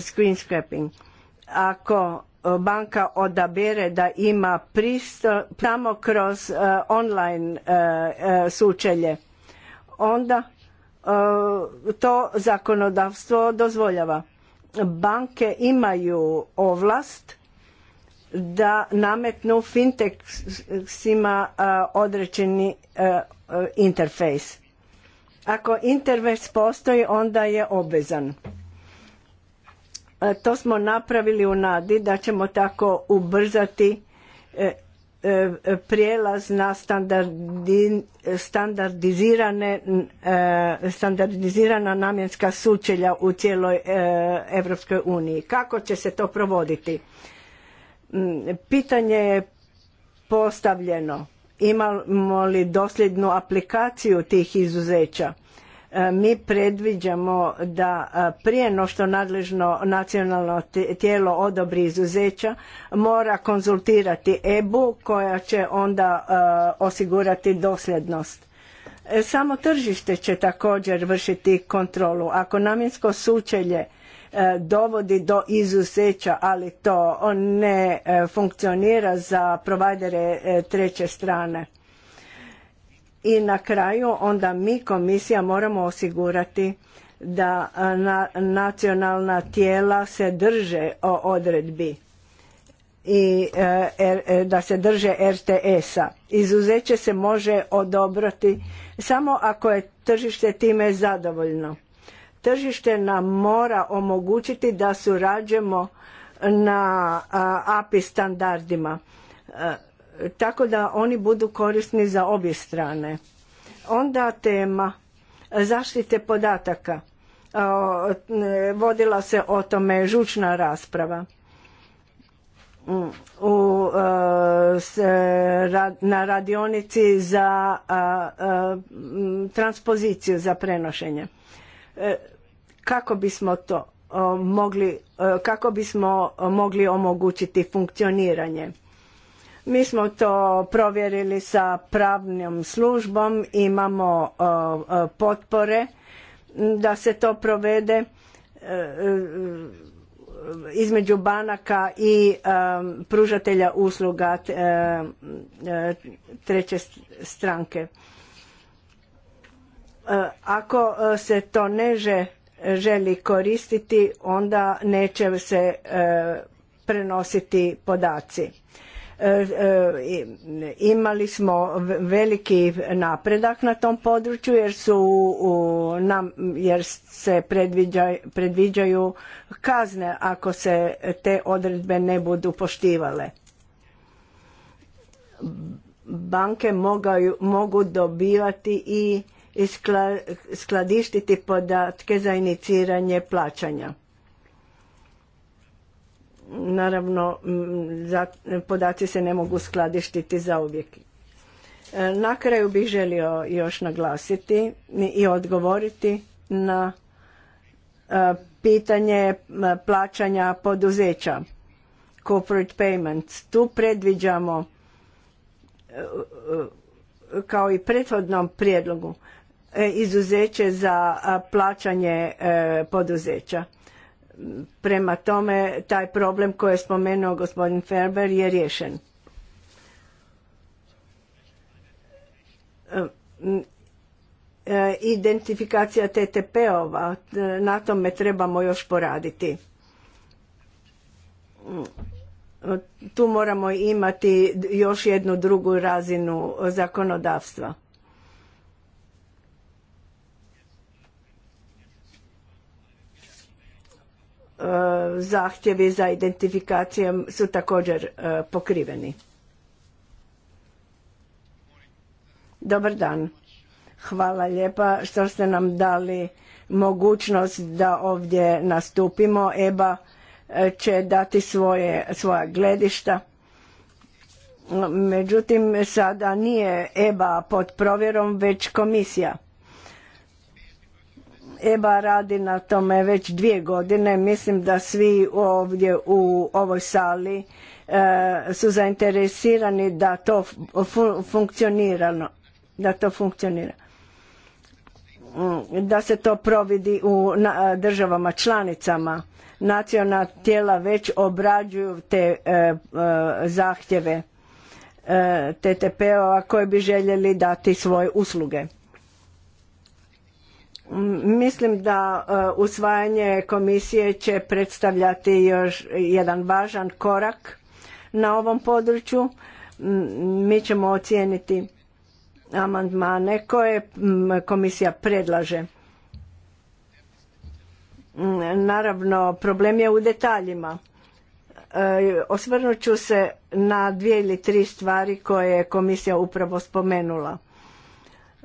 screen scraping. Ako banka odabere da ima pristup samo kroz online sučelje onda e, to zakonodavstvo dozvoljava. Banke imaju ovlast da nametnu fintechsima e, određeni e, interfejs. Ako interfejs postoji, onda je obvezan. To smo napravili u nadi da ćemo tako ubrzati E, prijelaz na e, standardizirana namjenska sučelja u cijeloj Europskoj uniji. Kako će se to provoditi? Mm, pitanje je postavljeno. Imamo li dosljednu aplikaciju tih izuzeća? E, mi predviđamo da e, prije no što nadležno nacionalno tijelo odobri izuzeća mora konzultirati EBU koja će onda e, osigurati dosljednost. Samo tržište će također vršiti kontrolu. Ako namjensko sučelje dovodi do izuzeća, ali to ne funkcionira za provajdere treće strane i na kraju onda mi komisija moramo osigurati da nacionalna tijela se drže o odredbi i e, er, e, da se drže RTS-a. Izuzeće se može odobrati samo ako je tržište time zadovoljno. Tržište nam mora omogućiti da surađujemo na API standardima. E, tako da oni budu korisni za obje strane. Onda tema zaštite podataka. Vodila se o tome žučna rasprava. Mm, u, e, e, na radionici za transpoziciju za prenošenje. E, kako bismo to mogli, kako bismo mogli omogućiti funkcioniranje? Mi smo to provjerili sa pravnom službom, imamo e, e, potpore da se to provede e, između banaka i pružatelja usluga treće stranke. Ako se to ne želi koristiti, onda neće se prenositi podaci E, e, imali smo veliki napredak na tom području jer su nam, jer se predviđaju kazne ako se te odredbe ne budu poštivale. Banke mogu dobivati i skladištiti podatke za iniciranje plaćanja Naravno, podaci se ne mogu skladištiti za uvijek. E, na kraju bih želio još naglasiti i odgovoriti na e, pitanje plaćanja poduzeća, corporate payments. Tu predviđamo e, kao i prethodnom prijedlogu izuzeće za plaćanje poduzeća Prema tome, taj problem koji je spomenuo gospodin Ferber je riješen. E, e, identifikacija TTP-ova, e, na tome trebamo još poraditi. Tu moramo imati još jednu drugu razinu zakonodavstva. E, zahtjevi za identifikacijom su također e, pokriveni. Dobar dan. Hvala lijepa što ste nam dali mogućnost da ovdje nastupimo. EBA e, će dati svoje, svoja gledišta. Međutim, sada nije EBA pod provjerom, već komisija. EBA radi na tome već dvije godine. Mislim da svi ovdje u ovoj sali e, su zainteresirani da to funkcionira. Da to funkcionira. Mm, da se to providi u državama članicama. Nacionalna tijela već obrađuju te e, e, zahtjeve TTP-ova koji bi željeli dati svoje usluge. Mislim da e, usvajanje komisije će predstavljati još jedan važan korak na ovom području. Mi ćemo ocijeniti amandmane koje komisija predlaže. Naravno, problem je u detaljima. E, osvrnut ću se na dvije ili tri stvari koje je komisija upravo spomenula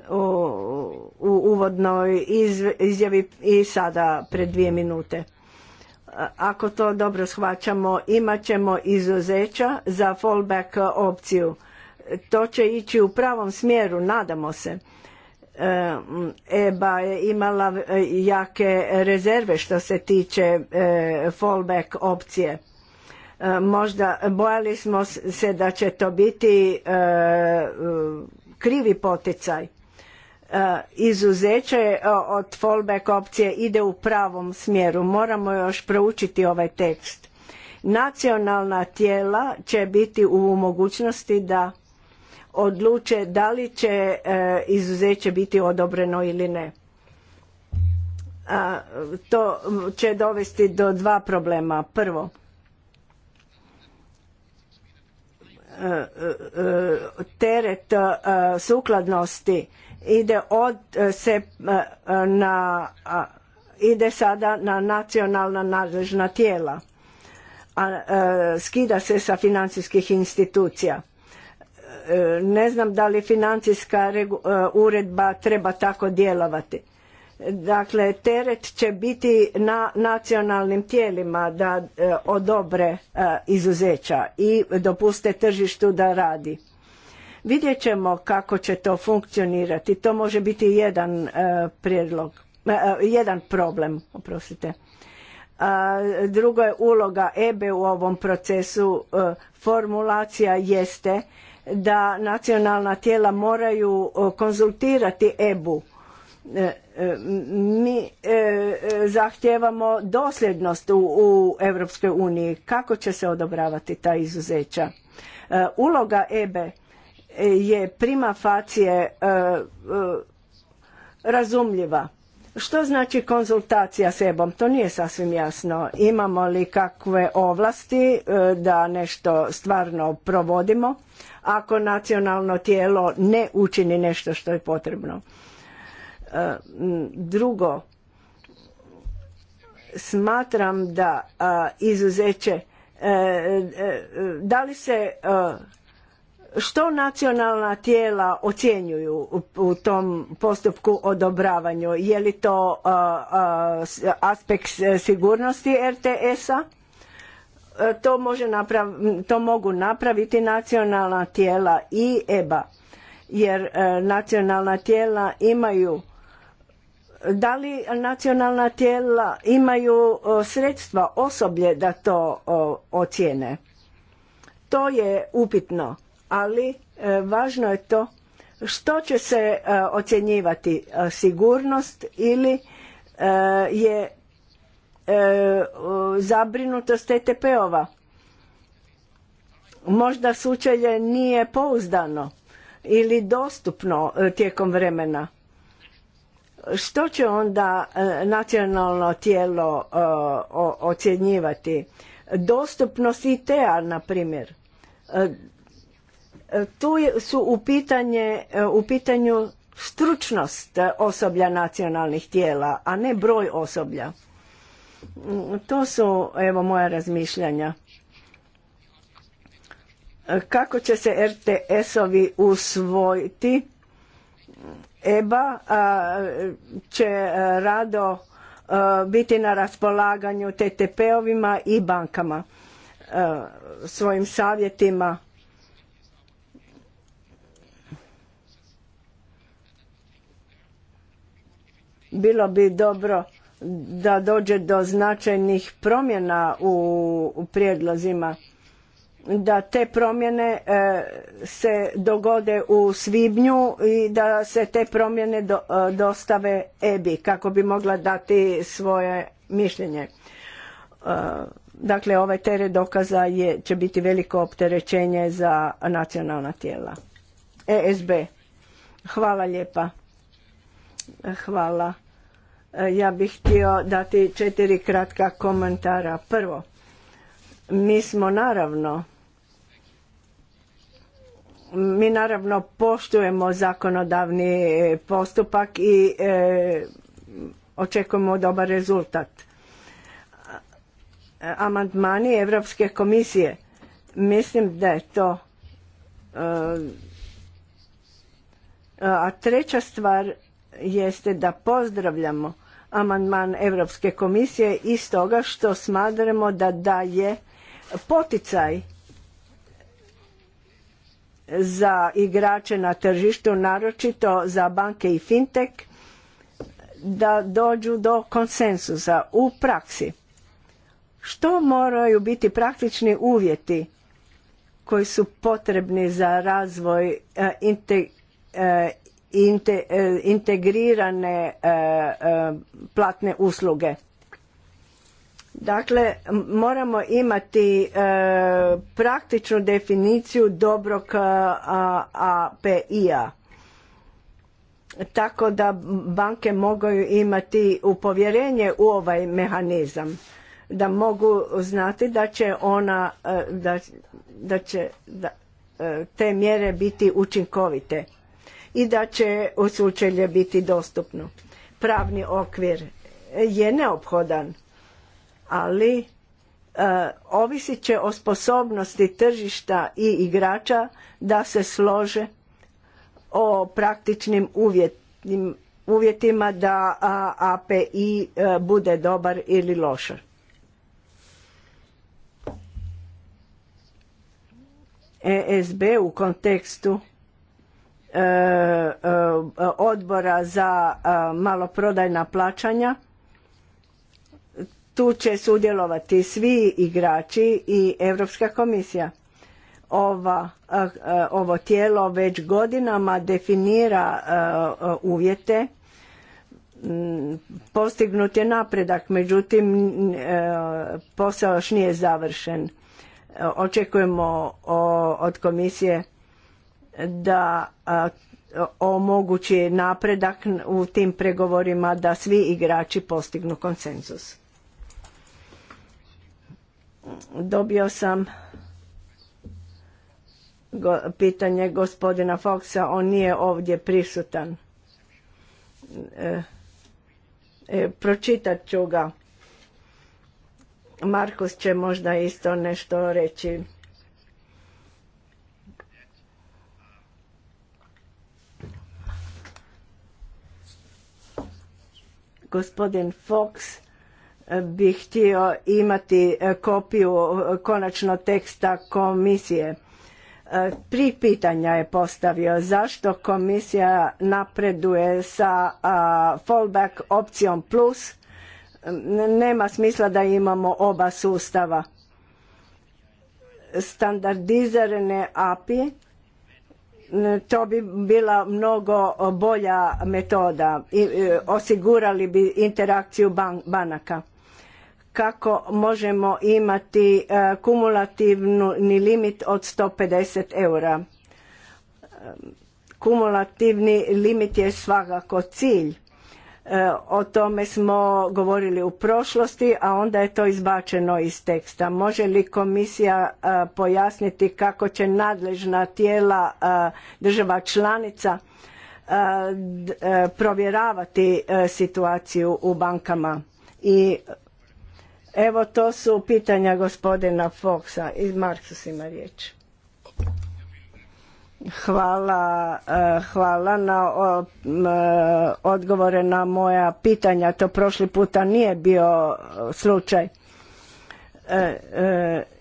u uvodnoj izjavi i sada pred dvije minute. Ako to dobro shvaćamo, imat ćemo izuzeća za fallback opciju. To će ići u pravom smjeru, nadamo se. E, EBA je imala e, jake rezerve što se tiče e, fallback opcije. Možda bojali smo se da će to biti krivi poticaj E, izuzeće e, od fallback opcije ide u pravom smjeru. Moramo još proučiti ovaj tekst. Nacionalna tijela će biti u mogućnosti da odluče da li će e, izuzeće biti odobreno ili ne. to će dovesti do dva problema. Prvo, teret sukladnosti ide od e, se e, na ide sada na nacionalna nadležna tijela a e, skida se sa financijskih institucija ne znam da li financijska uredba treba tako djelovati dakle teret će biti na nacionalnim tijelima da odobre izuzeća i dopuste tržištu da radi Vidjet ćemo kako će to funkcionirati. To može biti jedan e, prijedlog, e, e, jedan problem, oprostite. drugo je uloga EBE u ovom procesu. Formulacija jeste da nacionalna tijela moraju konzultirati EBU. Mi zahtijevamo dosljednost u, u Europskoj uniji. Kako će se odobravati ta izuzeća? Uloga EBE je prima facije e, e, razumljiva. Što znači konzultacija s EBOM? To nije sasvim jasno. Imamo li kakve ovlasti e, da nešto stvarno provodimo ako nacionalno tijelo ne učini nešto što je potrebno? Drugo, smatram da izuzeće da li se što nacionalna tijela ocjenjuju u tom postupku odobravanja, Je li to uh, uh, aspekt sigurnosti RTS-a? Uh, to, može to mogu napraviti nacionalna tijela i EBA, jer nacionalna tijela imaju da li nacionalna tijela imaju sredstva osoblje da to ocijene. To je upitno ali e, važno je to što će se e, ocjenjivati e, sigurnost ili je zabrinutost TTP-ova. Možda sučelje nije pouzdano ili dostupno tijekom vremena. Što će onda nacionalno tijelo ocjenjivati? Dostupnost IT-a, na primjer. E, tu su u, e, u pitanju stručnost osoblja nacionalnih tijela, a ne broj osoblja. Mm, to su evo moja razmišljanja. E, kako će se RTS-ovi usvojiti? EBA će rado biti na raspolaganju TTP-ovima i bankama svojim savjetima Bilo bi dobro da dođe do značajnih promjena u, prijedlozima da te promjene e, se dogode u svibnju i da se te promjene e, dostave EBI kako bi mogla dati svoje mišljenje. E, dakle, ovaj teret dokaza je, će biti veliko opterećenje za nacionalna tijela. ESB. Hvala lijepa. Hvala. E, ja bih htio dati četiri kratka komentara. Prvo, mi smo naravno mi naravno poštujemo zakonodavni postupak i e, očekujemo dobar rezultat. E, amandmani Europske komisije, mislim da je to a treća stvar jeste da pozdravljamo amandman Europske komisije i stoga što smatramo da daje poticaj za igrače na tržištu, naročito za banke i fintech, da dođu do konsensusa u praksi. Što moraju biti praktični uvjeti koji su potrebni za razvoj eh, eh, E, integrirane e, e, platne usluge. Dakle, moramo imati praktičnu definiciju dobrog API-a tako da banke mogu imati upovjerenje u ovaj mehanizam da mogu znati da će ona da, će te mjere biti učinkovite i da će u sučelje biti dostupno. Pravni okvir je neophodan, ali e, ovisit će o sposobnosti tržišta i igrača da se slože o praktičnim uvjetima, da API e, bude dobar ili lošar. ESB u kontekstu E, e, odbora za e, maloprodajna plaćanja. Tu će sudjelovati svi igrači i Europska komisija. Ova, ovo tijelo već godinama definira uvjete mm, postignut je napredak, međutim posao još nije završen. Očekujemo od komisije da omogući napredak u tim pregovorima da svi igrači postignu konsenzus. Dobio sam pitanje gospodina Foxa, on nije ovdje prisutan. E, e, pročitat ću ga. Markus će možda isto nešto reći. Gospodin Fox eh, bi htio imati eh, kopiju eh, konačno teksta komisije. Tri pitanja je postavio. Zašto komisija napreduje sa fallback opcijom plus? Nema smisla da imamo oba sustava. Standardizirane API to bi bila mnogo bolja metoda i e, osigurali bi interakciju banaka kako možemo imati e, kumulativni limit od 150 eura e, kumulativni limit je svakako cilj E, o tome smo govorili u prošlosti, a onda je to izbačeno iz teksta. Može li komisija e, pojasniti kako će nadležna tijela e, država članica provjeravati situaciju u bankama? I evo to su pitanja gospodina Foxa. i Marksus ima riječ. Hvala, e, hvala na e, odgovore na moja pitanja. To prošli puta nije bio e, slučaj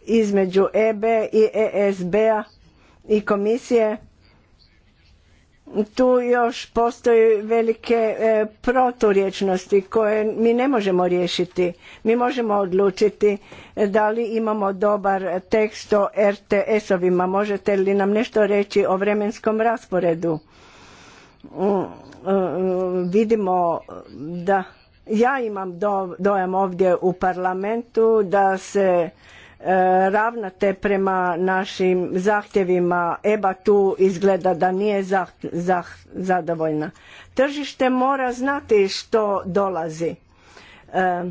između EBE i ESB-a i komisije tu još postoje velike e, proturječnosti koje mi ne možemo riješiti. Mi možemo odlučiti da li imamo dobar tekst o RTS-ovima. Možete li nam nešto reći o vremenskom rasporedu? Mm, e, vidimo da ja imam dojam ovdje u parlamentu da se E, ravnate prema našim zahtjevima. EBA tu izgleda da nije zadovoljna. Tržište mora znati što dolazi. E, e,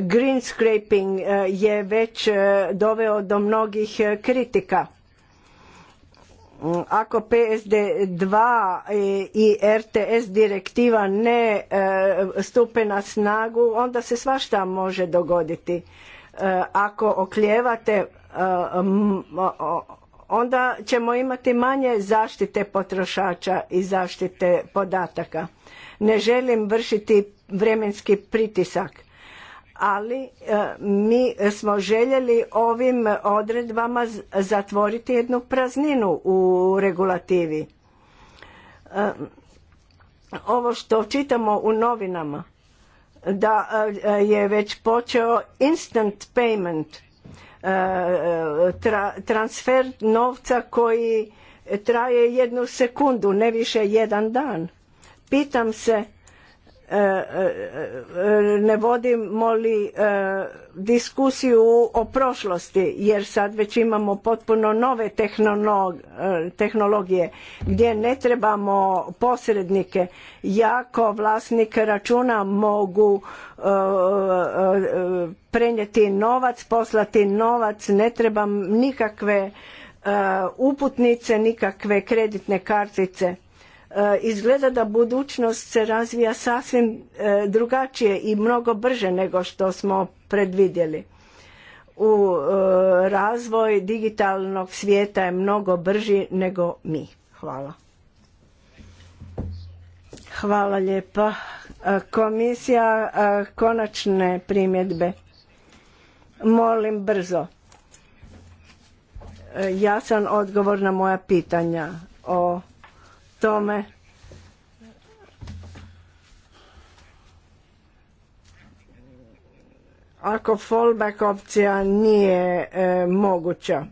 green scraping je već doveo do mnogih kritika Mm, ako PSD2 i RTS direktiva ne e, stupe na snagu, onda se svašta može dogoditi. E, ako okljevate, e, onda ćemo imati manje zaštite potrošača i zaštite podataka. Ne želim vršiti vremenski pritisak ali e, mi smo željeli ovim odredbama zatvoriti jednu prazninu u regulativi. E, ovo što čitamo u novinama, da e, je već počeo instant payment, transfer novca koji traje jednu sekundu, ne više jedan dan. Pitam se ne vodimo li e, diskusiju o prošlosti jer sad već imamo potpuno nove e, tehnologije gdje ne trebamo posrednike jako vlasnik računa mogu e, prenijeti novac poslati novac ne trebam nikakve uputnice nikakve kreditne kartice Eh, izgleda da budućnost se razvija sasvim eh, drugačije i mnogo brže nego što smo predvidjeli. U eh, razvoj digitalnog svijeta je mnogo brži nego mi. Hvala. Hvala lijepa. Komisija konačne primjedbe. Molim brzo. Jasan odgovor na moja pitanja o tome ako fallback opcija nije e, moguća.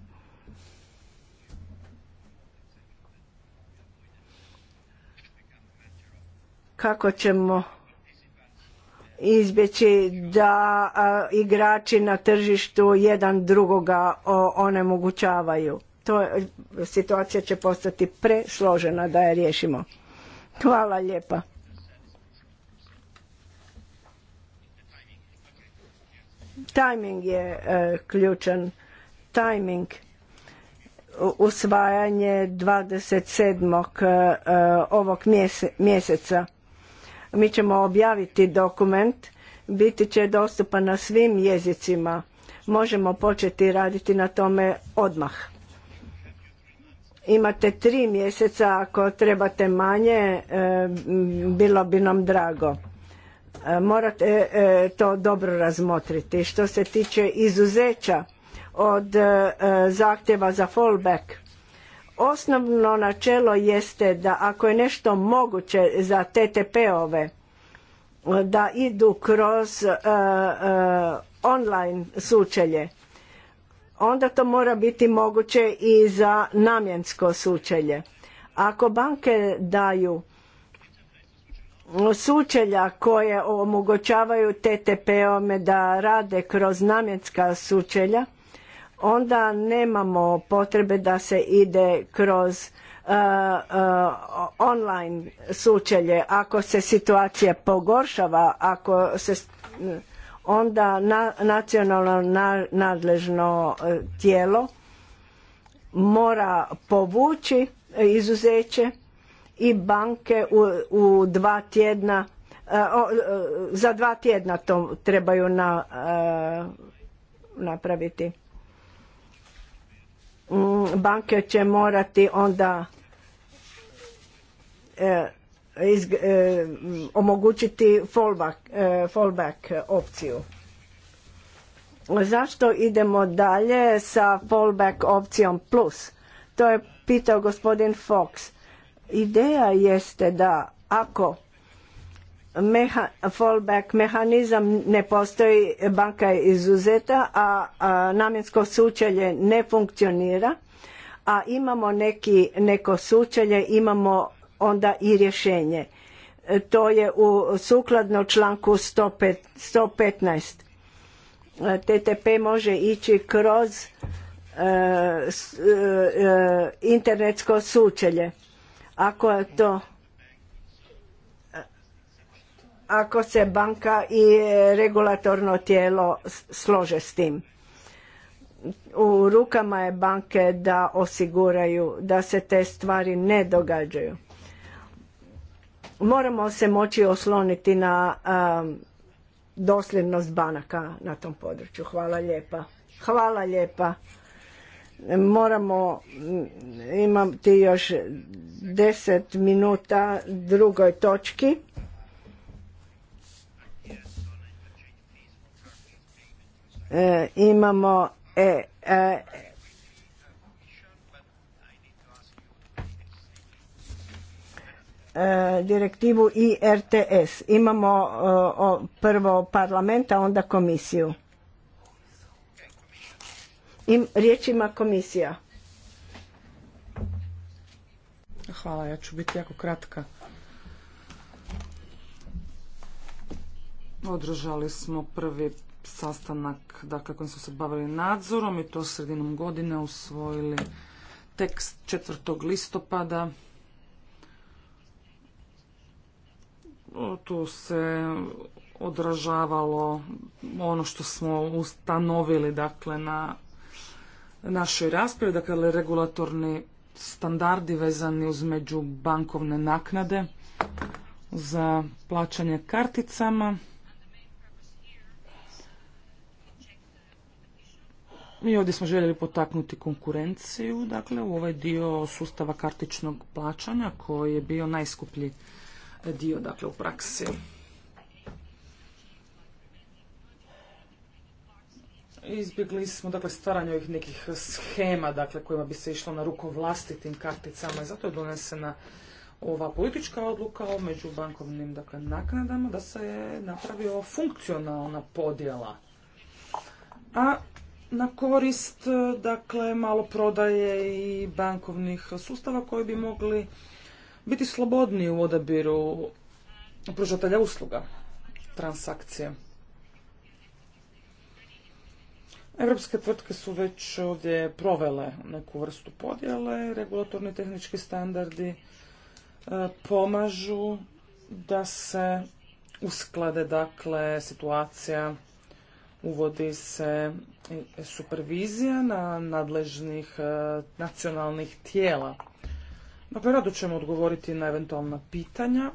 Kako ćemo izbjeći da igrači na tržištu jedan drugoga onemogućavaju? to situacija će postati presložena da je riješimo. Hvala lijepa. Timing je e, ključan. Timing usvajanje 27. E, e, ovog mjeseca. Mi ćemo objaviti dokument. Biti će dostupan na svim jezicima. Možemo početi raditi na tome odmah imate tri mjeseca, ako trebate manje, e, bilo bi nam drago. E, morate e, to dobro razmotriti. Što se tiče izuzeća od zahtjeva za fallback, osnovno načelo jeste da ako je nešto moguće za TTP-ove, da idu kroz online sučelje onda to mora biti moguće i za namjensko sučelje. Ako banke daju sučelja koje omogućavaju TTP-ome da rade kroz namjenska sučelja, onda nemamo potrebe da se ide kroz uh, uh, online sučelje. Ako se situacija pogoršava, ako se onda nacionalno nadležno e, tijelo mora povući izuzeće i banke u, dva tjedna e, e, za dva tjedna to trebaju napraviti mm, banke će morati onda E, omogućiti e, fallback, opciju. Zašto idemo dalje sa fallback opcijom plus? To je pitao gospodin Fox. Ideja jeste da ako fallback mehanizam ne postoji, banka je izuzeta, a, namjensko sučelje ne funkcionira, a imamo neki, neko sučelje, imamo onda i rješenje. E, to je u sukladno članku 105, 115. TTP može ići kroz e, e, internetsko sučelje. Ako je to ako se banka i regulatorno tijelo slože s tim. U rukama je banke da osiguraju da se te stvari ne događaju. Moramo se moći osloniti na um, dosljednost banaka na tom području. Hvala lijepa. Hvala lijepa. Moramo mm, imati još deset minuta drugoj točki. E, imamo e, e E, direktivu i RTS. Imamo e, prvo parlamenta, onda komisiju. Im, riječ ima komisija. Hvala, ja ću biti jako kratka. Održali smo prvi sastanak dakle, kojim smo se bavili nadzorom i to sredinom godine usvojili tekst 4. listopada tu se odražavalo ono što smo ustanovili dakle na našoj raspravi, dakle regulatorni standardi vezani uz među bankovne naknade za plaćanje karticama. Mi ovdje smo željeli potaknuti konkurenciju, dakle u ovaj dio sustava kartičnog plaćanja koji je bio najskuplji dio dakle, u praksi. Izbjegli smo dakle, stvaranje ovih nekih schema dakle, kojima bi se išlo na ruku vlastitim karticama i zato je donesena ova politička odluka o međubankovnim dakle, naknadama da se je napravio funkcionalna podjela. A na korist dakle, malo prodaje i bankovnih sustava koji bi mogli biti slobodniji u odabiru pružatelja usluga, transakcije. Europske tvrtke su već ovdje provele neku vrstu podjele, regulatorni tehnički standardi e, pomažu da se usklade dakle situacija uvodi se supervizija na nadležnih e, nacionalnih tijela. Dakle, rado ćemo odgovoriti na eventualna pitanja.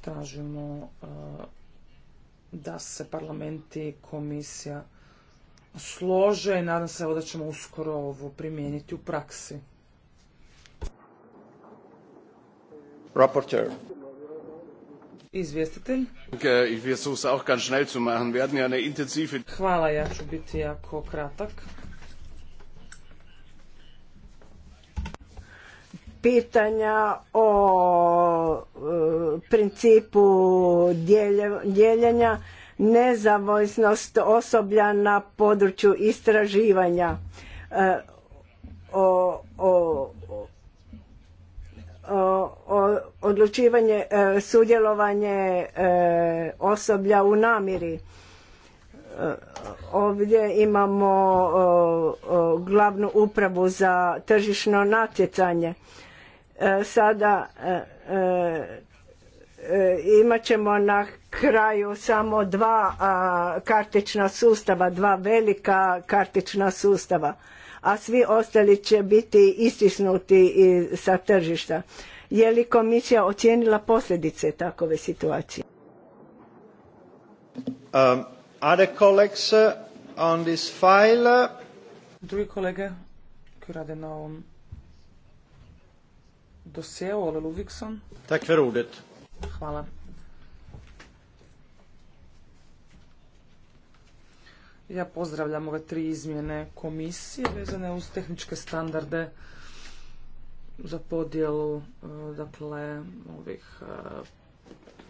Tražimo eh, da se parlamenti i komisija slože i nadam se da ćemo uskoro ovo primijeniti u praksi. Rapporteur. Izvjestitelj. Hvala, ja ću biti jako kratak. pitanja o e, principu dijeljenja nezavisnost osoblja na području istraživanja e, o, odlučivanje e, sudjelovanje osoblja u namiri. ovdje imamo glavnu upravu za tržišno natjecanje E, sada e, e, imat ćemo na kraju samo dva kartična sustava, dva velika kartična sustava, a svi ostali će biti istisnuti sa tržišta. Je li komisija ocijenila posljedice takove situacije? Um, uh, on this file? Uh, Drugi kolege koji rade na ovom dosjeu, Ole Ludvigsson. Tack för ordet. Hvala. Ja pozdravljam ove tri izmjene komisije vezane uz tehničke standarde za podjelu e, dakle, ovih e,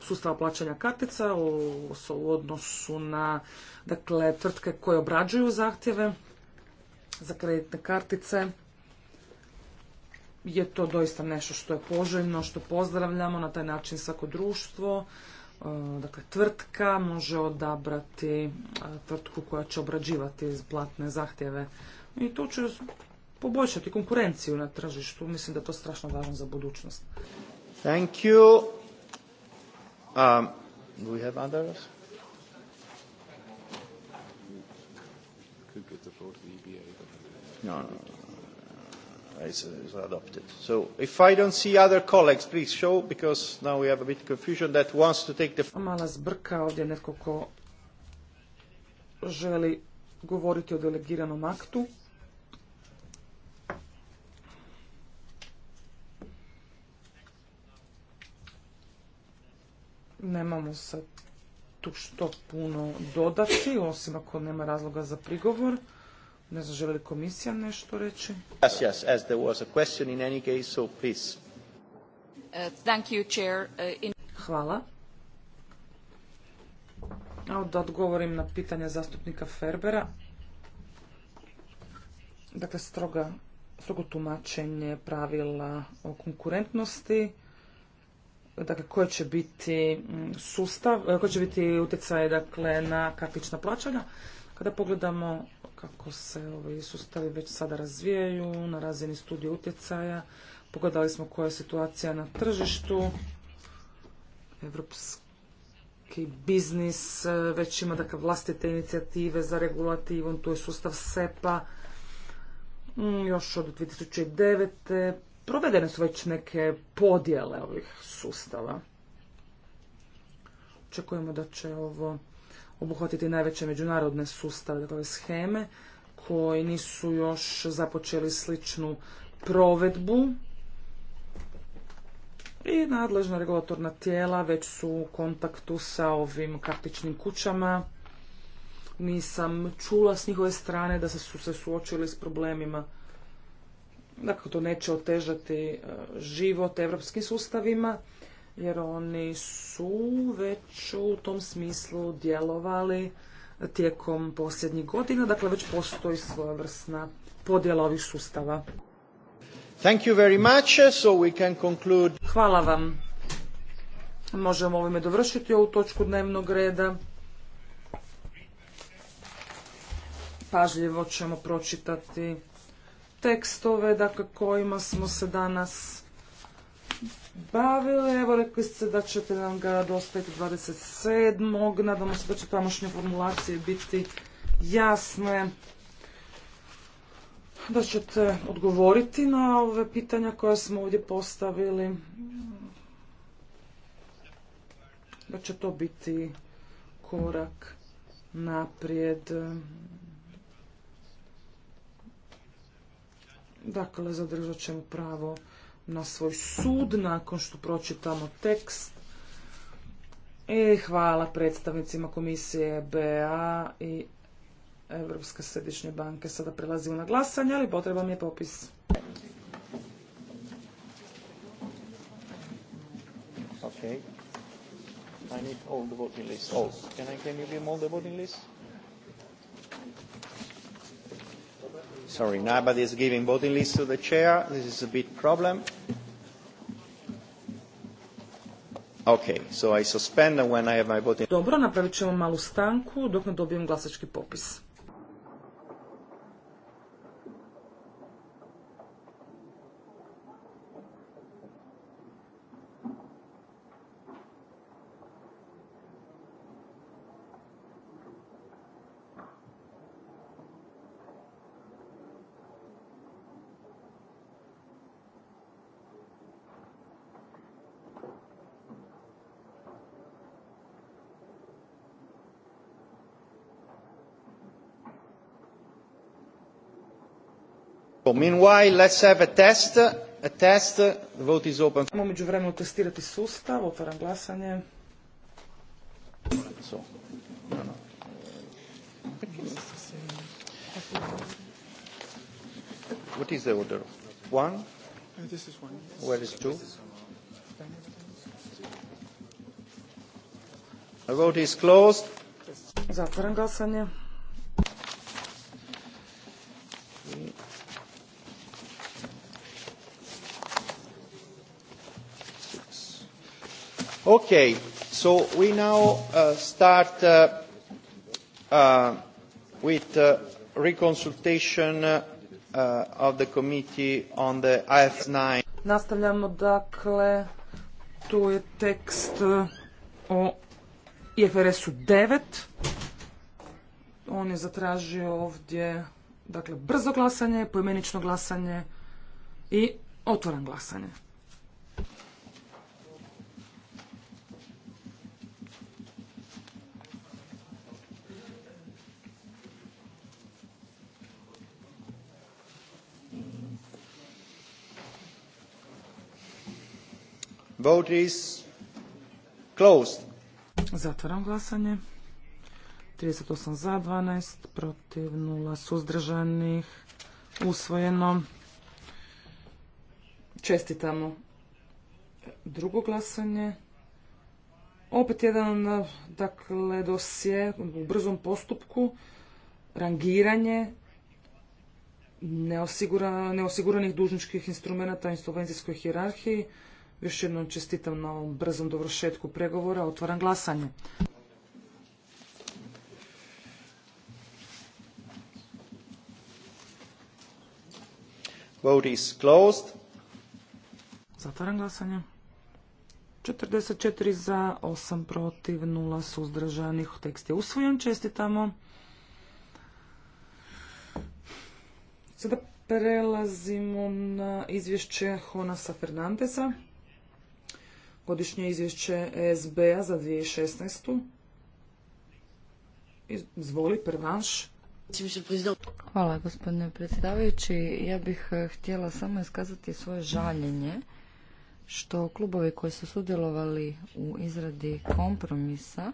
sustava plaćanja kartica u, u odnosu na dakle, tvrtke koje obrađuju zahtjeve za kreditne kartice je to doista nešto što je poželjno, što pozdravljamo, na taj način svako društvo, e, dakle tvrtka može odabrati e, tvrtku koja će obrađivati platne zahtjeve i to će poboljšati konkurenciju na tržištu. Mislim da je to strašno važno za budućnost. Thank you. Um, we have others? is, uh, is adopted. So if I don't see other colleagues, please show, because now we have a bit confusion that wants to take the... Mala zbrka, ovdje netko ko želi govoriti o delegiranom aktu. Nemamo sad tu što puno dodati, osim ako nema razloga za prigovor. Ne znam, želi li komisija nešto reći? Yes, yes, as there was a question in any case, so please. Uh, thank you, chair. Uh, in... Hvala. A da odgovorim na pitanja zastupnika Ferbera. Dakle, stroga, strogo tumačenje pravila o konkurentnosti dakle koje će biti mm, sustav, e, koji će biti utjecaj dakle na kartična plaćanja. Kada pogledamo kako se ovi sustavi već sada razvijaju na razini studije utjecaja, pogledali smo koja je situacija na tržištu, evropski biznis e, već ima dakle vlastite inicijative za regulativom, tu je sustav SEPA, mm, još od 2009. Provedene su već neke podjele ovih sustava. Očekujemo da će ovo obuhvatiti najveće međunarodne sustave, dakle scheme koji nisu još započeli sličnu provedbu i nadležna regulatorna tijela već su u kontaktu sa ovim kartičnim kućama. Nisam čula s njihove strane da su se suočili s problemima. Dakle, to neće otežati e, život evropskim sustavima jer oni su već u tom smislu djelovali tijekom posljednjih godina, dakle već postoji svojevrsna podjela ovih sustava. very Hvala vam. Možemo ovime dovršiti ovu točku dnevnog reda. Pažljivo ćemo pročitati tekstove dakle, kojima smo se danas bavili. Evo, rekli ste da ćete nam ga dostaviti 27. Nadamo se da će tamošnje formulacije biti jasne. Da ćete odgovoriti na ove pitanja koje smo ovdje postavili. Da će to biti korak naprijed. Dakle, zadržat ćemo pravo na svoj sud nakon što pročitamo tekst. i e, hvala predstavnicima komisije BA i Europske središnje banke. Sada prelazimo na glasanje, ali mi je popis. I need oh, Can I, you Sorry, nobody is giving voting list to the chair. This is a big problem. Okay, so I suspend when I have my voting... Dobro, napravit ćemo malu stanku dok ne dobijem glasački popis. Meanwhile, let's have a test. A test. The vote is open. Samo među vremenu testirati sustav. Otvaram glasanje. So. No, no. What is the order? One? Uh, this is one. Where is two? The vote is closed. Zatvaram glasanje. Okay, so we now uh, start uh, uh, with uh, reconsultation uh, uh, of the committee on the IF9. Nastavljamo dakle, tu je tekst o IFRS-u 9. On je zatražio ovdje dakle, brzo glasanje, poimenično glasanje i otvoreno glasanje. vote closed. Zatvaram glasanje. 38 za, 12 protiv, 0 suzdržanih, usvojeno. Čestitamo drugo glasanje. Opet jedan, dakle, dosje u brzom postupku, rangiranje neosiguranih dužničkih instrumenata u insolvencijskoj hjerarhiji. Još jednom čestitam na ovom brzom dovršetku pregovora. Otvaram glasanje. Vote is closed. Zatvaram glasanje. 44 za, 8 protiv, 0 suzdržanih. Tekst je usvojen. Čestitamo. Sada prelazimo na izvješće Honasa Fernandeza godišnje izvješće esb a za 2016. Izvoli, prvanš. Hvala gospodine predsjedavajući. Ja bih eh, htjela samo iskazati svoje žaljenje što klubovi koji su sudjelovali u izradi kompromisa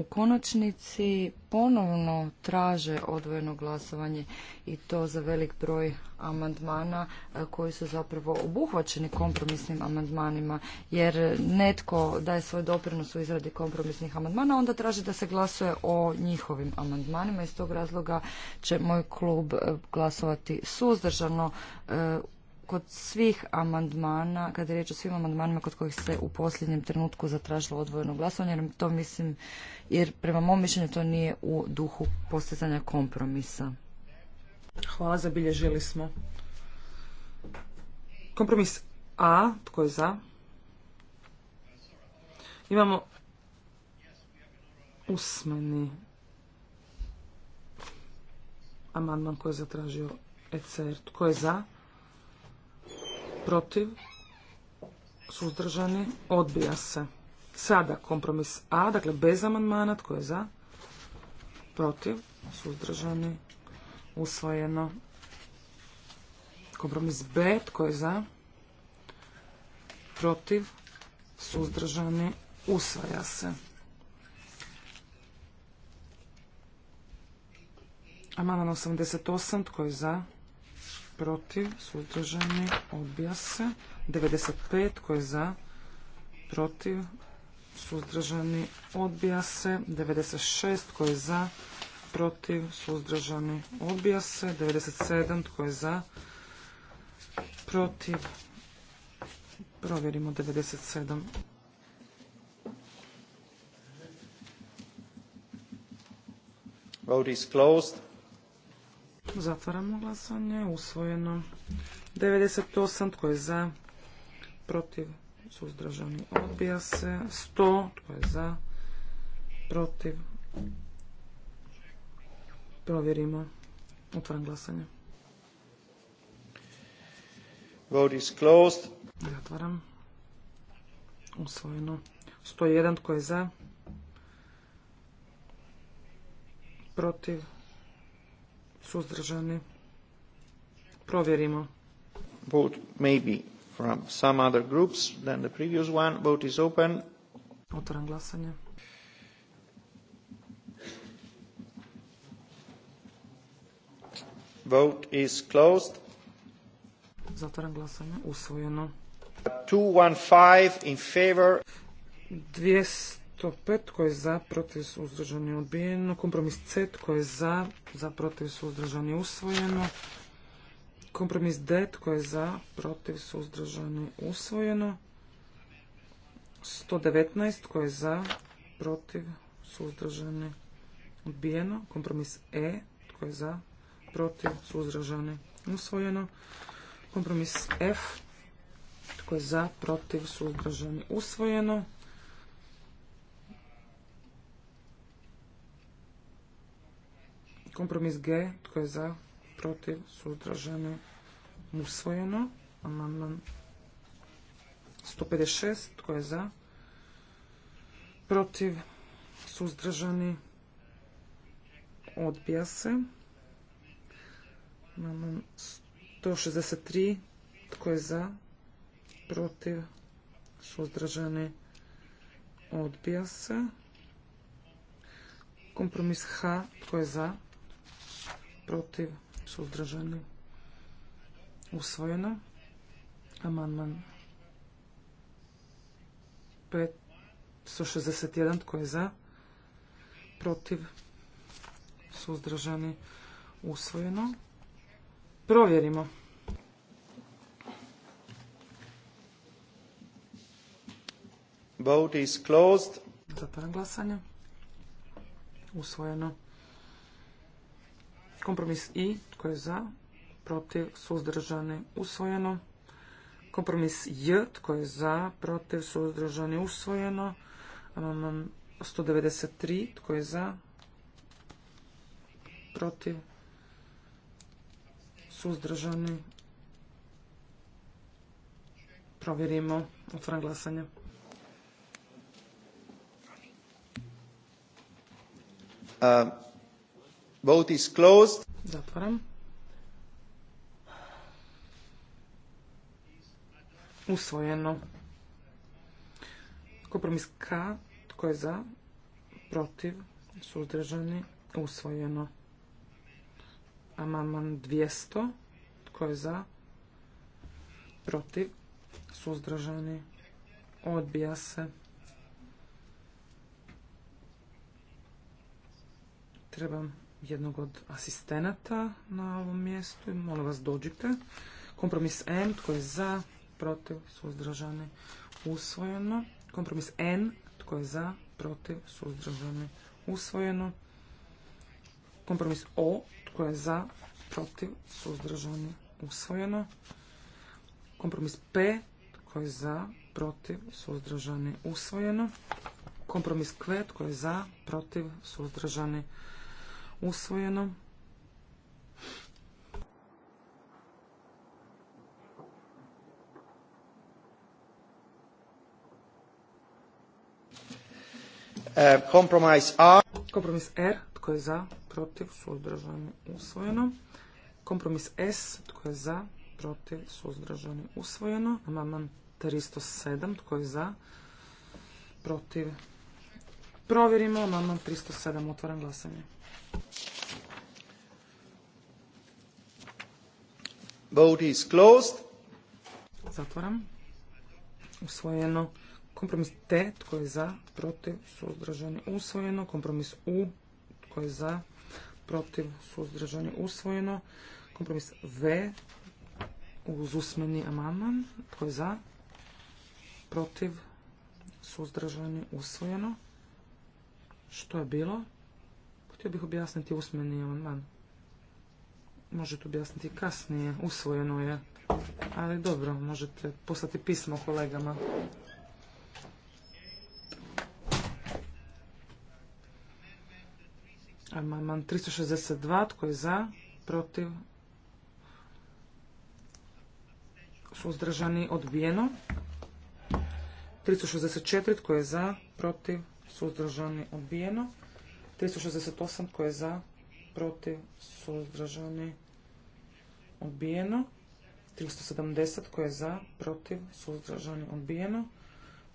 u konačnici ponovno traže odvojeno glasovanje i to za velik broj amandmana e, koji su zapravo obuhvaćeni kompromisnim amandmanima jer netko daje svoj doprinos u izradi kompromisnih amandmana onda traži da se glasuje o njihovim amandmanima iz tog razloga će moj klub e, glasovati suzdržano e, kod svih amandmana, kada je riječ o svim amandmanima kod kojih se u posljednjem trenutku zatražilo odvojeno glasovanje, jer to mislim jer prema mom mišljenju to nije u duhu postizanja kompromisa. Hvala, zabilježili smo. Kompromis A, tko je za? Imamo usmeni amandman koji je zatražio ECR. Tko je za? Protiv? Suzdržani? Odbija se. Sada kompromis A, dakle bez amandmana, tko je za? Protiv, suzdržani, usvojeno. Kompromis B, tko je za? Protiv, suzdržani, usvaja se. Amandman 88, tko je za? Protiv, suzdržani, odbija se. 95, tko je za? Protiv, suzdržani, odbija se. 96 tko je za, protiv, suzdržani, odbija se. 97 tko je za, protiv, provjerimo 97. Vote is closed. Zatvaramo glasanje. Usvojeno. 98. Tko je za? Protiv? suzdržani, odbija se. 100, tko je za, protiv, provjerimo, otvaram glasanje. Vote is closed. Zatvaram. Usvojeno. 101, tko je za, protiv, suzdržani, provjerimo. Vote may from some other groups than the previous one. Vote is open. Otvaram glasanje. Vote is closed. Zatvaram glasanje. Usvojeno. 215 in favor. 205 tko je za, protiv su uzdržani odbijeno. Kompromis C tko je za, za protiv su uzdržani usvojeno. Kompromis D, tko je za, protiv, suzdržano, usvojeno. 119, tko je za, protiv, suzdržano, odbijeno. Kompromis E, tko je za, protiv, suzdržano, usvojeno. Kompromis F, tko je za, protiv, suzdržano, usvojeno. Kompromis G, tko je za, protiv, suzdržani, usvojeno. Amandman 156, tko je za, protiv, suzdržani, odbija se. Amandman 163, tko je za, protiv, suzdržani, odbija se. Kompromis H, tko je za, protiv, suzdržani, usvojeno. Amandman 561, tko je za, protiv, suzdržani, usvojeno. Provjerimo. Vote is closed. Zatvaram glasanje. Usvojeno. Kompromis I. Tko je za? Protiv? Suzdržani? Usvojeno. Kompromis J. Tko je za? Protiv? Suzdržani? Usvojeno. Amandman 193. Tko je za? Protiv? Suzdržani? Provjerimo. Otvaram glasanje. Uh, vote is closed. Zatvaram. usvojeno. Kompromis K, tko je za, protiv, suzdržani, usvojeno. Amaman 200, tko je za, protiv, suzdržani, odbija se. Trebam jednog od asistenata na ovom mjestu. Molim vas dođite. Kompromis M, tko je za, protiv, suzdržani, usvojeno. Kompromis N, tko je za, protiv, suzdržani, usvojeno. Kompromis O, tko je za, protiv, suzdržani, usvojeno. Kompromis P, tko je za, protiv, suzdržani, usvojeno. Kompromis Q, tko je za, protiv, suzdržani, usvojeno. E, kompromis R. Kompromis Tko je za? Protiv? Suzdržani? Usvojeno. Kompromis S. Tko je za? Protiv? Suzdržani? Usvojeno. Amandman 307. Tko je za? Protiv? Provjerimo. Amandman 307. Otvaram glasanje. Vote is closed. Zatvaram. Usvojeno. Kompromis T, tko je za, protiv, suzdržani, usvojeno. Kompromis U, tko je za, protiv, suzdržani, usvojeno. Kompromis V, uz usmeni amandman, tko je za, protiv, suzdržani, usvojeno. Što je bilo? Htio bih objasniti usmeni amandman. Možete objasniti kasnije, usvojeno je. Ali dobro, možete poslati pismo kolegama. Amandman 362. Tko je za? Protiv? Suzdržani? Odbijeno. 364. Tko je za? Protiv? Suzdržani? Odbijeno. 368. Tko je za? Protiv? Suzdržani? Odbijeno. 370. Tko je za? Protiv? Suzdržani? Odbijeno.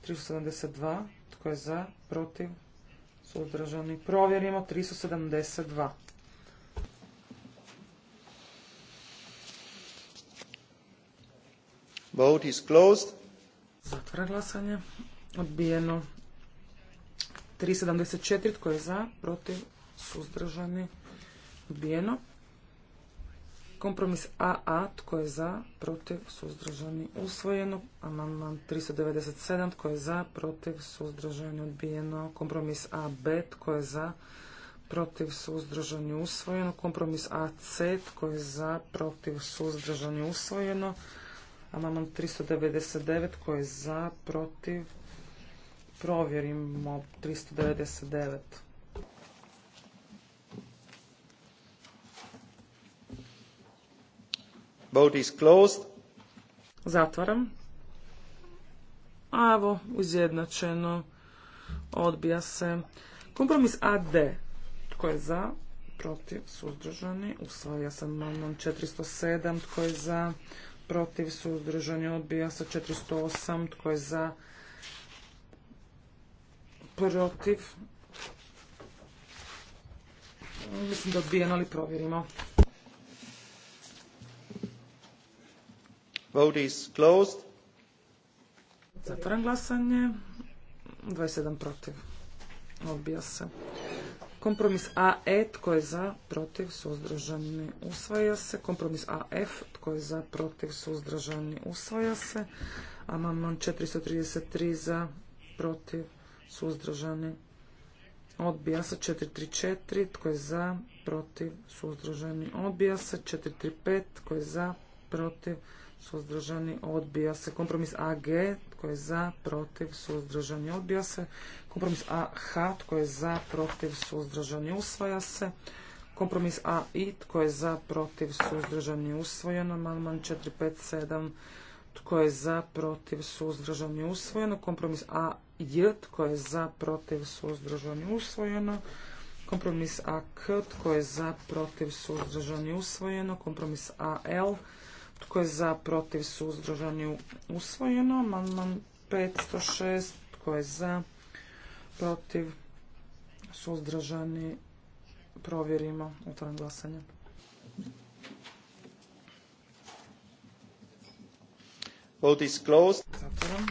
372. Tko je za? Protiv? Suzdržani. Provjerimo 372. Vote is closed. Zatvara glasanje. Odbijeno. 374. Tko je za? Protiv? Suzdržani. Odbijeno. Kompromis AA, tko je za, protiv, suzdržani, usvojeno. Amandman 397, tko je za, protiv, suzdržani, odbijeno. Kompromis AB, tko je za, protiv, suzdržani, usvojeno. Kompromis AC, tko je za, protiv, suzdržani, usvojeno. Amandman 399, tko je za, protiv, provjerimo 399. is closed. Zatvaram. A evo, Odbija se. Kompromis AD. Tko je za? Protiv. Suzdržani. Usvaja se amandman 407. Tko je za? Protiv. Suzdržani. Odbija se 408. Tko je za? Protiv. Mislim da odbijen, ali provjerimo. Vote is closed. Zatvaram glasanje. 27 protiv. Odbija se. Kompromis AE, tko je za, protiv, suzdržani, usvaja se. Kompromis AF, tko je za, protiv, suzdržani, usvaja se. Amandman 433 za, protiv, suzdržani, odbija se. 434, tko je za, protiv, suzdržani, odbija se. 435, tko je za, protiv, suzdržani, odbija se. Kompromis AG, tko je za, protiv, suzdržani, odbija se. Kompromis AH, tko je za, protiv, suzdržani, usvaja se. Kompromis AI, tko je za, protiv, suzdržani, usvojeno. Amandman 457, tko je za, protiv, suzdržani, usvojeno. Kompromis AJ, tko je za, protiv, suzdržani, usvojeno. Kompromis AK, tko je za, protiv, suzdržani, usvojeno. Kompromis AL, tko tko je za, protiv, suzdržani, usvojeno. Amandman 506. Tko je za, protiv, suzdržani, provjerimo. Otvaram glasanje. Vote is closed. Zatvoram.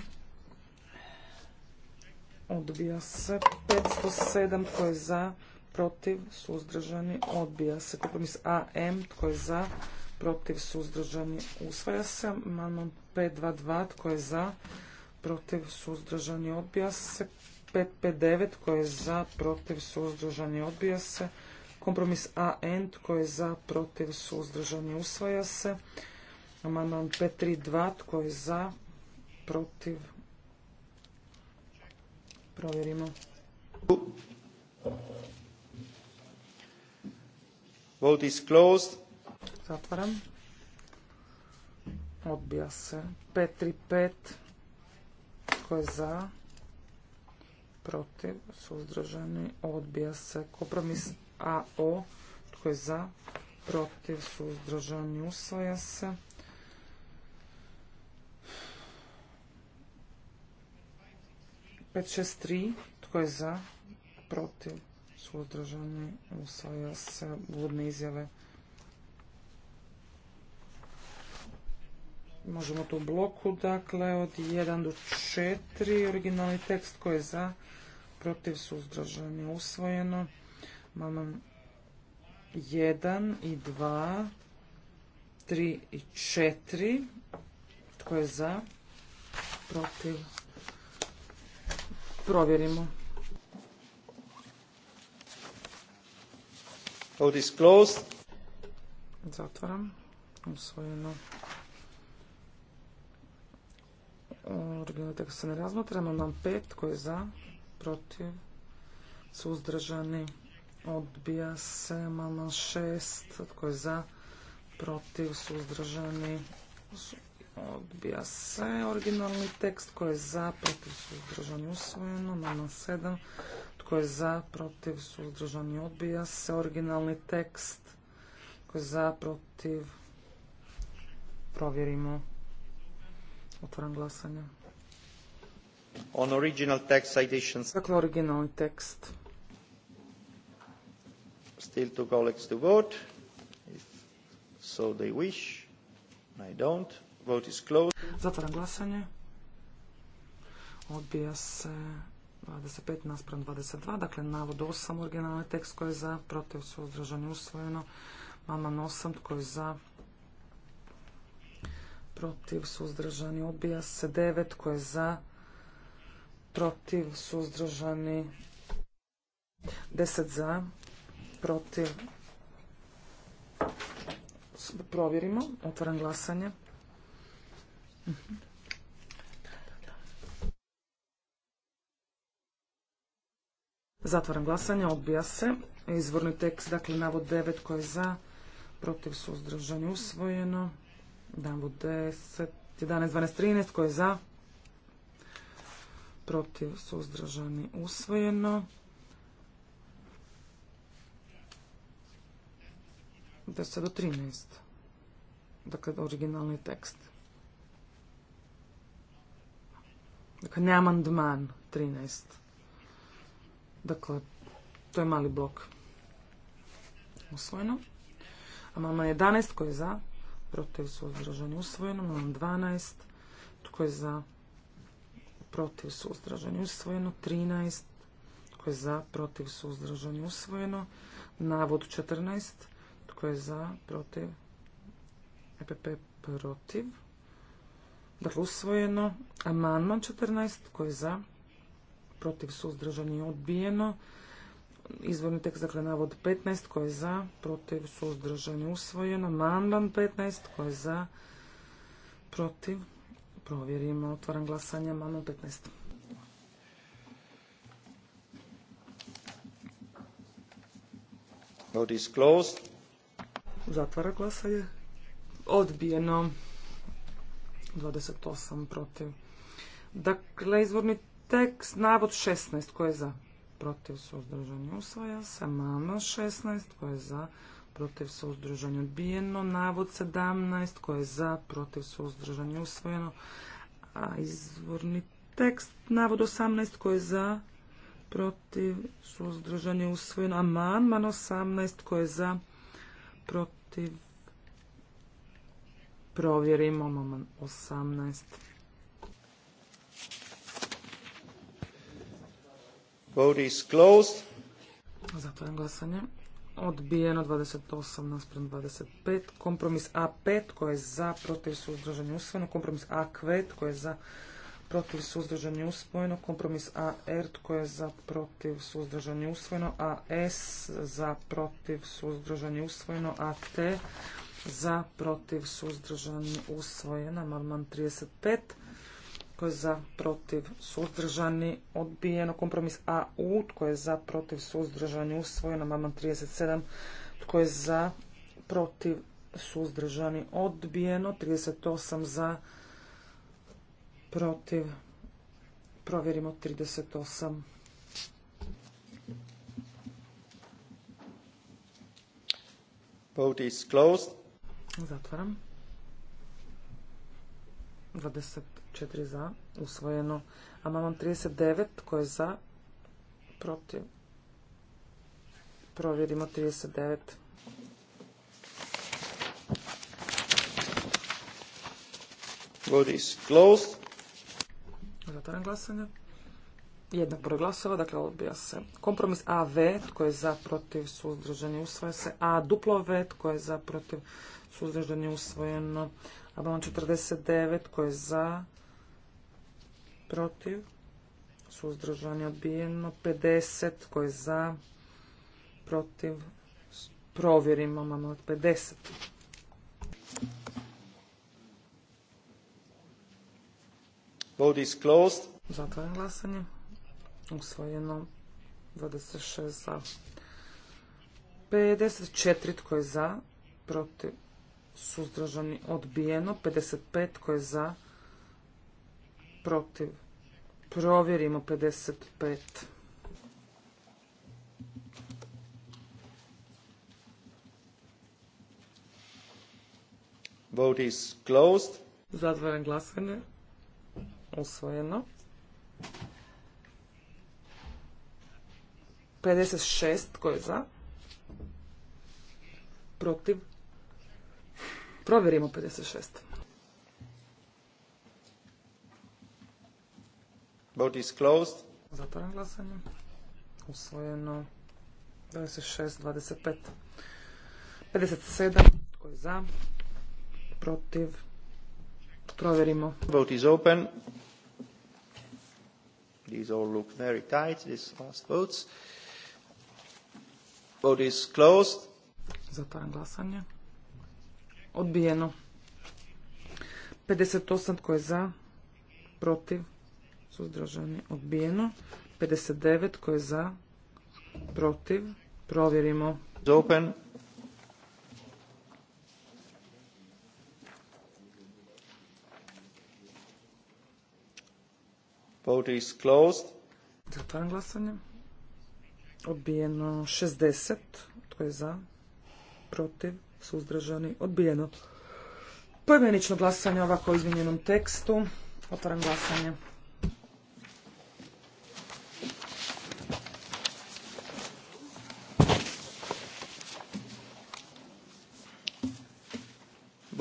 Odbija se. 507. Tko je za, protiv, suzdržani, odbija se. Kompromis AM. Tko je za, protiv, suzdržani, usvaja se. Amandman 522, tko je za, protiv, suzdržani, odbija se. 559, tko je za, protiv, suzdržani, odbija se. Kompromis AN, tko je za, protiv, suzdržani, usvaja se. Amandman 532, tko je za, protiv, provjerimo. Vote is closed. Zatvaram. Odbija se. 535. Tko je za? Protiv. Suzdržani. Odbija se. Kompromis AO. Tko je za? Protiv. Suzdržani. Usvaja se. Pet šest tri. Tko je za? Protiv. Suzdržani. Usvaja se. Uvodne izjave. Možemo tu bloku, dakle, od 1 do 4, originalni tekst koji je za, protiv suzdržani, usvojeno. Imamo 1 i 2, 3 i 4, tko je za, protiv, provjerimo. Vote is closed. Zatvaram. Usvojeno. Originalni tekst se ne razmatra. Amandman pet koji je za, protiv, suzdržani, odbija se. Amandman šest koji je za, protiv, suzdržani, odbija se. Originalni tekst koji je za, protiv, suzdržani, usvojeno. Amandman sedam tko je za, protiv, suzdržani, odbija se. Originalni tekst tko je za, protiv, provjerimo. Otvoram glasanje. On original text citations. Dakle, originalni tekst. Still to colleagues to vote. If so they wish. I don't. Vote is closed. Zatvaram glasanje. Odbija se 25 naspram 22. Dakle, navod 8, originalni tekst koji je za, protiv su usvojeno. Maman 8, koji je za, protiv, suzdržani, odbija se. devet koje je za, protiv, suzdržani, 10 za, protiv, provjerimo, otvaram glasanje. Zatvaram glasanje, odbija se. Izvorni tekst, dakle, navod devet koje je za, protiv suzdržani usvojeno. Dan bu 10, 11, 12, 13. Ko je za? Protiv su uzdražani. usvojeno. Da se do 13. Dakle, originalni tekst. Dakle, ne amandman 13. Dakle, to je mali blok. Usvojeno. A Amandman 11 koji je za protiv, suzdržani, usvojeno. imam 12, tko je za, protiv, suzdržani, usvojeno. 13, tko je za, protiv, suzdržani, usvojeno. Navod 14, tko je za, protiv, EPP protiv. Dakle, usvojeno. Amandman 14, tko je za, protiv, suzdržani, odbijeno izvorni tekst, dakle navod 15, koji je za, protiv, suzdržanje, usvojeno. Amandman 15, koji je za, protiv, provjerimo. Otvaram glasanje, amandman 15. Vote is closed. Zatvara glasanje. Odbijeno. 28 protiv. Dakle, izvorni tekst, navod 16, koji je za? protiv, suzdržani, usvaja se. Mama 16, tko je za, protiv, suzdržani, odbijeno. Navod 17, tko je za, protiv, suzdržani, usvojeno. A izvorni tekst, navod 18, tko je za, protiv, je usvojeno. Amandman 18, tko je za, protiv, provjerimo, amandman 18. Vote is closed. Zatvoren glasanje. Odbijeno 28 naspram 25. Kompromis A5 koji je za protiv suzdržanje usvojeno. Kompromis A5 koji je za protiv suzdržanje usvojeno. Kompromis AR koji je za protiv suzdržanje usvojeno. AS za protiv suzdržanje usvojeno. AT za protiv suzdržanje usvojeno. Amandman 35 tko je za, protiv, suzdržani, odbijeno. Kompromis AU. Tko je za, protiv, suzdržani, usvojeno. Maman 37. Tko je za, protiv, suzdržani, odbijeno. 38 za, protiv, provjerimo 38. Vote closed. Zatvaram. 20 4 za, usvojeno. Amandman 39, tko je za, protiv. Provjerimo 39. Vote is closed. Zatvaram glasanje. Jednak broj glasova, dakle odbija se. Kompromis A. AV, tko je za, protiv, suzdržani, usvoje se. A duplo V, tko je za, protiv, suzdržani, usvojeno. Amandman 49, tko je za, protiv, suzdržani odbijeno, 50 koji je za, protiv, provjerimo, imamo 50. Vote is closed. Zatvaram glasanje. Usvojeno 26 za. 54 tko je za, protiv, suzdržani odbijeno, 55 tko je za, protiv. Provjerimo 55. Vote is closed. glasanje. Usvojeno. 56. Ko je za? Protiv. Provjerimo 56. Vote is closed. Zatvoram glasanje. Usvojeno 26, 25. 57. Tko je za? Protiv? Provjerimo. Vote is open. These all look very tight, these last votes. Vote is closed. Zatvaram glasanje. Odbijeno. 58 tko je za, protiv, suzdržani, odbijeno. 59 Koje je za, protiv, provjerimo. Open. Vote is closed. Zatvaram glasanje. Odbijeno 60. Tko je za? Protiv? Suzdržani? Odbijeno. Pojmenično glasanje ovako o izmjenjenom tekstu. Otvaram glasanje.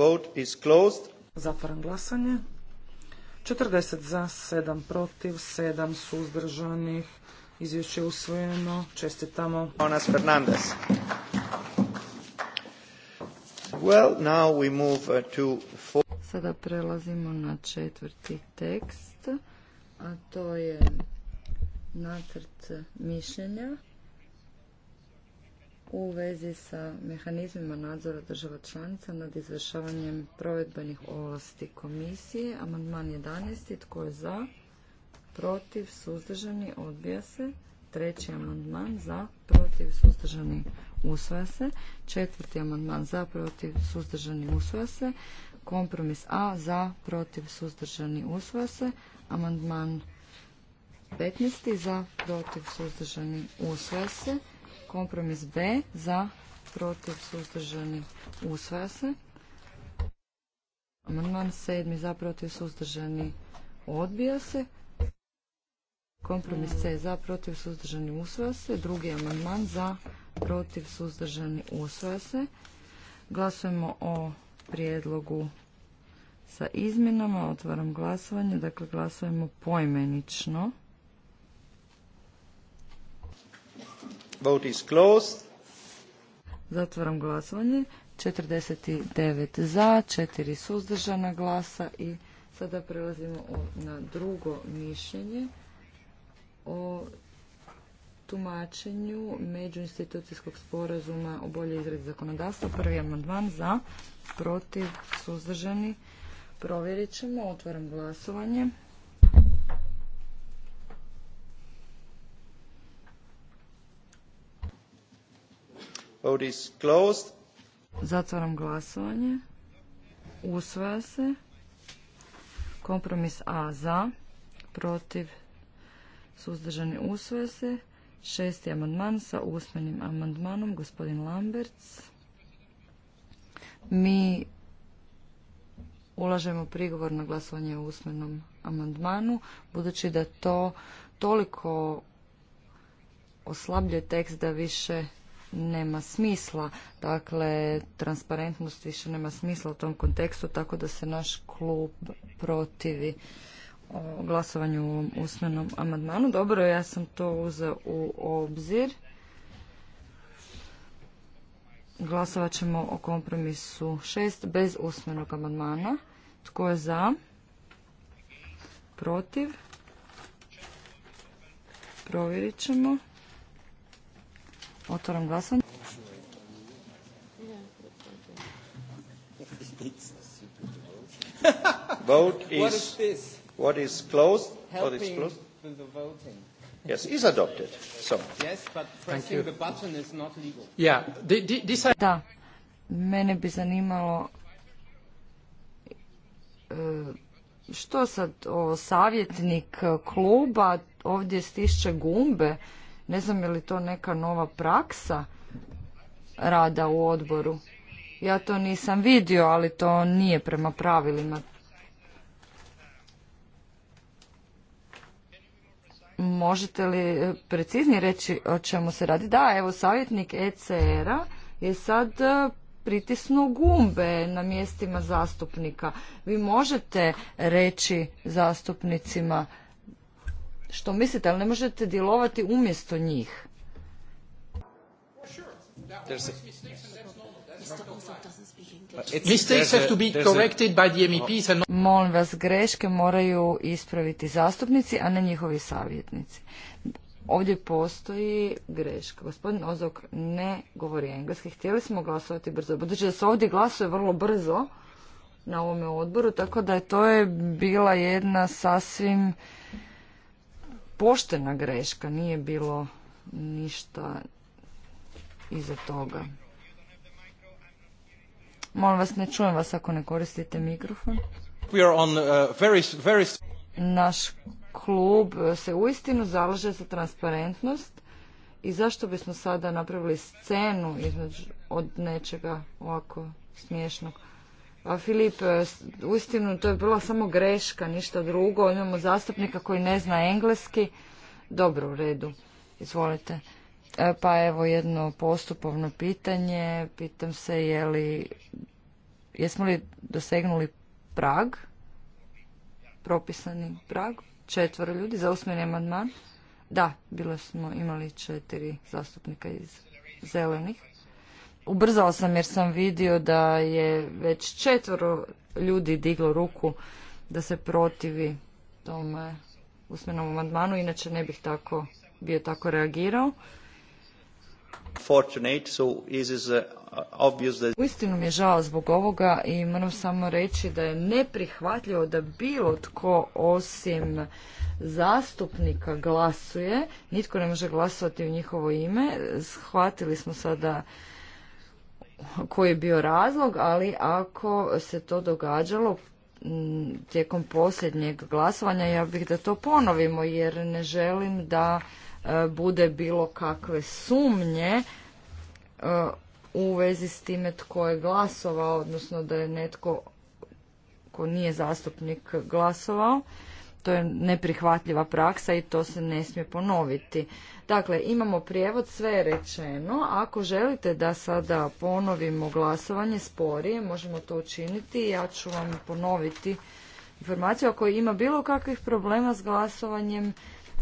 vote is closed. Zatvaram glasanje. 40 za, 7 protiv, 7 suzdržanih. Izvješće je usvojeno. Čestitamo. Jonas Fernandez. Well, now we move uh, to four... Sada prelazimo na četvrti tekst, a to je nacrt mišljenja u vezi sa mehanizmima nadzora država članica nad izvršavanjem provedbenih ovlasti komisije. Amandman 11. Tko je za? Protiv? Suzdržani? Odbija se. Treći amandman za, protiv, suzdržani, usvaja se. Četvrti amandman za, protiv, suzdržani, usvaja se. Kompromis A za, protiv, suzdržani, usvaja se. Amandman 15. za, protiv, suzdržani, usvaja se. Kompromis B za, protiv, suzdržani, usvaja se. Amandman 7 za, protiv, suzdržani, odbija se. Kompromis C za, protiv, suzdržani, usvaja se. Drugi amandman za, protiv, suzdržani, usvaja se. Glasujemo o prijedlogu sa izmjenama. Otvaram glasovanje. Dakle, glasujemo poimenično. Vote Zatvaram glasovanje. 49 za, 4 suzdržana glasa i sada prelazimo na drugo mišljenje o tumačenju međuinstitucijskog sporazuma o bolje izradi zakonodavstva. Prvi amandman za, protiv, suzdržani. Provjerit ćemo, otvaram glasovanje. Vote Zatvaram glasovanje. Usvaja se. Kompromis A za, protiv, suzdržani usvaja se. Šesti amandman sa usmenim amandmanom, gospodin Lamberts. Mi ulažemo prigovor na glasovanje o usmenom amandmanu, budući da to toliko oslablje tekst da više nema smisla. Dakle, transparentnost više nema smisla u tom kontekstu, tako da se naš klub protivi o glasovanju u usmenom amandmanu. Dobro, ja sam to uzeo u obzir. Glasovat ćemo o kompromisu 6 bez usmenog amandmana. Tko je za? Protiv? Provjerit ćemo. Otvaram glasanje. Vote is, what is What is closed? Helping what is closed? the voting. Yes, is adopted. So. Yes, but pressing the button is not legal. Yeah, the, the, this I... Da, mene bi zanimalo e, što sad o savjetnik kluba ovdje stišće gumbe. Ne znam je li to neka nova praksa rada u odboru. Ja to nisam vidio, ali to nije prema pravilima. Možete li e, preciznije reći o čemu se radi? Da, evo savjetnik ECR-a je sad e, pritisnu gumbe na mjestima zastupnika. Vi možete reći zastupnicima što mislite, ali ne možete djelovati umjesto njih. Molim vas, greške moraju ispraviti zastupnici, a ne njihovi savjetnici. Ovdje postoji greška. Gospodin Ozok ne govori engleski. Htjeli smo glasovati brzo. Budući da se ovdje glasuje vrlo brzo na ovome odboru, tako da je to je bila jedna sasvim poštena greška, nije bilo ništa iza toga. Molim vas, ne čujem vas ako ne koristite mikrofon. Uh, Naš klub se uistinu zalaže za transparentnost i zašto bismo sada napravili scenu između od nečega ovako smiješnog. Pa, Filip, e, uistinu to je bila samo greška, ništa drugo. Imamo zastupnika koji ne zna engleski. Dobro, u redu. Izvolite. E, pa evo jedno postupovno pitanje. Pitam se je li, jesmo li dosegnuli prag? Propisani prag? Četvoro ljudi za usmjeni amandman? Da, bilo smo, imali četiri zastupnika iz zelenih ubrzao sam jer sam vidio da je već četvoro ljudi diglo ruku da se protivi tom usmenom amandmanu, inače ne bih tako bio tako reagirao. Uh, Uistinu mi je žao zbog ovoga i moram samo reći da je neprihvatljivo da bilo tko osim zastupnika glasuje, nitko ne može glasovati u njihovo ime. Shvatili smo sada koji je bio razlog, ali ako se to događalo tijekom posljednjeg glasovanja, ja bih da to ponovimo jer ne želim da e, bude bilo kakve sumnje e, u vezi s time tko je glasovao, odnosno da je netko ko nije zastupnik glasovao. To je neprihvatljiva praksa i to se ne smije ponoviti. Dakle, imamo prijevod, sve je rečeno. Ako želite da sada ponovimo glasovanje sporije, možemo to učiniti. Ja ću vam ponoviti informaciju. Ako ima bilo kakvih problema s glasovanjem,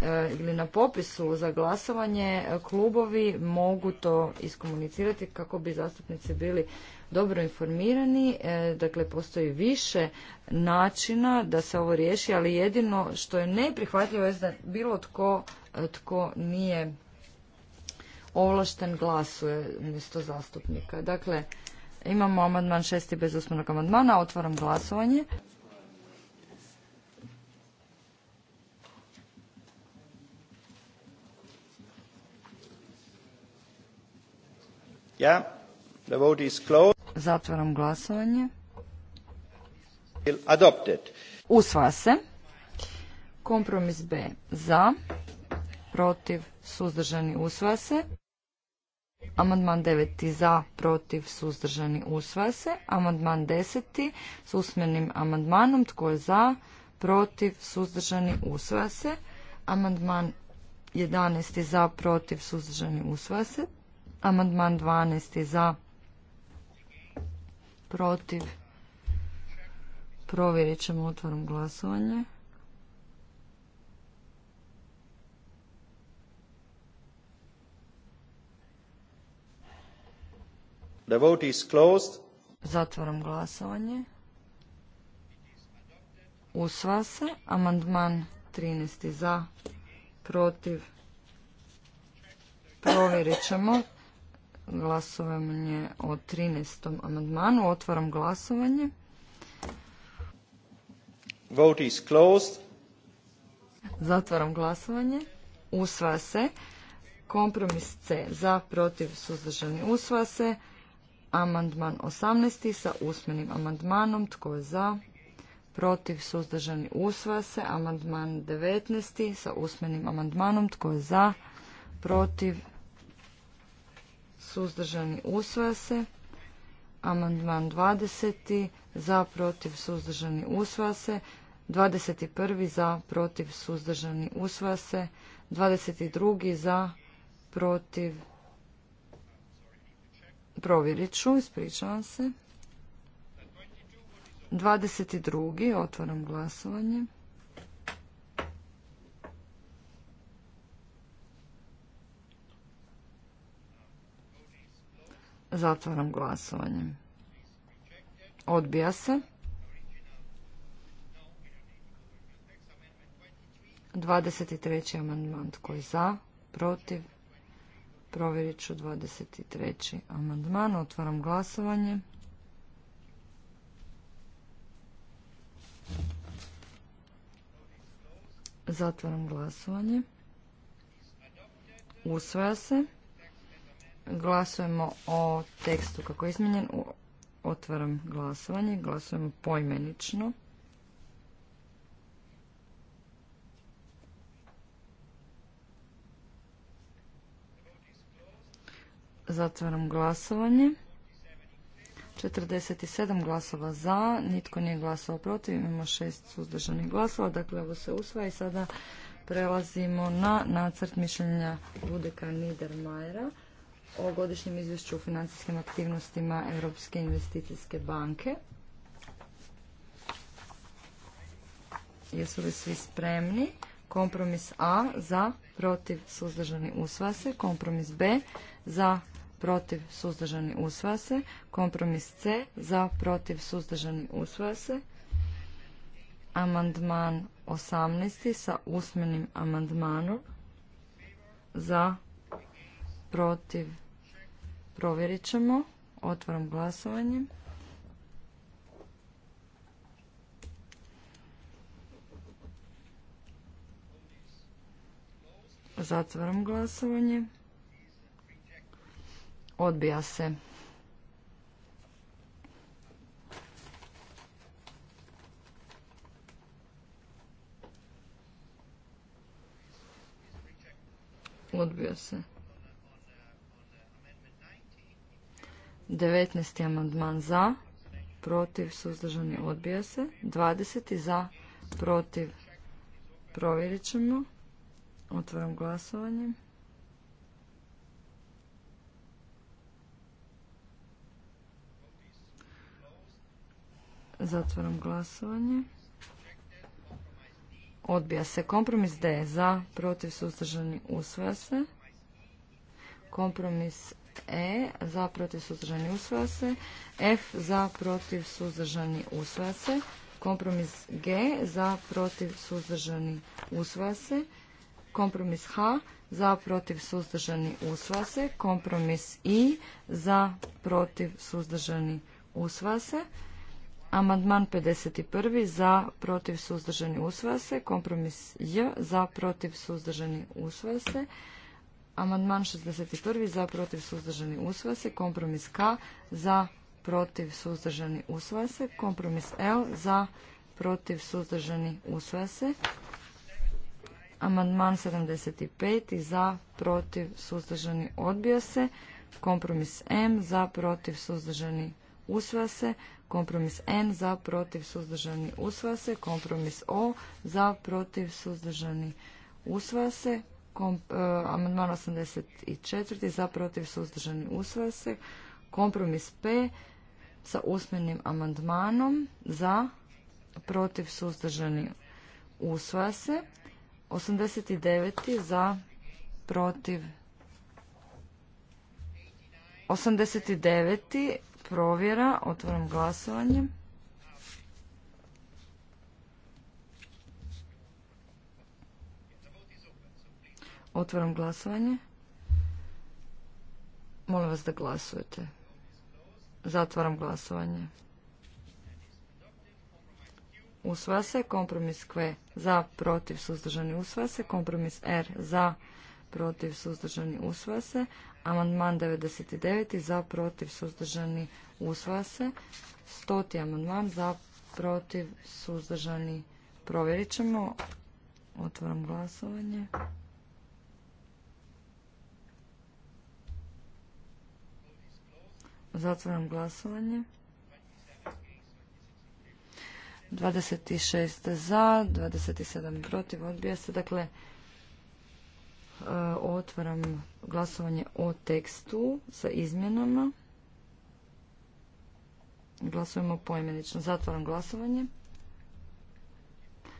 e, ili na popisu za glasovanje klubovi mogu to iskomunicirati kako bi zastupnici bili dobro informirani. E, dakle, postoji više načina da se ovo riješi, ali jedino što je neprihvatljivo je da bilo tko tko nije ovlašten glasuje umjesto zastupnika. Dakle, imamo amandman šesti bez usmenog amandmana, otvaram glasovanje. ja the vote is closed. Zatvaram glasovanje. Adopted. Usvaja se. Kompromis B za, protiv, suzdržani, usvaja se. Amandman 9. za, protiv, suzdržani, usvase. se. Amandman 10. s usmenim amandmanom, tko je za, protiv, suzdržani, usvaja se. Amandman 11. za, protiv, suzdržani, usvaja se. Amandman 12. za, protiv, provjerit ćemo, otvorom glasovanje. The vote Zatvaram glasovanje. Usva se. Amandman 13. za, protiv. Provjerit ćemo. Glasovanje o 13. amandmanu. Otvaram glasovanje. Vote is Zatvaram glasovanje. Usvaja se. Kompromis C. Za, protiv, suzdržani. Usva se. Amandman 18. sa usmenim amandmanom. Tko je za? Protiv suzdržani usvaja se. Amandman 19. sa usmenim amandmanom. Tko je za? Protiv suzdržani usvaja se. Amandman 20. za protiv suzdržani usvaja se. 21. za protiv suzdržani usvaja se. 22. za protiv Provjerit ću, ispričavam se. 22. Otvaram glasovanje. Zatvaram glasovanje. Odbija se. 23. amandman tko je za, protiv, Provjerit ću 23. amandman. Otvaram glasovanje. Zatvaram glasovanje. Usvaja se. Glasujemo o tekstu kako je izmijenjen. Otvaram glasovanje. Glasujemo poimenično. Zatvaram glasovanje. 47 glasova za, nitko nije glasao protiv, imamo 6 suzdržanih glasova, dakle ovo se usvaja i sada prelazimo na nacrt mišljenja ludeka Niedermayera o godišnjem izvješću o financijskim aktivnostima Europske investicijske banke. Jesu li svi spremni? Kompromis A za, protiv, suzdržani, usvaja se. Kompromis B za, protiv, suzdržani, usvaja se. Kompromis C, za, protiv, suzdržani, usvaja se. Amandman 18. sa usmenim amandmanom. Za, protiv, provjerit ćemo. Otvaram glasovanje. Zatvaram glasovanje. Odbija se. Odbija se. 19. amandman za, protiv, suzdržani, odbija se. 20. za, protiv, provjerit ćemo. Otvaram glasovanje. Zatvaram glasovanje. Odbija se. Kompromis D za, protiv, suzdržani, usvaja se. Kompromis E za, protiv, suzdržani, usvaja se. F za, protiv, suzdržani, usvaja se. Kompromis G za, protiv, suzdržani, usvaja se. Kompromis H za, protiv, suzdržani, usvaja se. Kompromis I za, protiv, suzdržani, usvaja se. Amandman 51. za, protiv, suzdržani, usvaja se. Kompromis J za, protiv, suzdržani, usvaja se. Amandman 61. za, protiv, suzdržani, usvaja se. Kompromis K za, protiv, suzdržani, usvaja se. Kompromis L za, protiv, suzdržani, usvaja se. Amandman 75. za, protiv, suzdržani, odbija se. Kompromis M za, protiv, suzdržani, usvaja se. Kompromis N za protiv suzdržani usvaja se. Kompromis O za protiv suzdržani usvaja se. E, amandman 84. za protiv suzdržani usvaja se. Kompromis P sa usmenim amandmanom za protiv suzdržani usvaja se. 89. za protiv 89 provjera. Otvaram glasovanje. Otvaram glasovanje. Molim vas da glasujete. Zatvaram glasovanje. Usvaja se kompromis Kve za protiv suzdržani usvaja se kompromis R za protiv, suzdržani, usvaja se. Amandman 99. za, protiv, suzdržani, usvaja se. 100. amandman za, protiv, suzdržani, provjerit ćemo. Otvaram glasovanje. Zatvaram glasovanje. 26 za, 27 protiv, odbija se. Dakle, E, otvaram glasovanje o tekstu sa izmjenama. Glasujemo poimenično. Zatvaram glasovanje.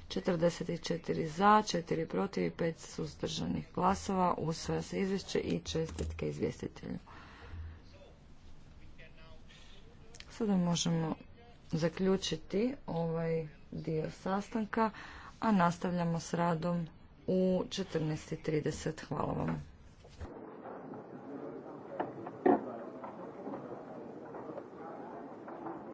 44 za, 4 protiv i 5 suzdržanih glasova. Usvaja se izvješće i čestitke izvjestitelju. Sada možemo zaključiti ovaj dio sastanka, a nastavljamo s radom u 14.30. Hvala vam.